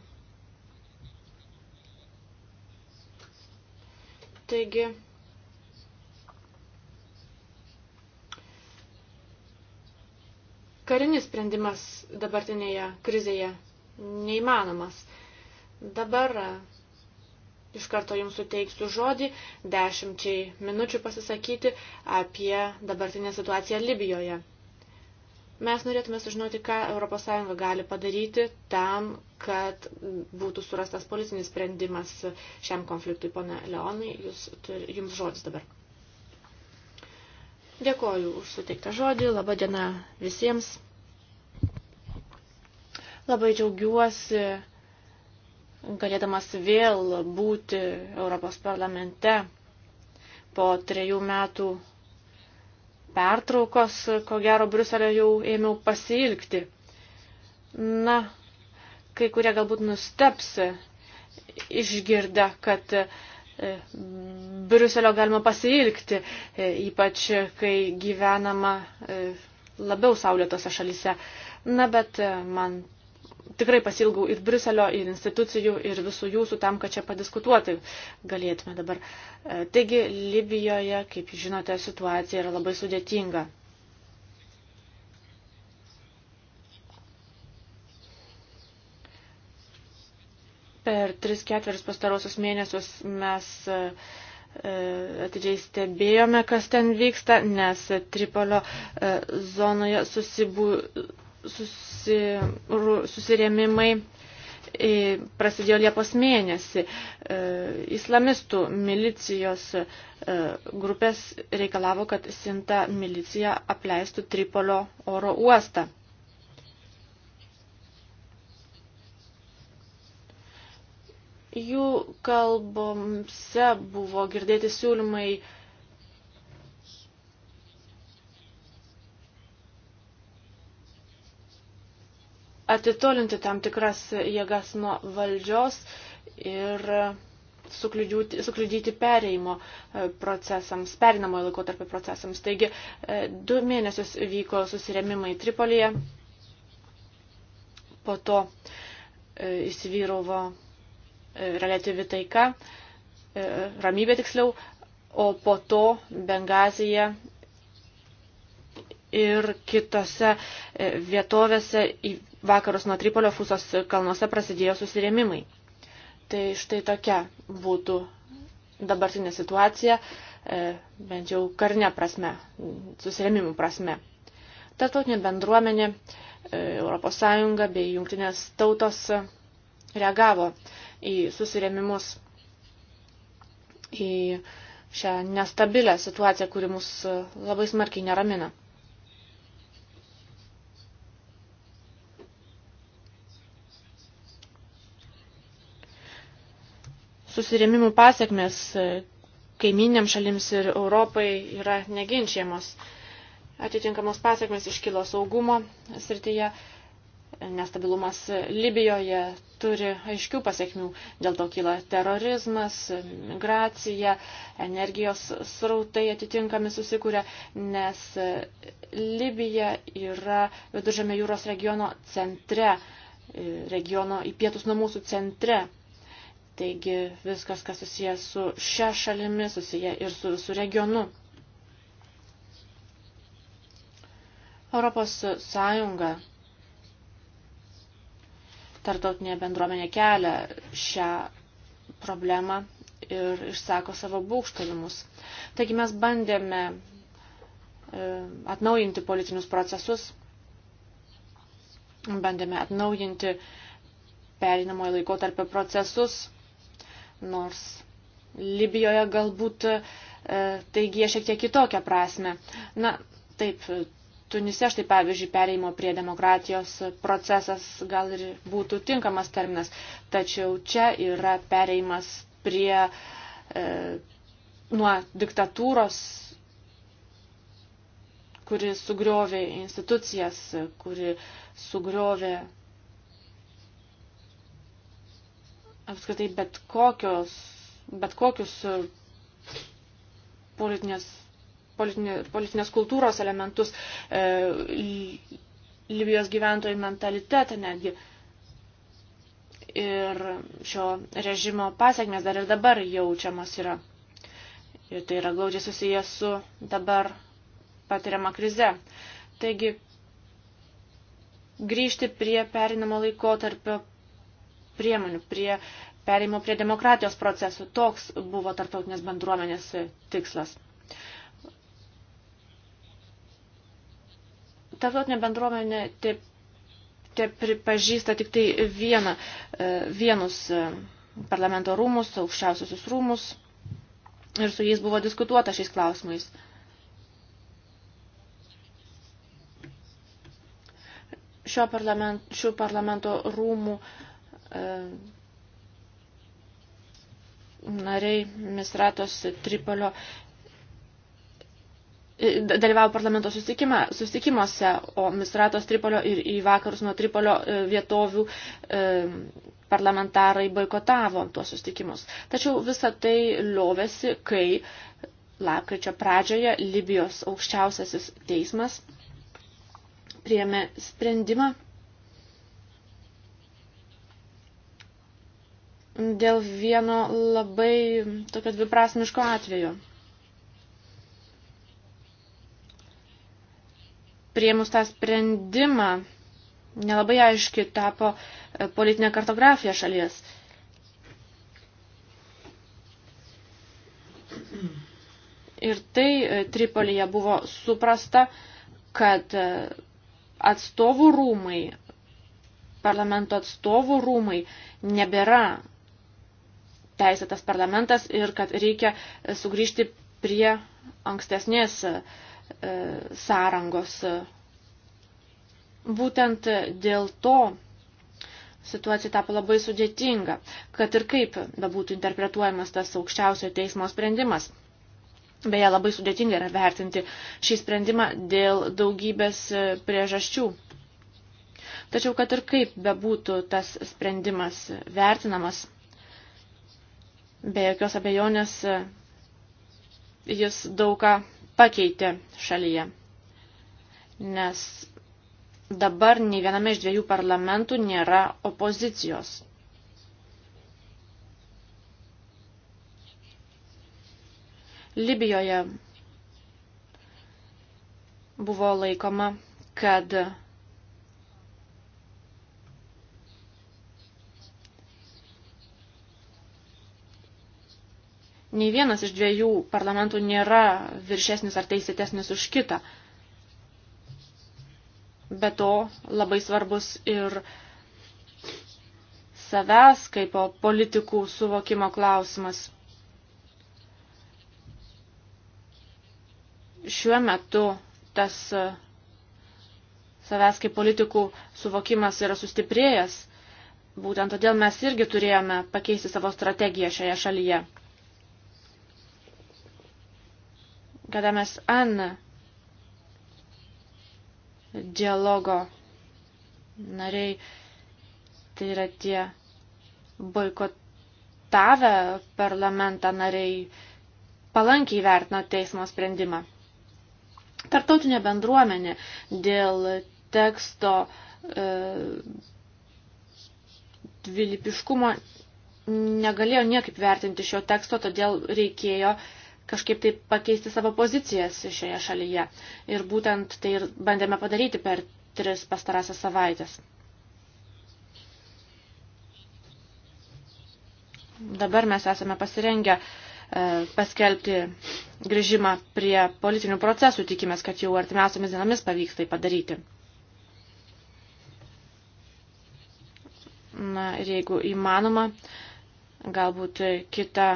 Taigi, karinis sprendimas dabartinėje krizėje neįmanomas. Dabar e, iš karto jums suteiksiu žodį dešimčiai minučių pasisakyti apie dabartinę situaciją Libijoje. Mes norėtume sužinoti, ką ES gali padaryti tam, kad būtų surastas politinis sprendimas šiam konfliktui. Pone Leonai, jūs, jums žodis dabar. Dėkoju už suteiktą žodį, laba diena visiems. Labai džiaugiuosi galėdamas vėl būti Europos parlamente po trejų metų pertraukos, ko gero Bruselio jau ėmiau pasilgti. Na, kai kurie galbūt nustepsi išgirda, kad Briuselio galima pasilgti, ypač kai gyvenama e, labiau saulėtose šalyse. Na, bet e, man tikrai pasilgau ir Briuselio, ir institucijų, ir visų jūsų tam, kad čia padiskutuoti galėtume dabar. E, taigi, Libijoje, kaip žinote, situacija yra labai sudėtinga. Per 3-4 pastarosius mėnesius mes e, atidžiai stebėjome, kas ten vyksta, nes Tripolio e, zonoje susibū, susi, susirėmimai e, prasidėjo Liepos mėnesį. Islamistų milicijos grupės reikalavo, kad Sinta milicija apleistų Tripolio oro uostą. Jų kalbomse buvo girdėti siūlymai atitolinti tam tikras jėgas nuo valdžios ir sukliudyti, sukliudyti pereimo e, procesams, perinamojo laikotarpio procesams. Taigi, e, du mėnesius vyko susiremimai Tripolyje, po to e, įsivyrovo relatyvi taika, e, ramybė tiksliau, o po to Bengazija ir kitose e, vietovėse į vakarus nuo Tripolio Fusos kalnuose prasidėjo susirėmimai. Tai štai tokia būtų dabartinė situacija, e, bent jau karne prasme, susirėmimų prasme. Tartautinė bendruomenė, ES bei jungtinės tautos reagavo į susiremimus, į šią nestabilę situaciją, kuri mus labai smarkiai neramina. susirėmimų pasiekmes kaiminėms šalims ir Europai yra neginčiamos. Atitinkamos pasiekmes iškilo saugumo srityje, nestabilumas Libijoje turi aiškių pasiekmių. Dėl to kyla terorizmas, migracija, energijos srautai atitinkami susikūrė, nes Libija yra viduržėme jūros regiono centre, regiono į pietus nuo mūsų centre. Taigi viskas, kas susiję su šia šalimi, susiję ir su visų regionu. Europos Sąjunga tartautinė bendruomenė kelia šią problemą ir išsako savo būkštalimus. Taigi mes bandėme e, atnaujinti politinius procesus, bandėme atnaujinti perinamojo laikotarpio procesus, nors Libijoje galbūt e, taigi šiek tiek kitokią prasme. Na, taip, Tunise, štai pavyzdžiui, pereimo prie demokratijos procesas gal ir būtų tinkamas terminas, tačiau čia yra pereimas prie e, nuo diktatūros, kuri sugriovė institucijas, kuri sugriovė apskritai bet, kokios, bet kokius politinės politinė, politinės kultūros elementus, e, Libijos gyventojų mentalitetą netgi. Ir šio režimo pasiekmes dar ir dabar jaučiamas yra. Ir tai yra glaudžiai susijęs su dabar patiriama krize. Taigi, grįžti prie perinamo laikotarpio priemonių, prie perimo prie demokratijos procesų. Toks buvo tarptautinės bendruomenės tikslas. Tarptautinė bendruomenė te, te pripažįsta tik tai vieną, e, vienus e, parlamento rūmus, aukščiausiosius rūmus ir su jais buvo diskutuota šiais klausimais. Šio parlament, šių parlamento rūmų e, nariai Misratos Tripolio E, dalyvavo parlamento susitikimuose, o Misratos Tripolio ir į vakarus nuo Tripolio e, vietovių e, parlamentarai boikotavo tuos susitikimus. Tačiau visa tai liovėsi, kai lapkričio pradžioje Libijos aukščiausiasis teismas priėmė sprendimą dėl vieno labai tokio dviprasmiško atvejo. priemus tą sprendimą nelabai aiški tapo e, politinė kartografija šalies. Ir tai e, Tripolyje buvo suprasta, kad e, atstovų rūmai, parlamento atstovų rūmai nebėra teisėtas parlamentas ir kad reikia sugrįžti prie ankstesnės uh, E, sąrangos. Būtent dėl to situacija tapo labai sudėtinga, kad ir kaip bebūtų interpretuojamas tas aukščiausio teismo sprendimas. Beje, labai sudėtinga yra vertinti šį sprendimą dėl daugybės priežasčių. Tačiau, kad ir kaip bebūtų tas sprendimas vertinamas, be jokios abejonės jis daugą pakeitė šalyje. Nes dabar nei viename iš dviejų parlamentų nėra opozicijos. Libijoje buvo laikoma, kad nei vienas iš dviejų parlamentų nėra viršesnis ar teisėtesnis už kitą. Be to labai svarbus ir savęs kaip politikų suvokimo klausimas. Šiuo metu tas savęs kaip politikų suvokimas yra sustiprėjęs. Būtent todėl mes irgi turėjome pakeisti savo strategiją šioje šalyje. natomiast Anna dialogo nariai, tai yra tie boikotavę parlamentą nariai, palankiai vertino teismo sprendimą. Tartautinė bendruomenė dėl teksto e, dvilipiškumo negalėjo niekaip vertinti šio teksto, todėl reikėjo e, kažkaip tai pakeisti savo pozicijas šioje šalyje. Ir būtent tai ir bandėme padaryti per tris pastarąsias savaitės. Dabar mes esame pasirengę e, paskelbti grįžimą prie politinių procesų, tikimės, kad jau artimiausiamis dienomis pavyks tai padaryti. Na ir jeigu įmanoma, galbūt kitą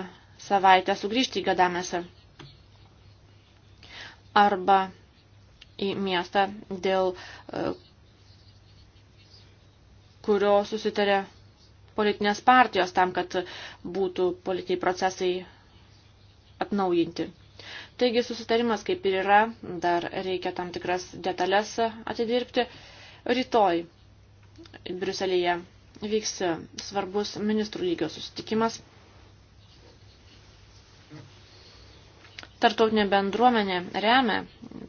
savaitę sugrįžti į Gadamėsą arba į miestą, dėl e, kurio susitarė politinės partijos tam, kad būtų politiniai procesai atnaujinti. Taigi susitarimas kaip ir yra, dar reikia tam tikras detalės atidirbti. Rytoj Briuselėje vyks svarbus ministrų lygio susitikimas. Tartautinė bendruomenė remia,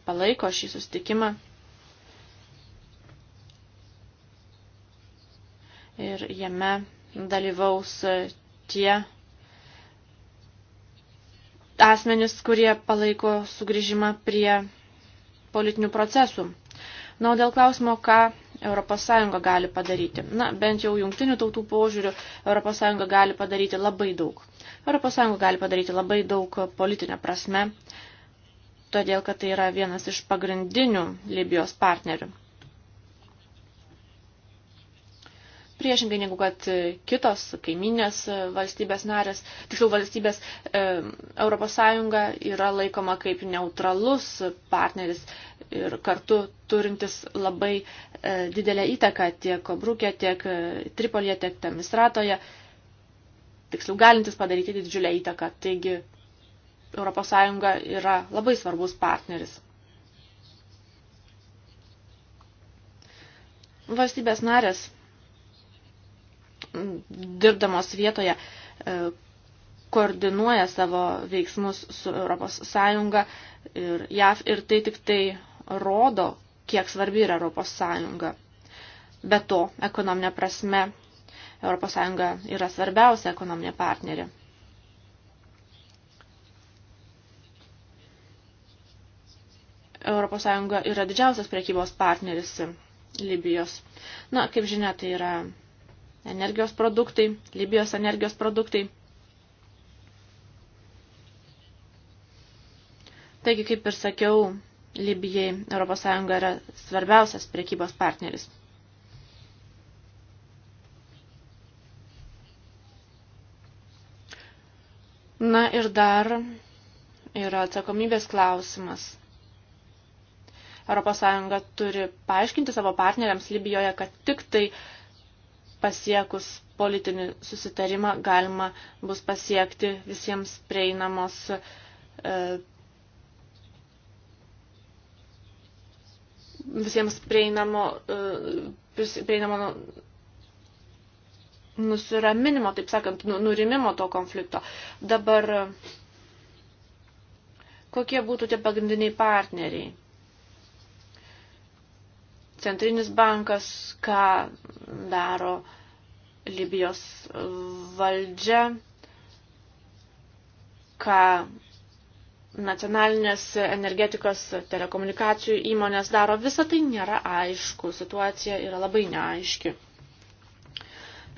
palaiko šį sustikimą. Ir jame dalyvaus tie asmenys, kurie palaiko sugrįžimą prie politinių procesų. Na, o dėl klausimo, ką ES gali padaryti. Na, bent jau jungtinių tautų požiūrių ES gali padaryti labai daug. ES gali padaryti labai daug politinę prasme, todėl kad tai yra vienas iš pagrindinių Libijos partnerių. Priešingai negu kad kitos kaiminės valstybės narės, tiksliau valstybės ES yra laikoma kaip neutralus partneris ir kartu turintis labai e, didelę įtaką tiek Kobrukė, tiek e, Tripolė, tiek Temistratoje, tiksliau galintis padaryti didžiulę įtaką. Taigi ES yra labai svarbus partneris. Valstybės narės, dirbdamos vietoje, e, koordinuoja savo veiksmus su ES ir JAV ir tai tik tai rodo, kiek svarbi yra Europos Sąjunga. Be to, ekonominė prasme, Europos Sąjunga yra svarbiausia ekonominė partnerė. Europos Sąjunga yra didžiausias priekybos partneris Libijos. Na, kaip žinia, tai yra energijos produktai, Libijos energijos produktai. Taigi, kaip ir sakiau, Libijai ES yra svarbiausias prekybos partneris. Na ir dar yra atsakomybės klausimas. ES turi paaiškinti savo partneriams Libijoje, kad tik tai pasiekus politinį susitarimą galima bus pasiekti visiems prieinamos e, visiems prieinamo, e, prieinamo nu, nusiraminimo, taip sakant, nu, nurimimo to konflikto. Dabar e, kokie būtų tie pagrindiniai partneriai? Centrinis bankas, ką daro Libijos valdžia, ką nacionalinės energetikos telekomunikacijų įmonės daro, visa tai nėra aišku, situacija yra labai neaiški.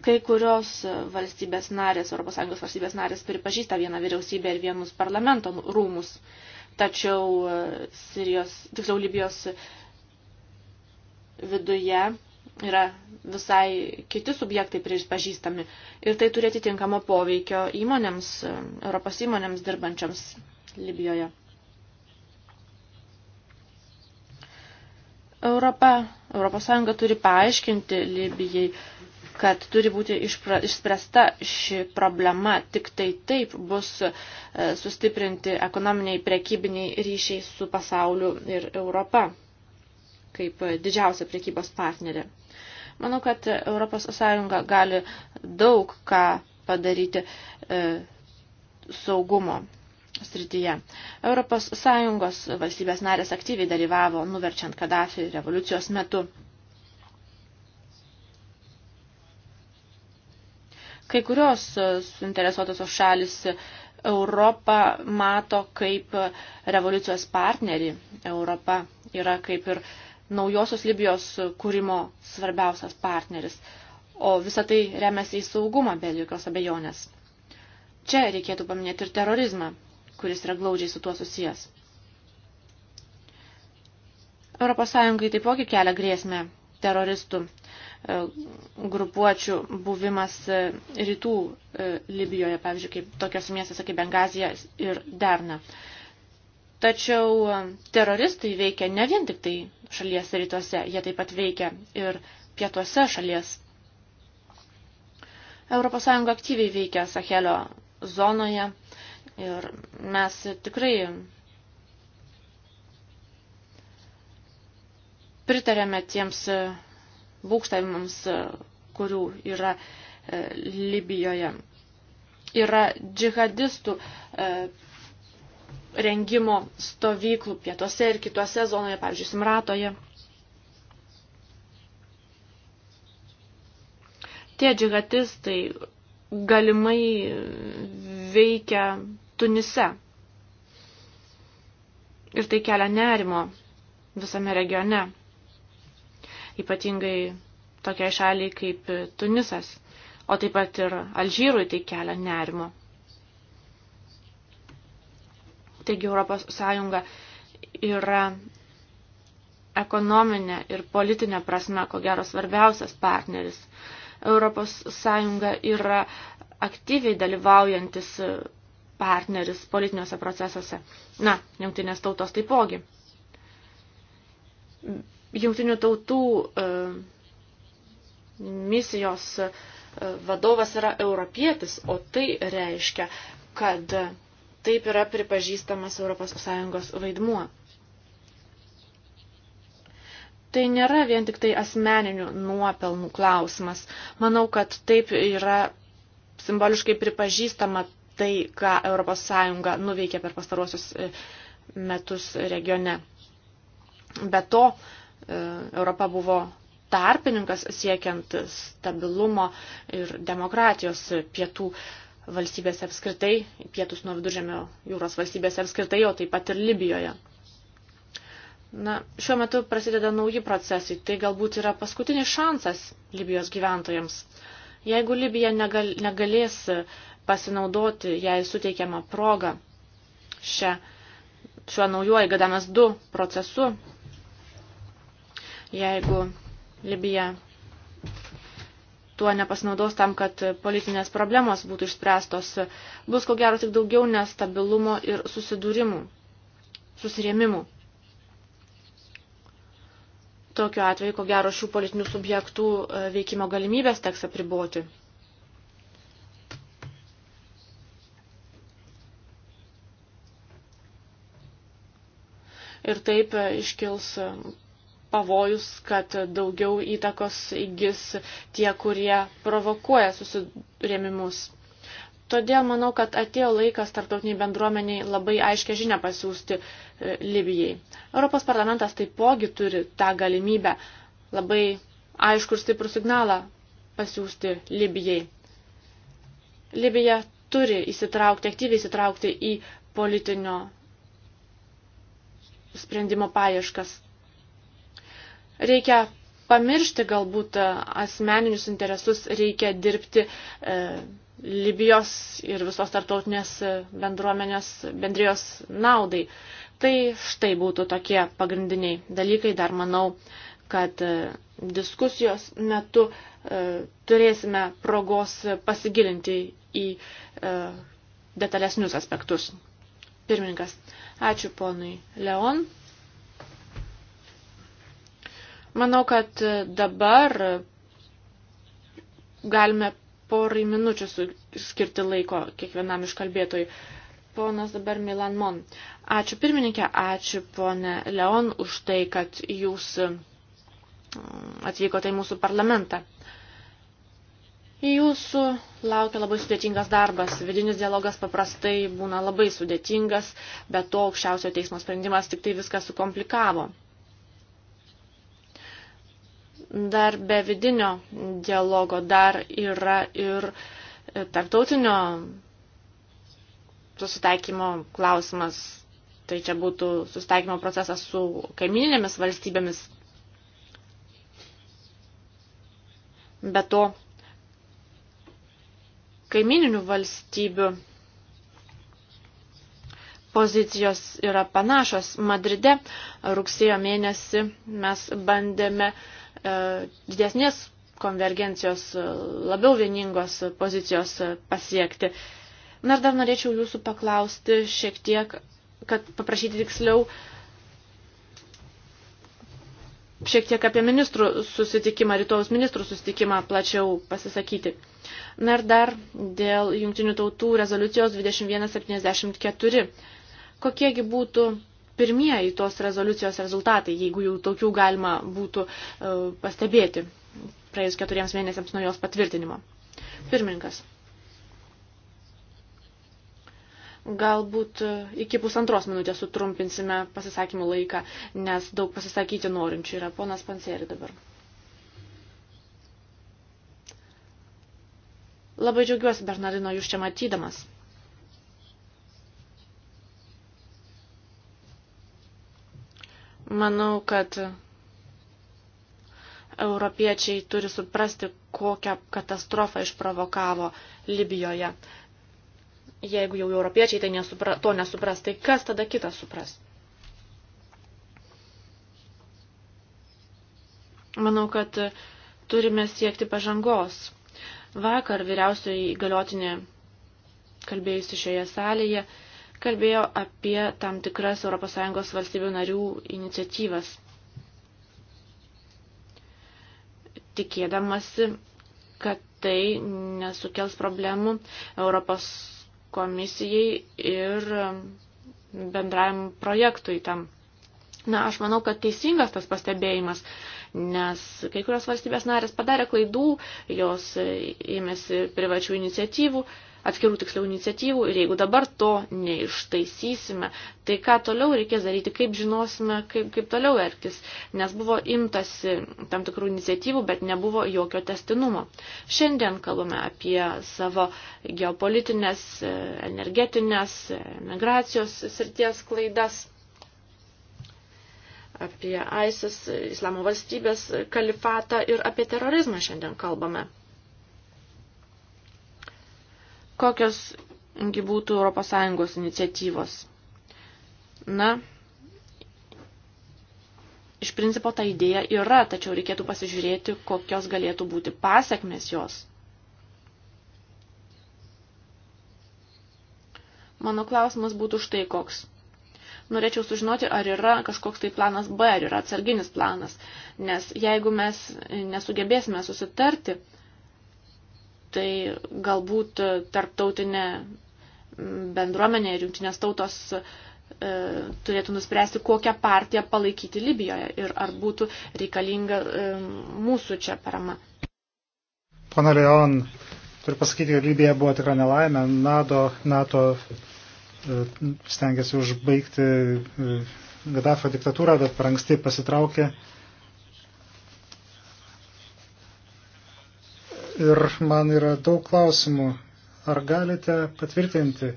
Kai kurios valstybės narės, ES valstybės narės pripažįsta vieną vyriausybę ir vienus parlamento rūmus, tačiau e, Sirijos, tiksliau Libijos viduje yra visai kiti subjektai pripažįstami ir tai turi atitinkamo poveikio įmonėms, e, Europos įmonėms dirbančiams Libijoje. Europa, Europos Sąjunga turi paaiškinti Libijai, kad turi būti išpra, išspręsta ši problema. Tik tai taip bus e, sustiprinti ekonominiai prekybiniai ryšiai su pasauliu ir Europa kaip e, didžiausia prekybos partnerė. Manau, kad ES gali daug ką padaryti e, saugumo srityje. ES valstybės narės aktyviai dalyvavo nuverčiant Kadafį revoliucijos metu. Kai kurios suinteresuotosios šalis Europą mato kaip revoliucijos partnerį. Europa yra kaip ir naujosios Libijos kūrimo svarbiausias partneris. O visa tai remiasi į saugumą be jokios abejonės. Čia reikėtų paminėti ir terorizmą kuris yra glaudžiai su tuo susijęs. ES taipogi kelia grėsmę teroristų e, grupuočių buvimas e, rytų e, Libijoje, pavyzdžiui, kaip tokios miestose kaip Bengazija ir Derna. Tačiau teroristai veikia ne vien tik tai šalies rytuose, jie taip pat veikia ir pietuose šalies. ES aktyviai veikia Sahelio zonoje Ir mes tikrai pritarėme tiems būkštavimams, kurių yra e, Libijoje. Yra džihadistų e, rengimo stovyklų pietuose ir kituose zonoje, pavyzdžiui, Simratoje. Tie džihadistai galimai veikia Tunise. Ir tai kelia nerimo visame regione, ypatingai tokiai šaliai kaip Tunisas, o taip pat ir Alžyrui tai kelia nerimo. Taigi Europos Sąjunga yra ekonominė ir politinė prasme, ko gero, svarbiausias partneris. Europos Sąjunga yra aktyviai dalyvaujantis partneris politiniuose procesuose. Na, jungtinės tautos taipogi. Jungtinių tautų e, misijos e, vadovas yra europietis, o tai reiškia, kad taip yra pripažįstamas ES vaidmuo. Tai nėra vien tik tai asmeninių nuopelnų klausimas. Manau, kad taip yra simboliškai pripažįstama tai, ką ES nuveikė per pastaruosius e, metus regione. Be to, e, Europa buvo tarpininkas siekiant stabilumo ir demokratijos pietų valstybėse apskritai, pietus nuo viduržėmio jūros valstybėse apskritai, o taip pat ir Libijoje. Na, šiuo metu prasideda nauji procesai, tai galbūt yra paskutinis šansas Libijos gyventojams. Jeigu Libija negal, negalės uh, pasinaudoti jai suteikiamą progą šią, šiuo naujuoju Gadamas 2 procesu, jeigu Libija tuo nepasinaudos tam, kad politinės problemos būtų išspręstos, bus ko gero tik daugiau nestabilumo ir susidūrimų, susirėmimų. Tokiu atveju, ko gero, šių politinių subjektų e, veikimo galimybės teks apriboti. ir taip iškils pavojus, kad daugiau įtakos įgis tie, kurie provokuoja susirėmimus. Todėl manau, kad atėjo laikas tarptautiniai bendruomeniai labai aiškę žinę pasiūsti e, Libijai. Europos parlamentas taipogi turi tą galimybę labai aišku ir stiprų signalą pasiūsti Libijai. Libija turi įsitraukti, aktyviai įsitraukti į politinio sprendimo paieškas. Reikia pamiršti galbūt asmeninius interesus, reikia dirbti e, Libijos ir visos tartautinės bendruomenės bendrijos naudai. Tai štai būtų tokie pagrindiniai dalykai. Dar manau, kad e, diskusijos metu e, turėsime progos pasigilinti į e, detalesnius aspektus. Pirmininkas. Ačiū ponui Leon. Manau, kad dabar galime porai minučių skirti laiko kiekvienam iš kalbėtojų. Ponas dabar Milan Mon. Ačiū pirmininkė, ačiū ponė Leon už tai, kad jūs mm, atvykote į mūsų parlamentą. Jūsų laukia labai sudėtingas darbas. Vidinis dialogas paprastai būna labai sudėtingas, bet to aukščiausio teismo sprendimas tik tai viską sukomplikavo. Dar be vidinio dialogo dar yra ir e, tarptautinio susitaikymo klausimas. Tai čia būtų susitaikymo procesas su kaimininėmis valstybėmis. Be to, kaimininių valstybių pozicijos yra panašios. Madride rugsėjo mėnesį mes bandėme e, didesnės konvergencijos, e, labiau vieningos pozicijos e, pasiekti. Na ir dar norėčiau jūsų paklausti šiek tiek, kad paprašyti tiksliau šiek tiek apie ministrų susitikimą, rytojus ministrų susitikimą plačiau pasisakyti. Na ir dar dėl jungtinių tautų rezoliucijos 2174. Kokiegi būtų pirmieji tos rezoliucijos rezultatai, jeigu jau tokių galima būtų e, pastebėti praėjus keturiems mėnesiams nuo jos patvirtinimo? Pirmininkas. Galbūt e, iki pusantros minutės sutrumpinsime pasisakymų laiką, nes daug pasisakyti norinčių yra. Ponas Panseri dabar. Labai džiaugiuosi, Bernardino, jūs čia matydamas. Manau, kad europiečiai turi suprasti, kokią katastrofą išprovokavo Libijoje. Jeigu jau europiečiai tai nesupra, to nesupras, tai kas tada kitas supras? Manau, kad turime siekti pažangos. Vakar vyriausioji įgaliotinė kalbėjusi šioje salėje kalbėjo apie tam tikras ES valstybių narių iniciatyvas, tikėdamasi, kad tai nesukels problemų Europos komisijai ir bendram projektui tam. Na, aš manau, kad teisingas tas pastebėjimas, nes kai kurios valstybės narės padarė klaidų, jos ėmėsi privačių iniciatyvų, uh, atskirų tiksliau iniciatyvų ir jeigu dabar to neištaisysime, tai ką toliau reikės daryti, kaip žinosime, kaip, kaip toliau elgtis, nes buvo imtasi tam tikrų iniciatyvų, bet nebuvo jokio testinumo. Šiandien kalbame apie savo geopolitinės, energetinės, migracijos srities klaidas apie ISIS, Islamo valstybės kalifatą ir apie terorizmą šiandien kalbame. Kokios būtų ES iniciatyvos? Na, iš principo ta idėja yra, tačiau reikėtų pasižiūrėti, kokios galėtų būti pasiekmes jos. Mano klausimas būtų štai koks. Norėčiau sužinoti, ar yra kažkoks tai planas B, ar yra atsarginis planas, nes jeigu mes nesugebėsime susitarti, tai galbūt tarptautinė bendruomenė ir jungtinės tautos e, turėtų nuspręsti, kokią partiją palaikyti Libijoje ir ar būtų reikalinga e, mūsų čia parama. Pana Leon, turiu pasakyti, kad Libija buvo tikra nelaimė. NATO, NATO e, stengiasi užbaigti e, Gaddafio diktatūrą, bet per anksti pasitraukė. E, ir man yra daug klausimų. Ar galite patvirtinti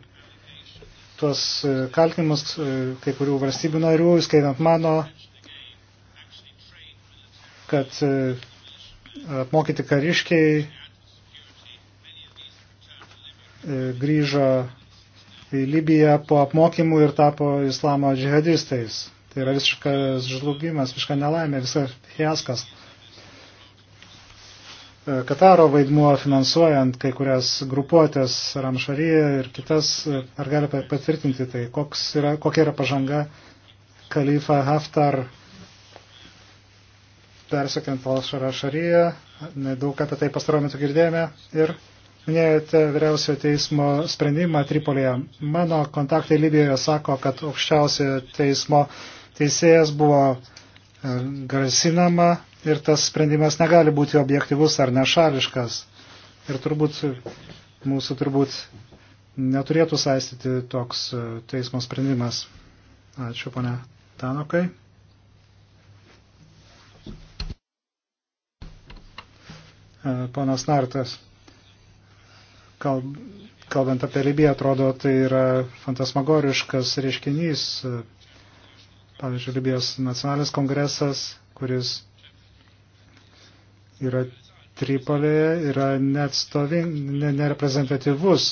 tuos e, kaltinimus e, kai kurių valstybių narių, skaitant mano, kad e, apmokyti kariškiai grįžo į Libiją po apmokymų ir tapo islamo džihadistais. Tai yra visiškas žlugimas, visiška nelaimė, visas fiaskas. E, Kataro vaidmuo finansuojant kai kurias grupuotės Ramšaryje ir kitas, e, ar gali patvirtinti tai, yra, kokia yra pažanga Kalifa Haftar persekiant Alšarą Šaryje, nedaug apie tai pastarojame metu girdėjome ir minėjote vyriausiojo teismo sprendimą Tripolėje. Mano kontaktai Libijoje sako, kad aukščiausiojo teismo teisėjas buvo e, grasinama ir tas sprendimas negali būti objektivus ar nešališkas. Ir turbūt mūsų turbūt neturėtų saistyti toks e, teismo sprendimas. Ačiū, pane Tanokai. E, ponas Nartas, kalb, kalbant apie Libiją, atrodo, tai yra fantasmagoriškas reiškinys. E, pavyzdžiui, Libijos nacionalinis kongresas, kuris yra Tripolėje, yra nereprezentatyvus.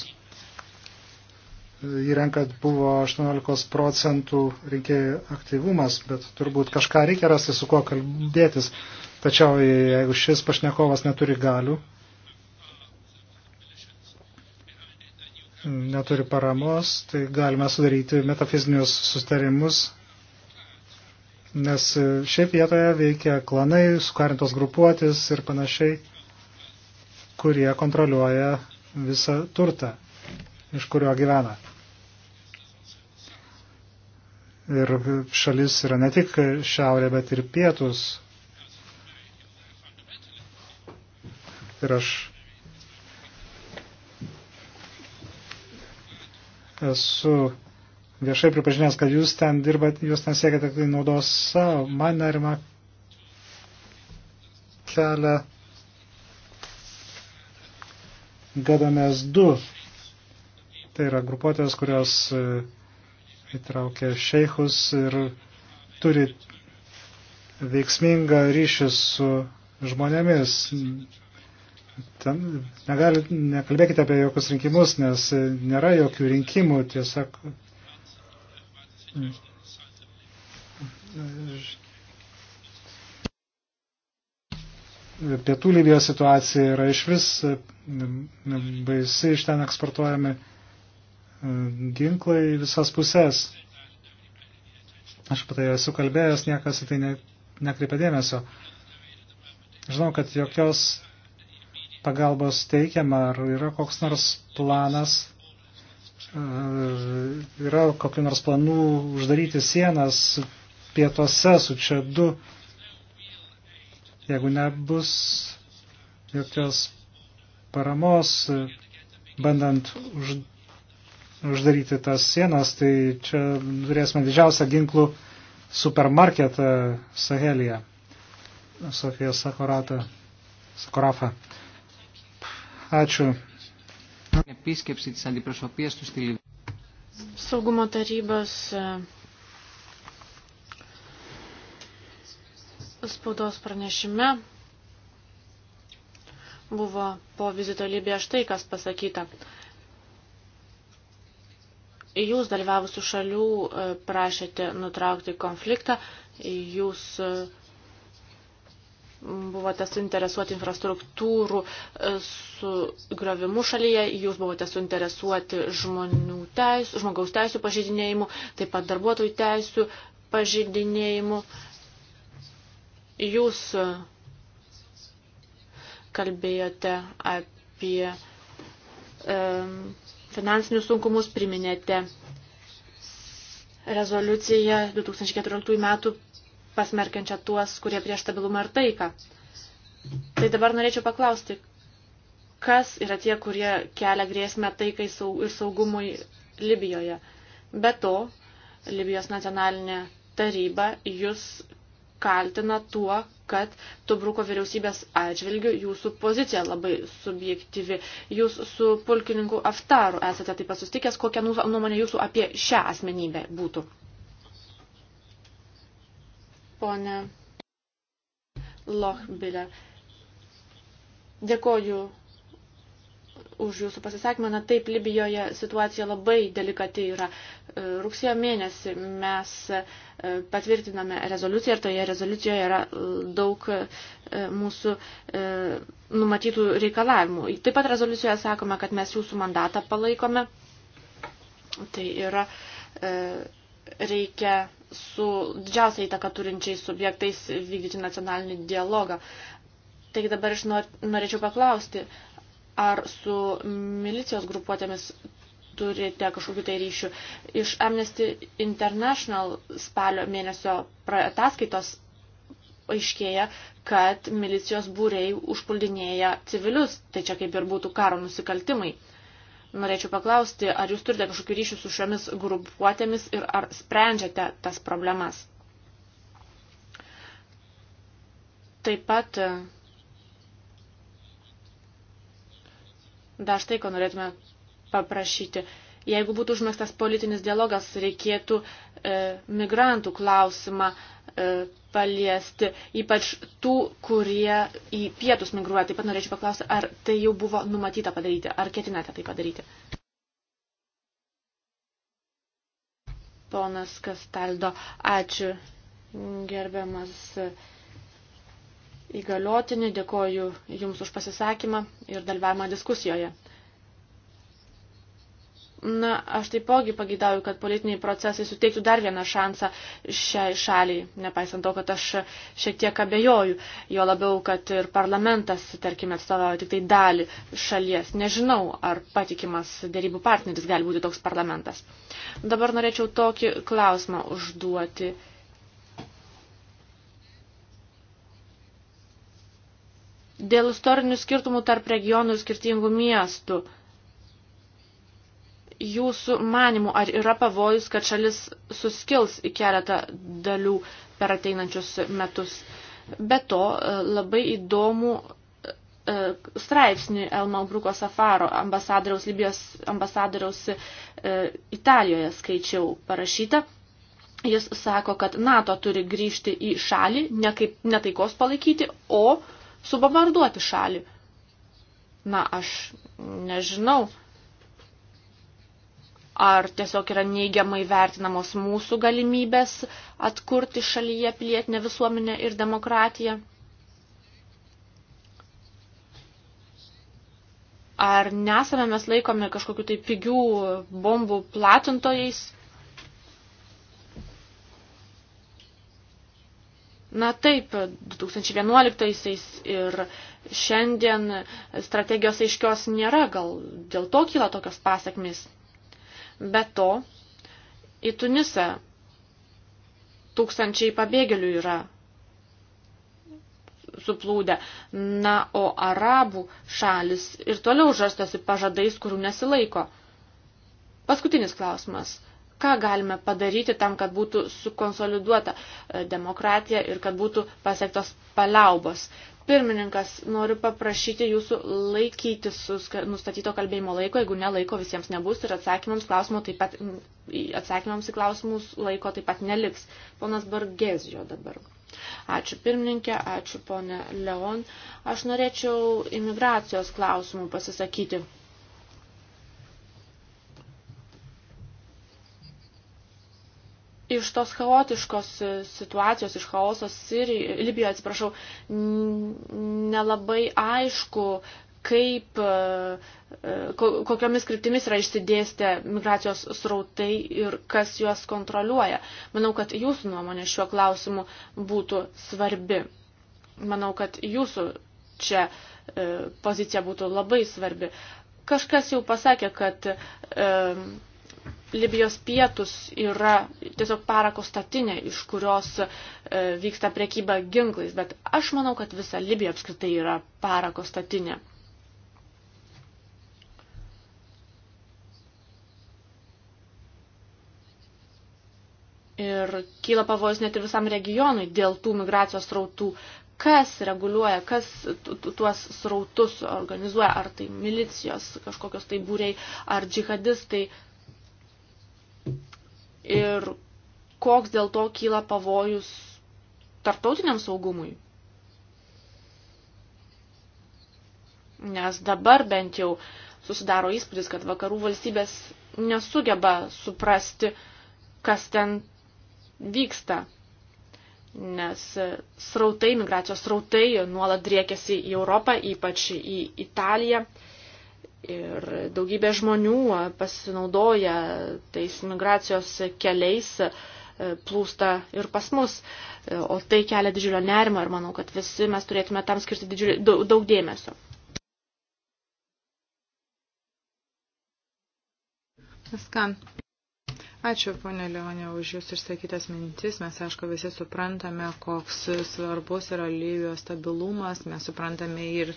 Įrenkat buvo 18 procentų rinkėjų aktyvumas, bet turbūt kažką reikia rasti, su kuo kalbėtis. Tačiau jeigu šis pašnekovas neturi galių, neturi paramos, tai galime sudaryti metafizinius sustarimus nes e, šiaip vietoje veikia klanai, sukarintos grupuotis ir panašiai, kurie kontroliuoja visą turtą, iš kurio gyvena. Ir šalis yra ne tik šiaurė, bet ir pietus. Ir aš esu viešai pripažinęs, kad jūs ten dirbat, jūs nesiekite tai naudos savo. Man nerima kelia Gadamės 2. Tai yra grupuotės, kurios e, įtraukia šeichus ir turi veiksmingą ryšį su žmonėmis. Ten negali, nekalbėkite apie jokius rinkimus, nes nėra jokių rinkimų, tiesiog Mm. Pietų Libijos situacija yra iš vis mm, baisi, iš ten eksportuojami mm, ginklai visas pusės. Aš patai esu kalbėjęs, niekas į tai ne, nekreipia dėmesio. Žinau, kad jokios pagalbos teikiama, ar yra koks nors planas yra kokiu nors planų uždaryti sienas pietuose su čia du, jeigu nebus jokios paramos, bandant už, uždaryti tas sienas, tai čia turėsime didžiausią ginklų supermarketą Sahelėje. Sofija Sakorata, Sakorafa. Ačiū επίσκεψη της αντιπροσωπείας του στη Λιβύη. Saugumo tarybos e, spaudos pranešime buvo po vizito Libija štai kas pasakyta. Jūs dalyvavusių šalių e, prašėte nutraukti konfliktą, jūs e, buvote suinteresuoti infrastruktūrų e, su gravimu šalyje, jūs buvote suinteresuoti žmonių teis, žmogaus teisų pažeidinėjimu, taip pat darbuotojų teisų pažeidinėjimu. Jūs e, kalbėjote apie e, finansinius sunkumus, priminėte rezoliuciją 2014 metų pasmerkiančią tuos, kurie prieš stabilumą ir taiką. Tai dabar norėčiau paklausti, kas yra tie, kurie kelia grėsmę taikai ir saugumui Libijoje. Be to, Libijos nacionalinė taryba jūs kaltina tuo, kad Tobruko vyriausybės atžvilgių jūsų pozicija labai subjektyvi. Jūs su pulkininku Aftaru esate taip pat sustikęs, kokia nuomonė jūsų apie šią asmenybę būtų ponė Lochbiller. Dėkoju už jūsų pasisakymą. Na taip, Libijoje situacija labai delikati yra. E, rugsėjo mėnesį mes e, patvirtiname rezoliuciją ir toje rezoliucijoje yra e, daug mūsų numatytų reikalavimų. Taip pat rezoliucijoje sakome, kad mes jūsų mandatą palaikome. Tai yra reikia su didžiausia įtaka turinčiais subjektais vykdyti nacionalinį dialogą. Taigi dabar aš norėčiau paklausti, ar su milicijos grupuotėmis turite kažkokių tai ryšių. Iš Amnesty International spalio mėnesio ataskaitos aiškėja, kad milicijos būrei užpuldinėja civilius, tai čia kaip ir būtų karo nusikaltimai. Norėčiau paklausti, ar jūs turite kažkokių ryšių su šiomis grupuotėmis ir ar sprendžiate tas problemas? Taip pat dar štai, ko norėtume paprašyti. Jeigu būtų užmėgstas politinis dialogas, reikėtų e, migrantų klausimą E, paliesti, ypač tų, kurie į pietus migruoja. Taip pat norėčiau paklausti, ar tai jau buvo numatyta padaryti, ar ketinate tai padaryti. Ponas Kastaldo, ačiū gerbiamas įgaliotinį, dėkoju Jums už pasisakymą ir dalyvavimą diskusijoje. Na, aš taipogi pagidauju, kad politiniai procesai suteiktų dar vieną šansą šiai šaliai, nepaisant to, kad aš šiek tiek abejoju, jo labiau, kad ir parlamentas, tarkime, atstovauja tik tai dalį šalies. Nežinau, ar patikimas dėrybų partneris gali būti toks parlamentas. Dabar norėčiau tokį klausimą užduoti. Dėl istorinių skirtumų tarp regionų ir skirtingų miestų jūsų manimų, ar yra pavojus, kad šalis suskils į keletą dalių per ateinančius metus? Be to, e, labai įdomu e, straipsnį Elmar Bruko Safaro ambasadoriaus Libijos ambasadoriaus e, Italijoje skaičiau parašyta. Jis sako, kad NATO turi grįžti į šalį, ne, kaip, ne taikos palaikyti, o subombarduoti šalį. Na, aš nežinau. E, ar tiesiog yra neigiamai vertinamos mūsų galimybės atkurti šalyje pilietinę visuomenę ir demokratiją? Ar nesame mes laikomi kažkokiu tai pigių bombų platintojais? Na taip, 2011 ir šiandien strategijos aiškios nėra, gal dėl to kyla tokios pasiekmės. Be to, į Tunisą tūkstančiai pabėgėlių yra suplūdę. Na, o arabų šalis ir toliau žarstosi pažadais, kurių nesilaiko. Paskutinis klausimas. Ką galime padaryti tam, kad būtų sukonsoliduota e, demokratija ir kad būtų pasiektos paliaubos? Pirmininkas, noriu paprašyti jūsų laikytis nustatyto kalbėjimo laiko, jeigu ne laiko visiems nebus ir atsakymams, klausimų taip pat, atsakymams į klausimus laiko taip pat neliks. Ponas Bargėzio dabar. Ačiū pirmininkė, ačiū ponė Leon. Aš norėčiau imigracijos klausimų pasisakyti. iš tos chaotiškos e, situacijos, iš chaosos Libijoje, atsiprašau, nelabai aišku, kaip, e, e, kokiamis kryptimis yra išsidėstę migracijos srautai ir kas juos kontroliuoja. Manau, kad jūsų nuomonė šiuo klausimu būtų svarbi. Manau, kad jūsų čia pozicija būtų labai svarbi. Kažkas jau pasakė, kad e, Libijos pietus yra tiesiog parako statinė, iš kurios e, vyksta priekyba ginklais, bet aš manau, kad visa Libija apskritai yra parako statinė. Ir kyla pavojus net ir visam regionui dėl tų migracijos srautų. Kas reguliuoja, kas tuos srautus organizuoja, ar tai milicijos, kažkokios tai būriai, ar džihadistai. Tai ir koks dėl to kyla pavojus tartautiniam saugumui. Nes dabar bent jau susidaro įspūdis, kad vakarų valstybės nesugeba suprasti, kas ten vyksta. Nes srautai, migracijos srautai nuolat driekiasi į Europą, ypač į Italiją. Ir daugybė žmonių pasinaudoja tais migracijos keliais plūsta ir pas mus. E, o tai kelia didžiulio nerimo ir manau, kad visi mes turėtume tam skirti didžiulį, daug, daug dėmesio. Viską. Ačiū, ponė Leonė, už Jūs išsakytas mintis. Mes, aišku, visi suprantame, koks svarbus yra Lyvijos stabilumas. Mes suprantame ir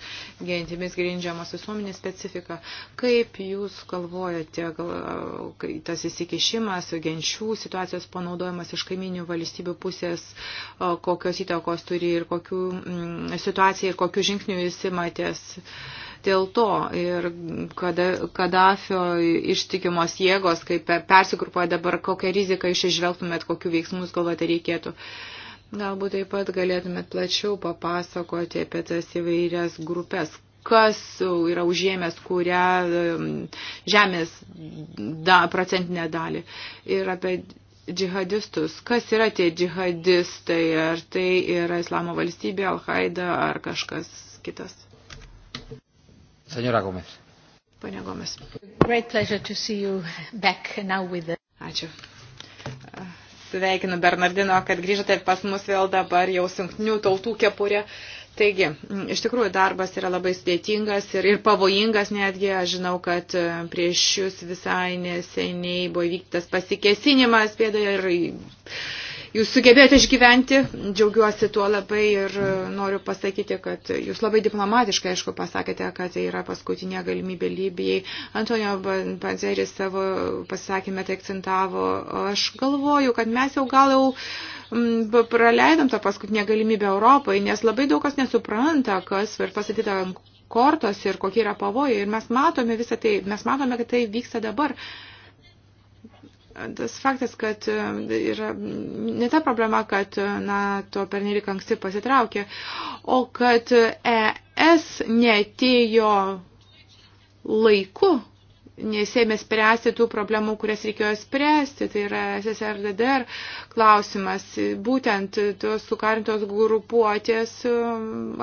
gentimis grindžiamas visuomenės specifiką. Kaip Jūs galvojate, gal, tas įsikišimas, genčių situacijos panaudojimas iš kaiminių valstybių pusės, kokios įtakos turi ir kokių mm, situacijų ir kokių žingsnių Jūs imatės? dėl to. Ir kada, Kadafio ištikimos jėgos, kaip persigrupuoja dabar, kokią riziką iš išvelgtumėt, kokiu veiksmus galvote reikėtų. Galbūt taip pat galėtumėt plačiau papasakoti apie tas įvairias grupės, kas yra užėmęs kurią žemės da, procentinę dalį. Ir apie džihadistus. Kas yra tie džihadistai? Ar tai yra Islamo valstybė, Al-Qaida ar kažkas kitas? Senora Gomes. Pane Gomes. Great pleasure to see you back now with the... Ačiū. Sveikinu Bernardino, kad grįžote pas mus vėl dabar jau sunknių tautų kepurė. Taigi, iš tikrųjų darbas yra labai sudėtingas ir, ir pavojingas netgi. Aš žinau, kad e, prieš jūs visai neseniai buvo vyktas pasikesinimas pėdoje ir Jūs sugebėjote išgyventi, džiaugiuosi tuo labai ir e, noriu pasakyti, kad jūs labai diplomatiškai, aišku, pasakėte, kad tai yra paskutinė galimybė Libijai. Antonio Panzeris savo pasakymę tai akcentavo. Aš galvoju, kad mes jau gal jau praleidom tą paskutinę galimybę Europai, nes labai daug kas nesupranta, kas ir pasakyta kortos ir kokie yra pavojai. Ir mes matome visą tai, mes matome, kad tai vyksta dabar tas faktas, kad e, yra ne ta problema, kad e, NATO pernelyg anksti pasitraukė, o kad ES netėjo laiku, nesėmė spręsti tų problemų, kurias reikėjo spręsti, tai yra SSRDDR klausimas. Būtent tos sukarintos grupuotės e,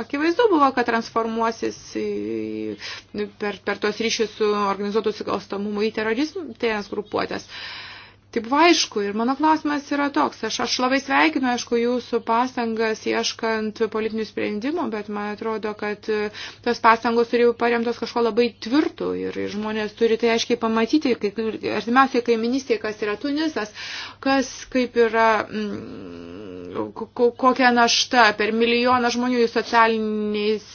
akivaizdu buvo, kad transformuosis per, per tos ryšius su organizuotų sikalstamumu į terorizmų tai grupuotės. Uh, Taip aišku, ir mano klausimas yra toks, aš, aš labai sveikinu, aišku, jūsų pastangas ieškant politinių sprendimų, bet man atrodo, kad e, tos pastangos turi paremtos kažko labai tvirtų ir žmonės turi tai aiškiai pamatyti, kaip artimiausiai kaiminystėje, kas yra Tunisas, kas kaip yra, m, mm, kokia našta per milijoną žmonių į socialiniais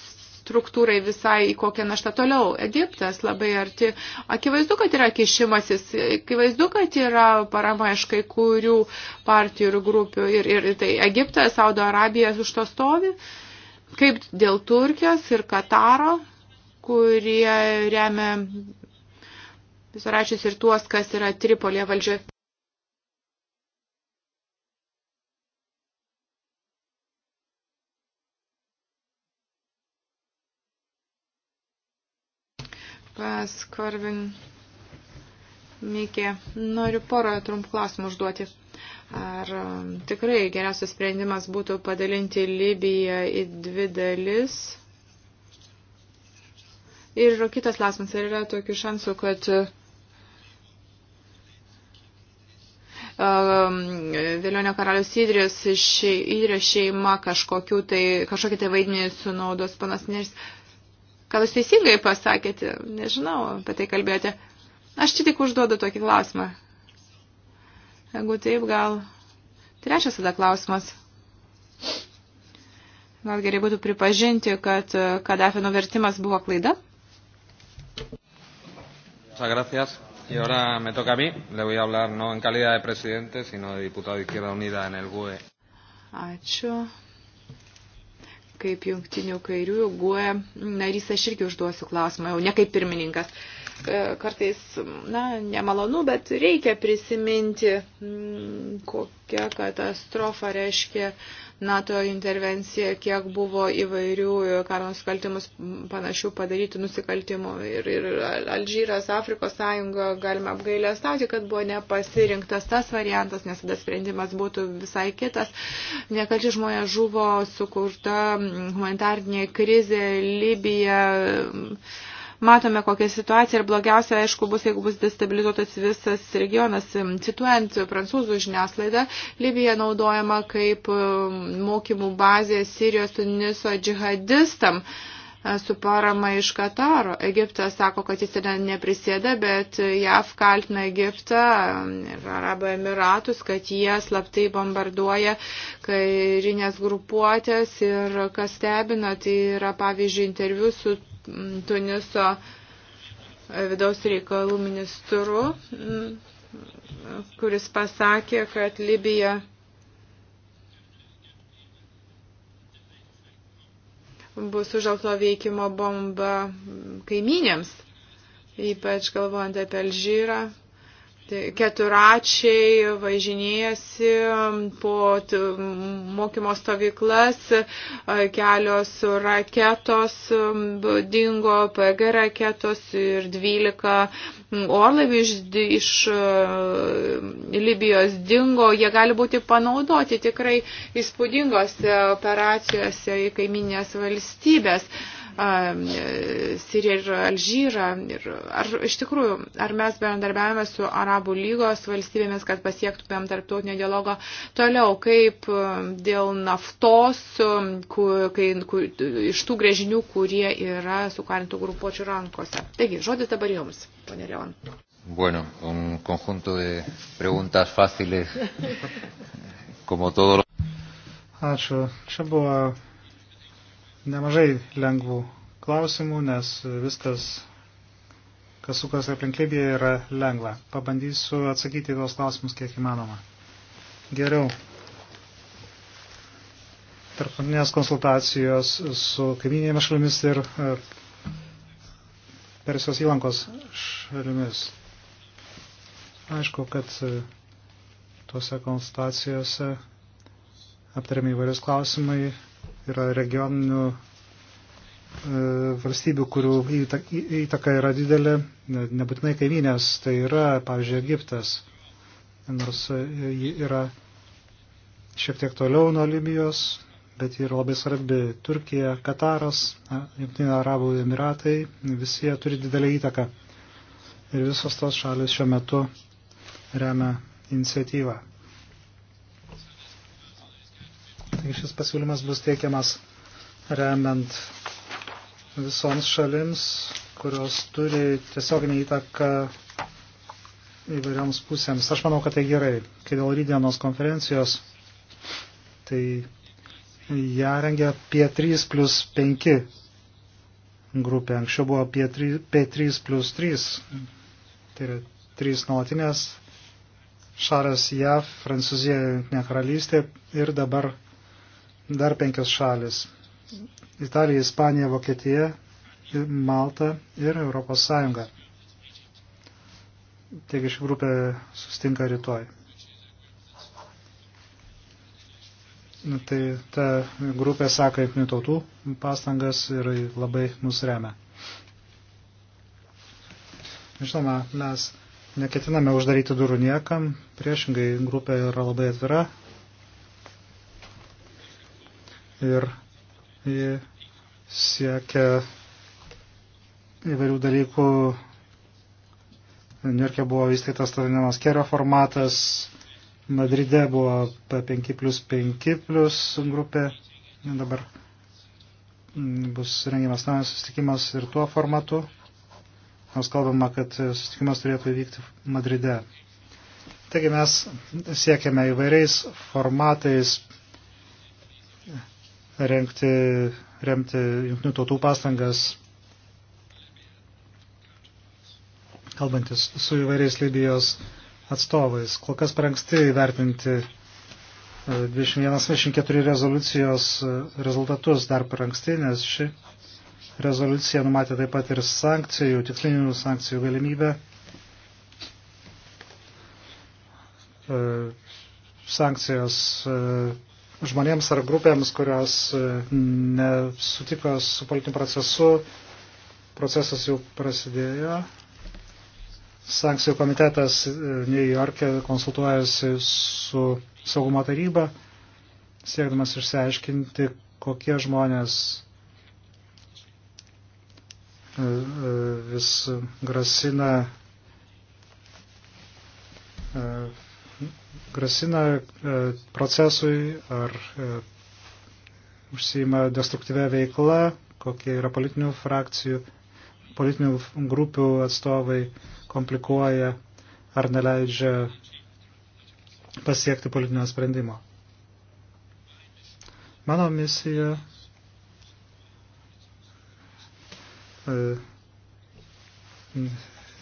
struktūrai visai į kokią naštą toliau. Egiptas labai arti. Akivaizdu, kad yra kišimasis, akivaizdu, kad yra parama iš kai kurių partijų ir grupių. Ir, ir tai Egiptas, Saudo Arabija už to stovi. Kaip dėl Turkijos ir Kataro, kurie remia visaračius ir tuos, kas yra Tripolė valdžioje. Pas Korvin Mikė, noriu porą trumpų klausimų užduoti. Ar um, tikrai geriausias sprendimas būtų padalinti Libiją į dvi dalis? Ir kitas klausimas, ar yra tokių šansų, kad um, Vėlionio karalius Idrijos, še, Idrijos šeima kažkokiu tai, kažkokį tai vaidmenį sunaudos panas Neris. Uh, Gal jūs teisingai pasakėte, nežinau, apie tai kalbėjote. Aš čia tik užduodu tokį klausimą. Jeigu taip, gal trečias tada klausimas. Gal gerai būtų pripažinti, kad Kadafio nuvertimas buvo klaida? Muchas gracias. Y ahora me toca a mí. Le voy a hablar no en calidad de presidente, sino de diputado de Izquierda Unida en el GUE. Ačiū kaip jungtinių kairiųjų guoja narys, aš irgi užduosiu klausimą, jau ne kaip pirmininkas. Uh, E, kartais, na, nemalonu, bet reikia prisiminti, mm, kokią katastrofą reiškia NATO intervencija, kiek buvo įvairių e, karo nusikaltimus panašių padaryti nusikaltimų. Ir, ir Alžyras, Afrikos sąjunga, galime apgailę stauti, kad buvo nepasirinktas tas variantas, nes tada sprendimas būtų visai kitas. Nekalti žmonės žuvo, sukurta mm, humanitarnė krizė, Libija Matome, kokia situacija ir blogiausia, aišku, bus, jeigu bus destabilizuotas visas regionas. Cituojant prancūzų žiniaslaidą, Libija naudojama kaip um, mokymų bazė Sirijos Tuniso džihadistam e, su parama iš Kataro. Egiptas sako, kad jis ten neprisėda, bet JAV kaltina Egiptą um, ir Arabų Emiratus, kad jie slaptai bombarduoja kairinės grupuotės ir kas stebina, tai yra pavyzdžiui interviu su Tuniso e, vidaus reikalų ministru, mm, kuris pasakė, kad Libija bus užalto veikimo bomba kaiminėms, ypač galvojant apie Alžyrą, keturačiai važinėjasi po mokymo stovyklas, kelios raketos dingo, PG raketos ir 12 orlaivių iš, iš Libijos dingo. Jie gali būti panaudoti tikrai įspūdingose operacijose į kaiminės valstybės. Siriją ir Alžyrą. Ir ar iš tikrųjų, ar mes bendarbiavame su Arabų lygos valstybėmis, kad pasiektumėm tarptautinio dialogo toliau, kaip dėl naftos, kai, kai, iš tų grėžinių, kurie yra sukarintų grupuočių rankose. Taigi, žodis dabar jums, ponė Leon. Bueno, un conjunto de preguntas fáciles, como todo lo... Ačiū. Čia buvo nemažai lengvų klausimų, nes viskas, kas sukas aplink Libiją, yra lengva. Pabandysiu atsakyti į tos klausimus kiek įmanoma. Geriau. Tarptautinės konsultacijos su kaiminėmis šalimis ir e, Persijos įlankos šalimis. Aišku, kad e, tuose konsultacijose aptariami įvairius klausimai yra regioninių e, valstybių, kurių įtaka yra didelė, nebūtinai kaiminės, tai yra, pavyzdžiui, Egiptas, nors e, ji yra šiek tiek toliau nuo Libijos, bet ji yra labai svarbi Turkija, Kataras, Junktinė Arabų Emiratai, visi jie turi didelį įtaką. Ir visos tos šalis šiuo metu remia iniciatyvą. šis pasiūlymas bus teikiamas remiant visoms šalims, kurios turi tiesioginį įtaką įvairioms pusėms. Aš manau, kad tai gerai. Kai dėl rydienos konferencijos, tai ją rengia P3 plus 5 grupė. Anksčiau buvo P3, P3 plus 3. Tai yra 3 nuotinės. Šaras JAV, Prancūzija, Junktinė karalystė ir dabar dar penkios šalis. Italija, Ispanija, Vokietija, Malta ir Europos Sąjunga. Taigi ši grupė sustinka rytoj. Tai ta grupė sako jungtinių tautų pastangas ir labai mus remia. Žinoma, mes neketiname uždaryti durų niekam, priešingai grupė yra labai atvira, ir ji siekia įvairių dalykų. Niurke buvo įsteigtas tavinamas kerio formatas, Madride buvo 5 plus 5 plus grupė, dabar mm, bus rengiamas naujas susitikimas ir tuo formatu, nors kalbama, kad susitikimas turėtų įvykti Madride. Taigi mes siekiame įvairiais formatais renkti, remti jungtinių tautų pastangas, kalbantis su įvairiais Libijos atstovais. Kol kas per anksti įvertinti 21-24 e, rezoliucijos e, rezultatus dar per anksti, nes ši rezoliucija numatė taip pat ir sankcijų, tikslinių sankcijų galimybę. E, sankcijos žmonėms ar grupėms, kurios e, nesutiko su politiniu procesu. Procesas jau prasidėjo. Sankcijų komitetas e, New York'e konsultuojasi su saugumo taryba, siekdamas išsiaiškinti, kokie žmonės e, vis grasina grasina e, procesui ar e, užsima destruktyvę veiklą, kokie yra politinių frakcijų, politinių grupių atstovai komplikuoja ar neleidžia pasiekti politinio sprendimo. Mano misija e,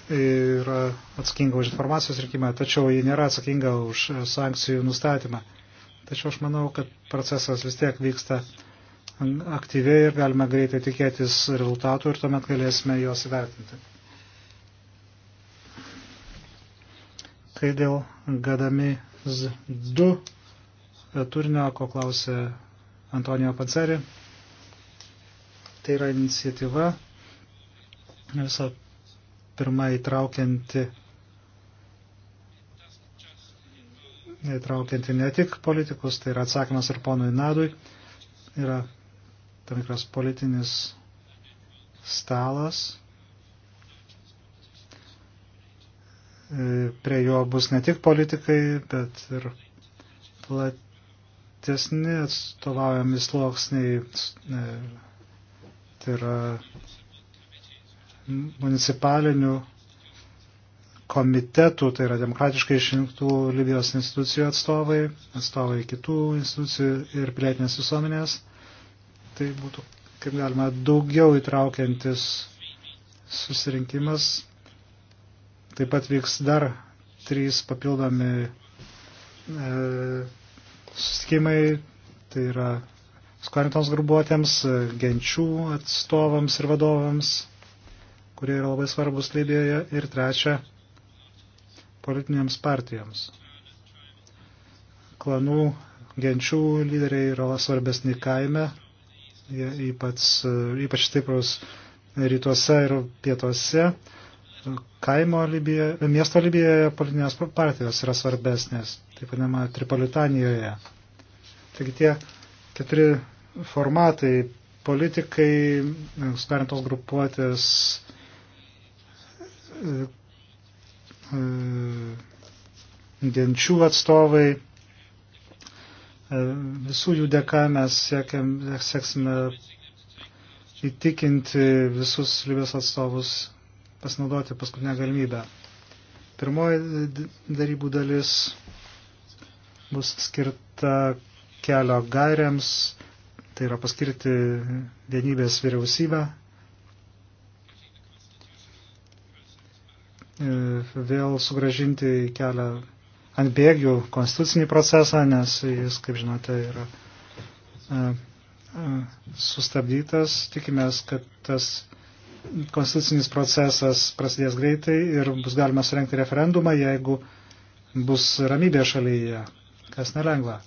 yra atsakinga už informacijos rinkimą, tačiau ji nėra atsakinga už e, sankcijų nustatymą. Tačiau aš manau, kad procesas vis tiek vyksta aktyviai ir galime greitai tikėtis rezultatų ir tuomet galėsime juos įvertinti. Kai dėl gadami 2 e, turinio, ko klausė Antonijo Panceri, tai yra iniciatyva viso pirma įtraukianti, įtraukianti ne tik politikus, tai yra atsakymas ir ponui Nadui, yra tam tikras politinis stalas. Prie jo bus ne tik politikai, bet ir platesni atstovaujami sluoksniai, tai yra municipalinių komitetų, tai yra demokratiškai išrinktų Libijos institucijų atstovai, atstovai kitų institucijų ir pilietinės visuomenės. Tai būtų, kaip galima, daugiau įtraukiantis susirinkimas. Taip pat vyks dar trys papildomi e, susitikimai, tai yra skorintams grubuotėms, e, genčių atstovams ir vadovams kurie yra labai svarbus Libijoje. Ir trečia, politinėms partijoms. Klanų, genčių lyderiai yra svarbesni kaime, jie ypač, ypač stiprus rytuose ir pietuose. Kaimo Libijoje, miesto Libijoje politinės partijos yra svarbesnės, taip vadinama Tripolitanijoje. Taigi tie keturi formatai - politikai, skarintos grupuotės, E, e, genčių atstovai. E, visų jų dėka mes siekiam, sieksime įtikinti visus Libijos atstovus pasinaudoti paskutinę galimybę. Pirmoji darybų dalis bus skirta kelio gairiams, tai yra paskirti vienybės vyriausybę E, vėl sugražinti į kelią ant bėgių konstitucinį procesą, nes jis, kaip žinote, yra e, e, sustabdytas. Tikimės, kad tas konstitucinis procesas prasidės greitai ir bus galima surenkti referendumą, jeigu bus ramybė šalyje, kas nelengva.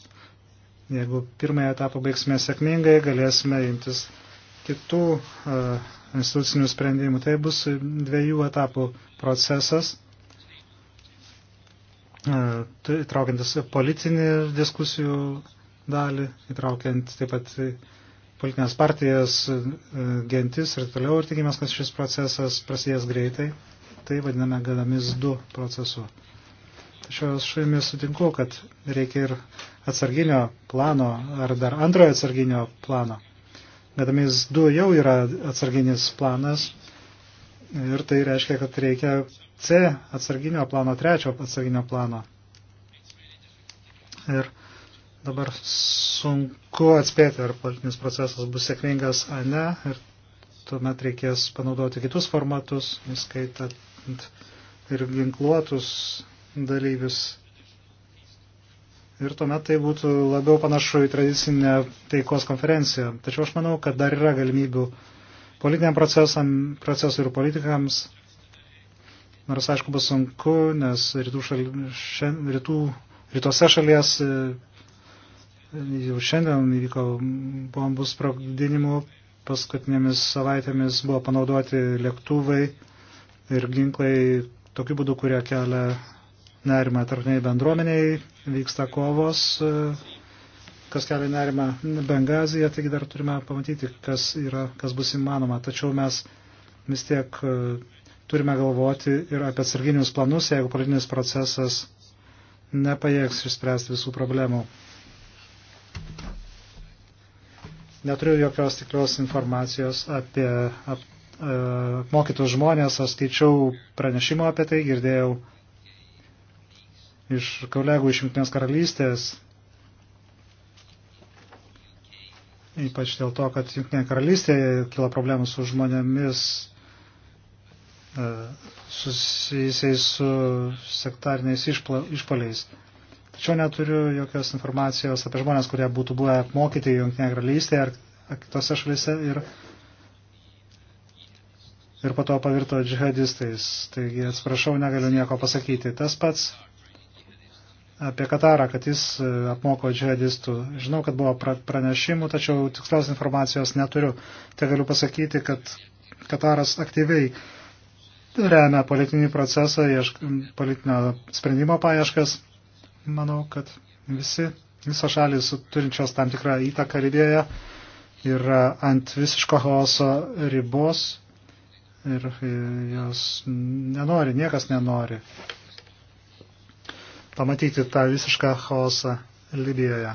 Jeigu pirmąją etapą baigsime sėkmingai, galėsime imtis kitų uh, institucinių sprendimų. Tai bus dviejų etapų procesas, e, tai įtraukiantis politinį diskusijų dalį, įtraukiant taip pat politinės partijas, e, gentis ir toliau. Ir tikimės, kad šis procesas prasidės greitai. Tai vadiname gadamis 2 procesu. Tačiau aš su jumis sutinku, kad reikia ir atsarginio plano ar dar antrojo atsarginio plano Metamys 2 jau yra atsarginis planas ir tai reiškia, kad reikia C atsarginio plano, trečio atsarginio plano. Ir dabar sunku atspėti, ar politinis procesas bus sėkmingas ar ne, ir tuomet reikės panaudoti kitus formatus, įskaitant ir ginkluotus dalyvius Ir tuomet tai būtų labiau panašu į tradicinę taikos konferenciją. Tačiau aš manau, kad dar yra galimybių politiniam procesam, procesui ir politikams. Nors, aišku, bus sunku, nes rytų, šal, šen, rytų, rytuose šalies e, jau šiandien įvyko bombų sprogdinimų, paskutinėmis savaitėmis buvo panaudoti lėktuvai ir ginklai tokiu būdu, kurie kelia nerimą tarptautiniai bendruomeniai vyksta kovos, e, kas kelia nerima Bengazija, taigi dar turime pamatyti, kas, yra, kas bus įmanoma. Tačiau mes vis tiek e, turime galvoti ir apie atsarginius planus, jeigu politinis procesas nepajėgs išspręsti visų problemų. Neturiu jokios tikros informacijos apie e, apmokytus ap, ap, žmonės, aš skaičiau pranešimą apie tai, girdėjau iš kolegų iš Junktinės karalystės, ypač dėl to, kad Junktinė karalystė kila problemų su žmonėmis e, susijusiais su sektariniais išpoliais. Tačiau neturiu jokios informacijos apie žmonės, kurie būtų buvę apmokyti Junktinė karalystė ar kitose šalise ir, ir po to pavirto džihadistais. Taigi atsiprašau, negaliu nieko pasakyti. Tas pats apie Katarą, kad jis e, apmoko džihadistų. Žinau, kad buvo pranešimų, tačiau tikslios informacijos neturiu. Tai galiu pasakyti, kad Kataras aktyviai remia politinį procesą, politinio sprendimo paieškas. Manau, kad visi, visos šalis turinčios tam tikrą įtaką Libijoje yra ant visiško chaoso ribos ir e, jos nenori, niekas nenori pamatyti tą visišką chaosą Libijoje.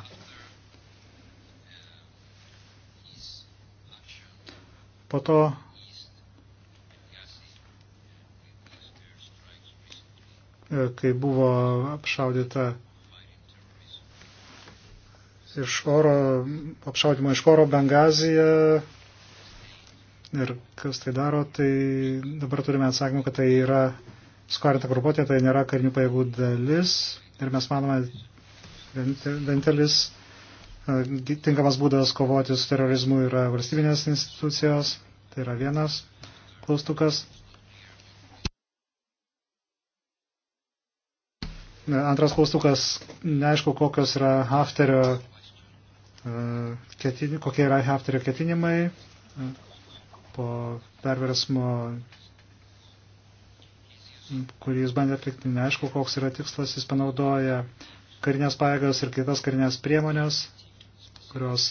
Po to kai buvo apšaudyta iš oro, apšaudimo iš oro Bengazija ir kas tai daro, tai dabar turime atsakymą, kad tai yra Skorinta grupuotė tai nėra karinių pajėgų dalis ir mes manome, vienintelis e, tinkamas būdas kovoti su terorizmu yra valstybinės institucijos. Tai yra vienas klaustukas. Antras klaustukas, neaišku, kokios yra Hafterio, e, ketini, kokie yra Hafterio ketinimai e, po perversmo kurį jis bandė atlikti, neaišku, koks yra tikslas, jis panaudoja karinės pajėgas ir kitas karinės priemonės, kurios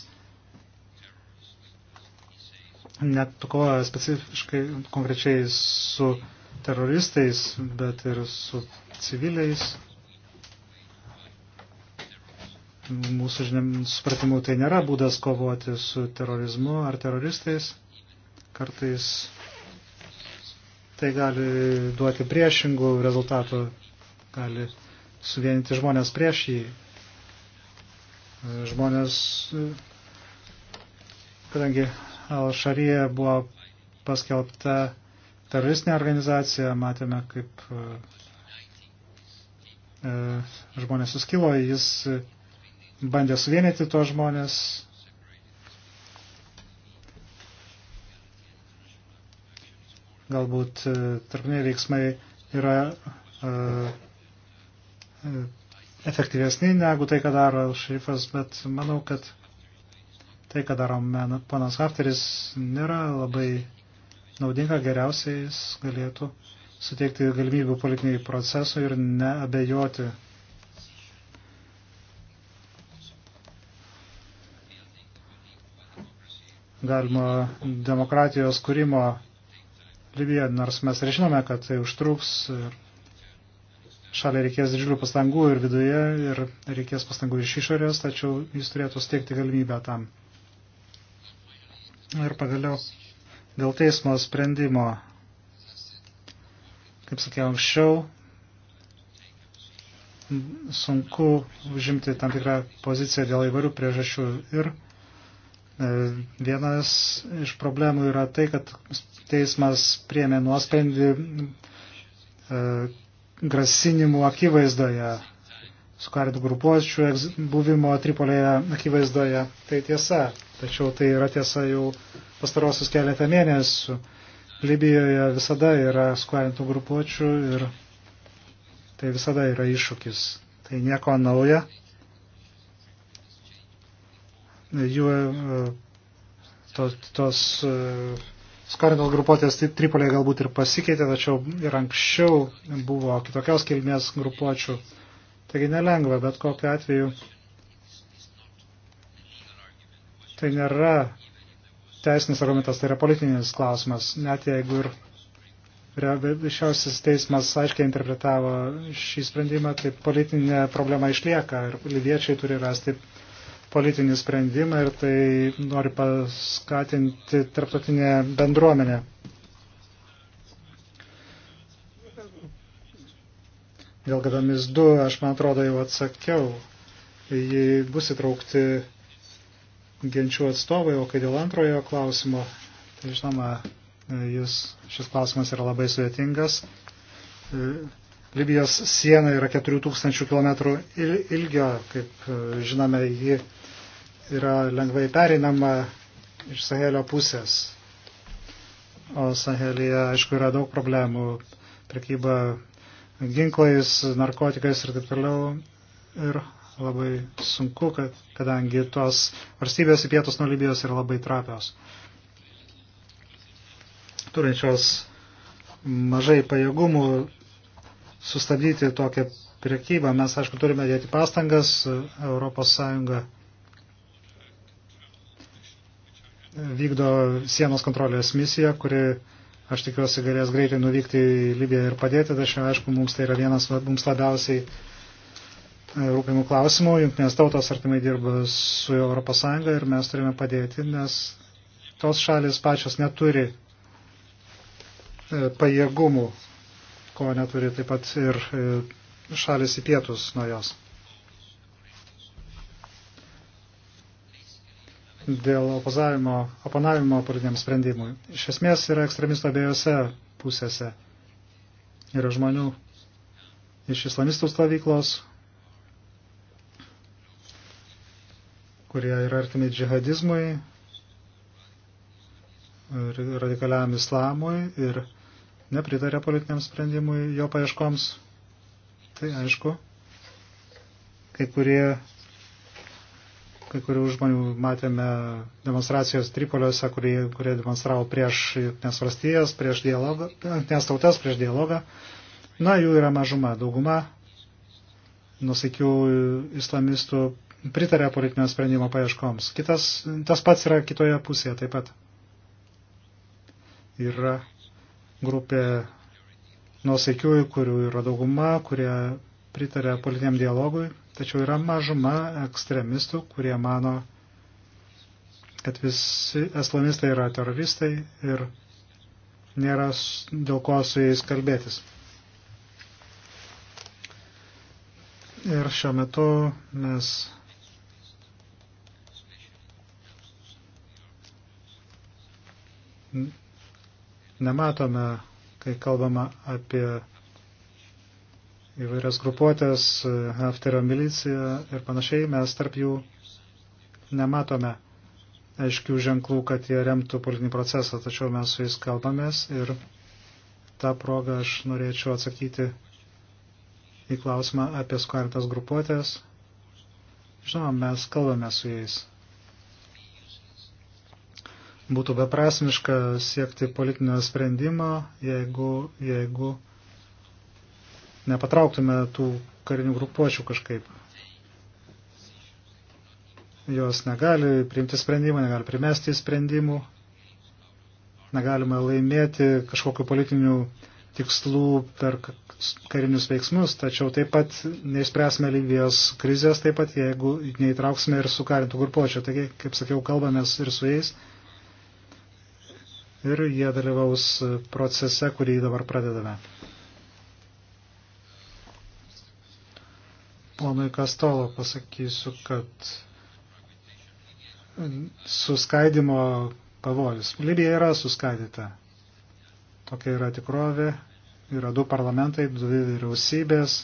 net kovoja specifiškai konkrečiai su teroristais, bet ir su civiliais. Mūsų žinim, supratimu, tai nėra būdas kovoti su terorizmu ar teroristais. Kartais tai gali duoti priešingų rezultatų, gali suvienyti žmonės prieš jį. Žmonės, kadangi Al-Šarija buvo paskelbta teroristinė organizacija, matėme, kaip e, žmonės suskilo, jis bandė suvienyti tuos žmonės, galbūt e, tarpiniai veiksmai yra e, e, efektyvesni negu tai, ką daro šerifas, bet manau, kad tai, ką daro ponas Hafteris, nėra labai naudinga, geriausiai jis galėtų suteikti galimybių politiniai procesui ir neabejoti. Galima demokratijos kūrimo Libiją, nors mes ir žinome, kad tai užtruks. Šaliai reikės didžiulių pastangų ir viduje, ir reikės pastangų iš išorės, tačiau jis turėtų steigti galimybę tam. Ir pagaliau, dėl teismo sprendimo, kaip sakiau anksčiau, sunku užimti tam tikrą poziciją dėl įvairių priežasčių ir E, vienas iš problemų yra tai, kad teismas priemė nuosprendį e, grasinimų akivaizdoje, sukarintų grupuočių buvimo Tripolėje akivaizdoje. Tai tiesa, tačiau tai yra tiesa jau pastarosius keletą mėnesių. Libijoje visada yra sukarintų grupuočių ir tai visada yra iššūkis. Tai nieko nauja jų e, tos, tos e, Skorintos grupuotės Tripolė galbūt ir pasikeitė, tačiau ir anksčiau buvo kitokios kilmės grupuočių. Taigi nelengva, bet kokiu atveju tai nėra teisinis argumentas, tai yra politinis klausimas, net jeigu ir šiausias teismas aiškiai interpretavo šį sprendimą, tai politinė problema išlieka ir lydiečiai turi rasti politinį sprendimą ir tai nori paskatinti tarptautinę bendruomenę. Dėl Gadamis 2, aš man atrodo jau atsakiau, jį bus įtraukti genčių atstovai, o kai dėl antrojo klausimo, tai žinoma, jis, šis klausimas yra labai sudėtingas. Libijos siena yra 4000 km ilgio, kaip e, žinome, ji yra lengvai pereinama iš Sahelio pusės. O Sahelėje, aišku, yra daug problemų. Prekyba ginklais, narkotikais ir taip toliau. Ir labai sunku, kad, kadangi tos valstybės į pietus nuo Libijos yra labai trapios. Turinčios mažai pajėgumų sustabdyti tokią priekybą. Mes, aišku, turime dėti pastangas. Europos Sąjunga vykdo sienos kontrolės misiją, kuri, aš tikiuosi, galės greitai nuvykti į Libiją ir padėti. Tačiau, aišku, mums tai yra vienas mums labiausiai e, rūpimų klausimų. Junktinės tautos artimai dirba su ES ir mes turime padėti, nes tos šalis pačios neturi e, pajėgumų, ko neturi taip pat ir e, šalis į pietus nuo jos. dėl oponavimo politiniam sprendimui. Iš esmės yra ekstremisto abiejose pusėse. Yra žmonių iš islamistų stovyklos, kurie yra artimi džihadizmui, radikaliam islamui ir nepritarė politiniam sprendimui jo paieškoms. Tai aišku, kai kurie kai kurių žmonių matėme demonstracijos Tripoliuose, kurie, kurie demonstravo prieš Junktinės valstijas, prieš dialogą, Junktinės tautas, prieš dialogą. Na, jų yra mažuma, dauguma nusaikių islamistų pritarė politinio sprendimo paieškoms. Kitas, tas pats yra kitoje pusėje taip pat. Yra grupė nusaikiųjų, kurių yra dauguma, kurie pritarė politiniam dialogui, tačiau yra mažuma ekstremistų, kurie mano, kad visi islamistai yra teroristai ir nėra dėl ko su jais kalbėtis. Ir šiuo metu mes nematome, kai kalbama apie įvairias grupuotės, Hafterio milicija ir panašiai, mes tarp jų nematome aiškių ženklų, kad jie remtų politinį procesą, tačiau mes su jais kalbamės ir tą progą aš norėčiau atsakyti į klausimą apie skorintas grupuotės. Žinoma, mes kalbame su jais. Būtų beprasmiška siekti politinio sprendimo, jeigu, jeigu nepatrauktume tų karinių grupuočių kažkaip. Jos negali priimti sprendimų, negali primesti sprendimų, negalime laimėti kažkokiu politiniu tikslų per karinius veiksmus, tačiau taip pat neišspręsime Libijos krizės, taip pat jeigu neįtrauksime ir sukarintų grupuočių. Taigi, kaip sakiau, kalbamės ir su jais ir jie dalyvaus procese, kurį dabar pradedame. ponui Kastolo pasakysiu, kad suskaidimo pavojus. Libija yra suskaidyta. Tokia yra tikrovė. Yra du parlamentai, dvi vyriausybės.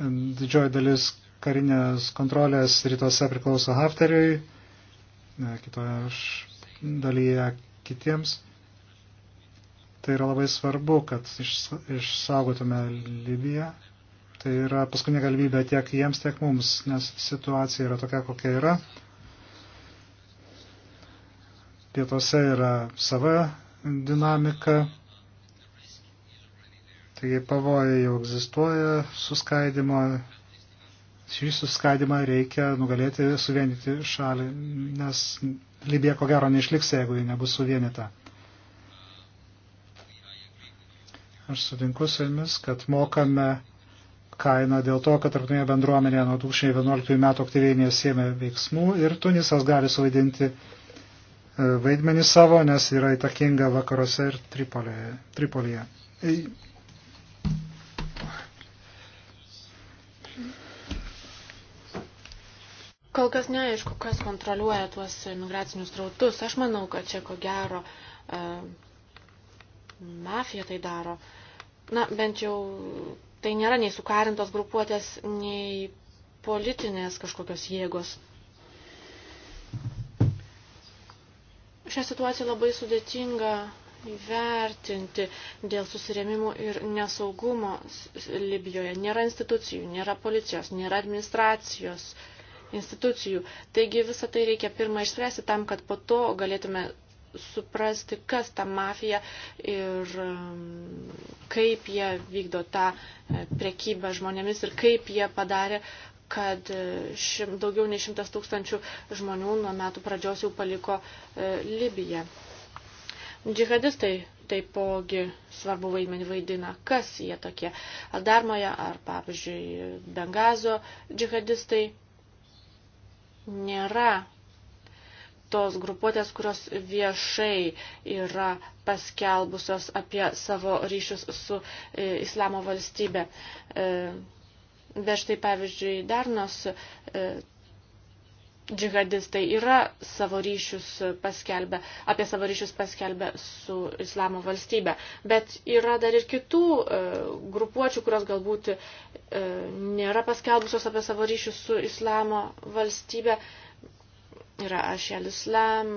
Didžioji dalis karinės kontrolės rytuose priklauso Hafteriui, kitoje dalyje kitiems. Tai yra labai svarbu, kad išsaugotume Libiją Tai yra paskutinė galimybė tiek jiems, tiek mums, nes situacija yra tokia, kokia yra. Pietuose yra sava dinamika, taigi pavojai jau egzistuoja, suskaidimo, šį suskaidimą reikia nugalėti, suvienyti šalį, nes Libija ko gero neišliks, jeigu ji nebus suvienita. Aš sutinku su jumis, kad mokame kainą dėl to, kad tarptautinė bendruomenė nuo 2011 metų aktyviai nesėmė veiksmų ir Tunisas gali suvaidinti e, vaidmenį savo, nes yra įtakinga vakaruose ir Tripolėje. Tripolėje. E, Kol kas neaišku, kas kontroliuoja tuos migracinius trautus. Aš manau, kad čia ko gero e, mafija tai daro. Na, bent jau Tai nėra nei sukarintos grupuotės, nei politinės kažkokios jėgos. Šią situaciją labai sudėtinga įvertinti dėl susirėmimų ir nesaugumo Libijoje. Nėra institucijų, nėra policijos, nėra administracijos institucijų. Taigi visą tai reikia pirmą išspręsti tam, kad po to galėtume suprasti, kas ta mafija ir um, kaip jie vykdo tą e, prekybą žmonėmis ir kaip jie padarė, kad e, šim, daugiau nei šimtas tūkstančių žmonių nuo metų pradžios jau paliko e, Libiją. Džihadistai taipogi svarbu vaidmenį vaidina, kas jie tokie. Aldarmoje ar, pavyzdžiui, Bengazo džihadistai nėra tos grupuotės, kurios viešai yra paskelbusios apie savo ryšius su e, islamo valstybė. E, bet štai pavyzdžiui, Darnos e, džihadistai yra savo ryšius paskelbę, apie savo ryšius paskelbę su islamo valstybė. Bet yra dar ir kitų e, grupuočių, kurios galbūt e, nėra paskelbusios apie savo ryšius su islamo valstybė, yra Ašel Islam,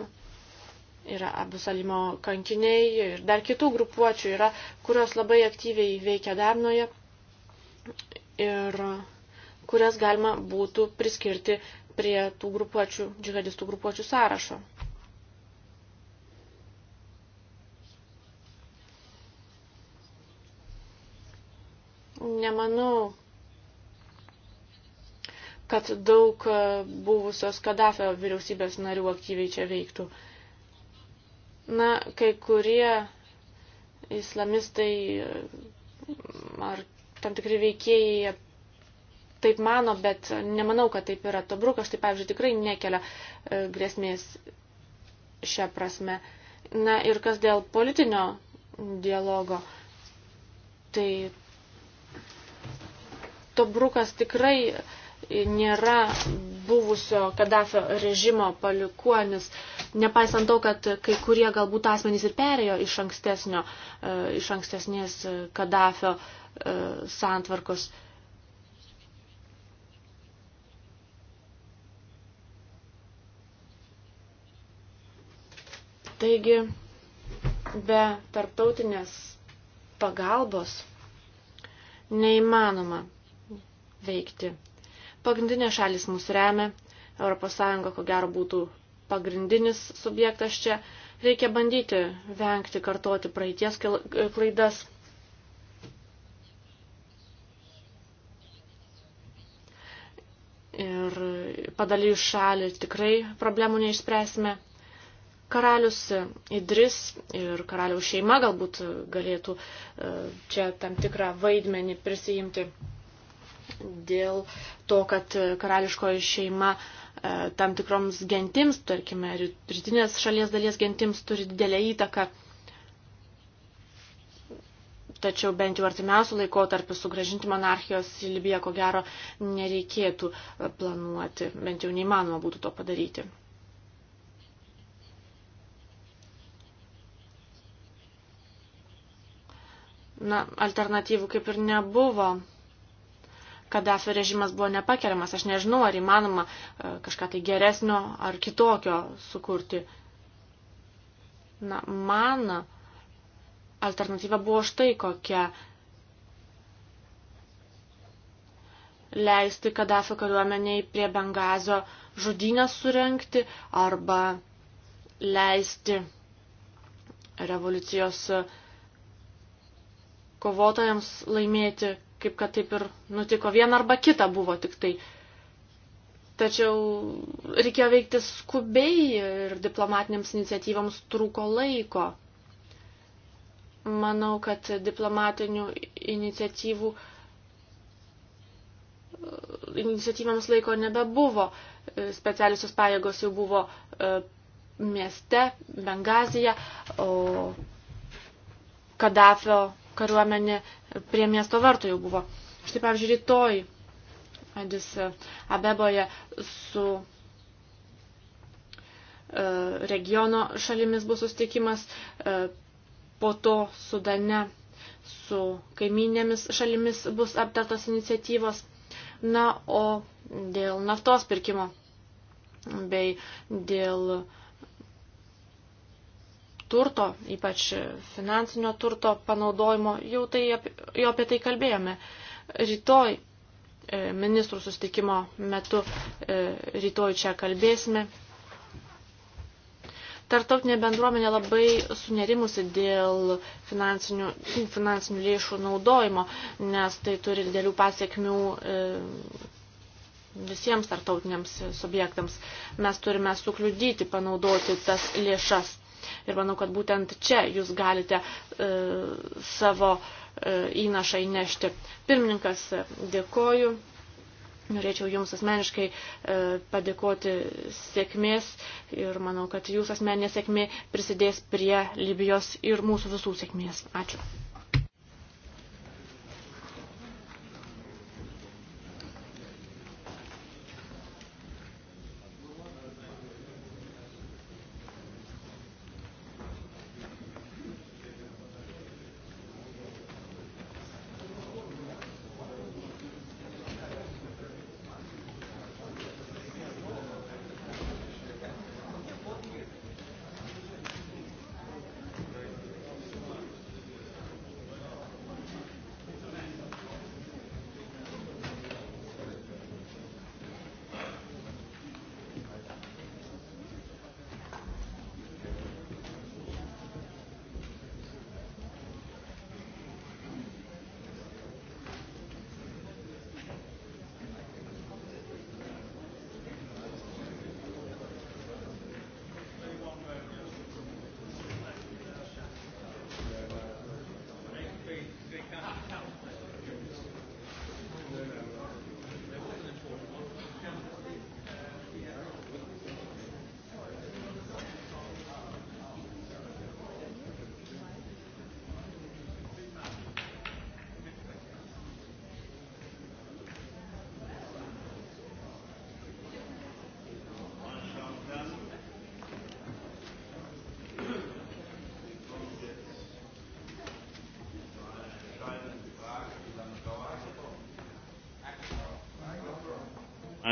yra Abu Salimo kankiniai ir dar kitų grupuočių yra, kurios labai aktyviai veikia Darnoje ir kurias galima būtų priskirti prie tų grupuočių, džihadistų grupuočių sąrašo. Nemanau, kad daug e, buvusios Kadafio vyriausybės narių aktyviai čia veiktų. Na, kai kurie islamistai e, ar tam tikri veikėjai taip mano, bet nemanau, kad taip yra. Tobrukas, tai pavyzdžiui, tikrai nekelia e, grėsmės šią prasme. Na ir kas dėl politinio dialogo, tai Tobrukas tikrai uh, nėra buvusio Kadafio režimo palikuonis, nepaisant to, kad kai kurie galbūt asmenys ir perėjo iš, ankstesnio, e, iš ankstesnės Kadafio e, santvarkos. Taigi, be tarptautinės pagalbos neįmanoma veikti Pagrindinės šalis mūsų remia, ES ko gero būtų pagrindinis subjektas čia. Reikia bandyti vengti kartoti praeities klaidas. Ir padalyjus šalį tikrai problemų neišspręsime karalius Idris ir karaliaus šeima galbūt galėtų e, čia tam tikrą vaidmenį prisijimti dėl to, kad karališkoji šeima e, tam tikroms gentims, tarkime, rytinės šalies dalies gentims turi didelę įtaką. Tačiau bent jau artimiausių laikotarpių sugražinti monarchijos į Libiją ko gero nereikėtų e, planuoti, bent jau neįmanoma būtų to padaryti. Na, alternatyvų kaip ir nebuvo. Kadafio režimas buvo nepakeliamas. Aš nežinau, ar įmanoma e, kažką tai geresnio ar kitokio sukurti. Na, man alternatyva buvo štai kokia. Leisti Kadafio kariuomeniai prie Bengazio žudynę surenkti arba leisti revoliucijos kovotojams laimėti kaip kad taip ir nutiko. Viena arba kita buvo tik tai. Tačiau reikėjo veikti skubiai ir diplomatiniams iniciatyvams trūko laiko. Manau, kad diplomatinių iniciatyvų iniciatyvams laiko nebebuvo. Specialiusios pajėgos jau buvo e, mieste, Bengazija, o Kadafio kariuomenė prie miesto vartų jau buvo. Štai pavyzdžiui, rytoj Adis Abeboje su e, regiono šalimis bus sustikimas, e, po to Sudane su kaiminėmis šalimis bus aptartos iniciatyvos. Na, o dėl naftos pirkimo bei dėl uh, turto, ypač finansinio turto panaudojimo, jau, tai, jau apie tai kalbėjome. Rytoj e, ministrų sustikimo metu e, rytoj čia kalbėsime. Tartautinė bendruomenė labai sunerimusi dėl finansinių, finansinių lėšų naudojimo, nes tai turi didelių pasiekmių e, visiems tartautiniams subjektams. Mes turime sukliudyti panaudoti tas lėšas Ir manau, kad būtent čia jūs galite e, savo e, įnašą įnešti. Pirmininkas, dėkoju. Norėčiau Jums asmeniškai e, padėkoti sėkmės ir manau, kad Jūsų asmeninė sėkmė prisidės prie Libijos ir mūsų visų sėkmės. Ačiū.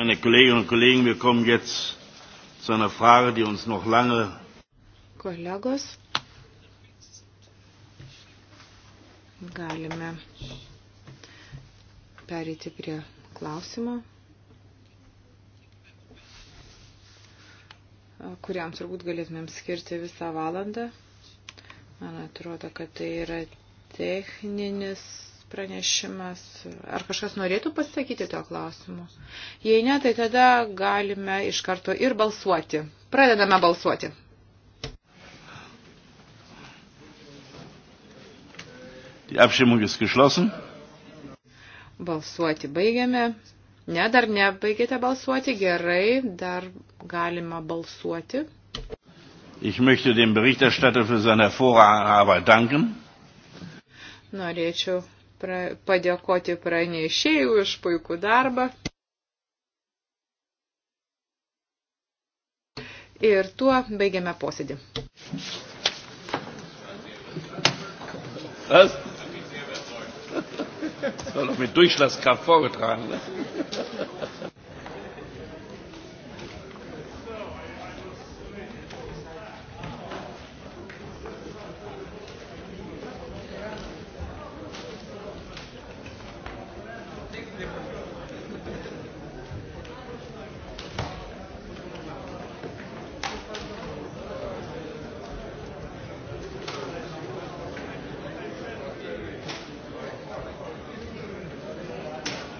Meine Kolleginnen und Kollegen, wir kommen jetzt zu einer Frage, die uns noch lange. Kolegos, galime pereiti prie klausimo, kuriam turbūt galėtumėm skirti visą valandą. Man atrodo, kad tai yra techninis pranešimas. Ar kažkas norėtų pasakyti to klausimu? Jei ne, tai tada galime iš karto ir balsuoti. Pradedame balsuoti. Die Abstimmung ist geschlossen. Balsuoti baigiame. Ne, dar nebaigėte balsuoti. Gerai, dar galima balsuoti. Ich möchte dem Berichterstatter für seine hervorragende Arbeit danken. Norėčiau pra, padėkoti pranešėjų iš puikų darbą. Ir tuo baigiame posėdį. Was? Das war doch mit Durchschlagskraft vorgetragen. Ne?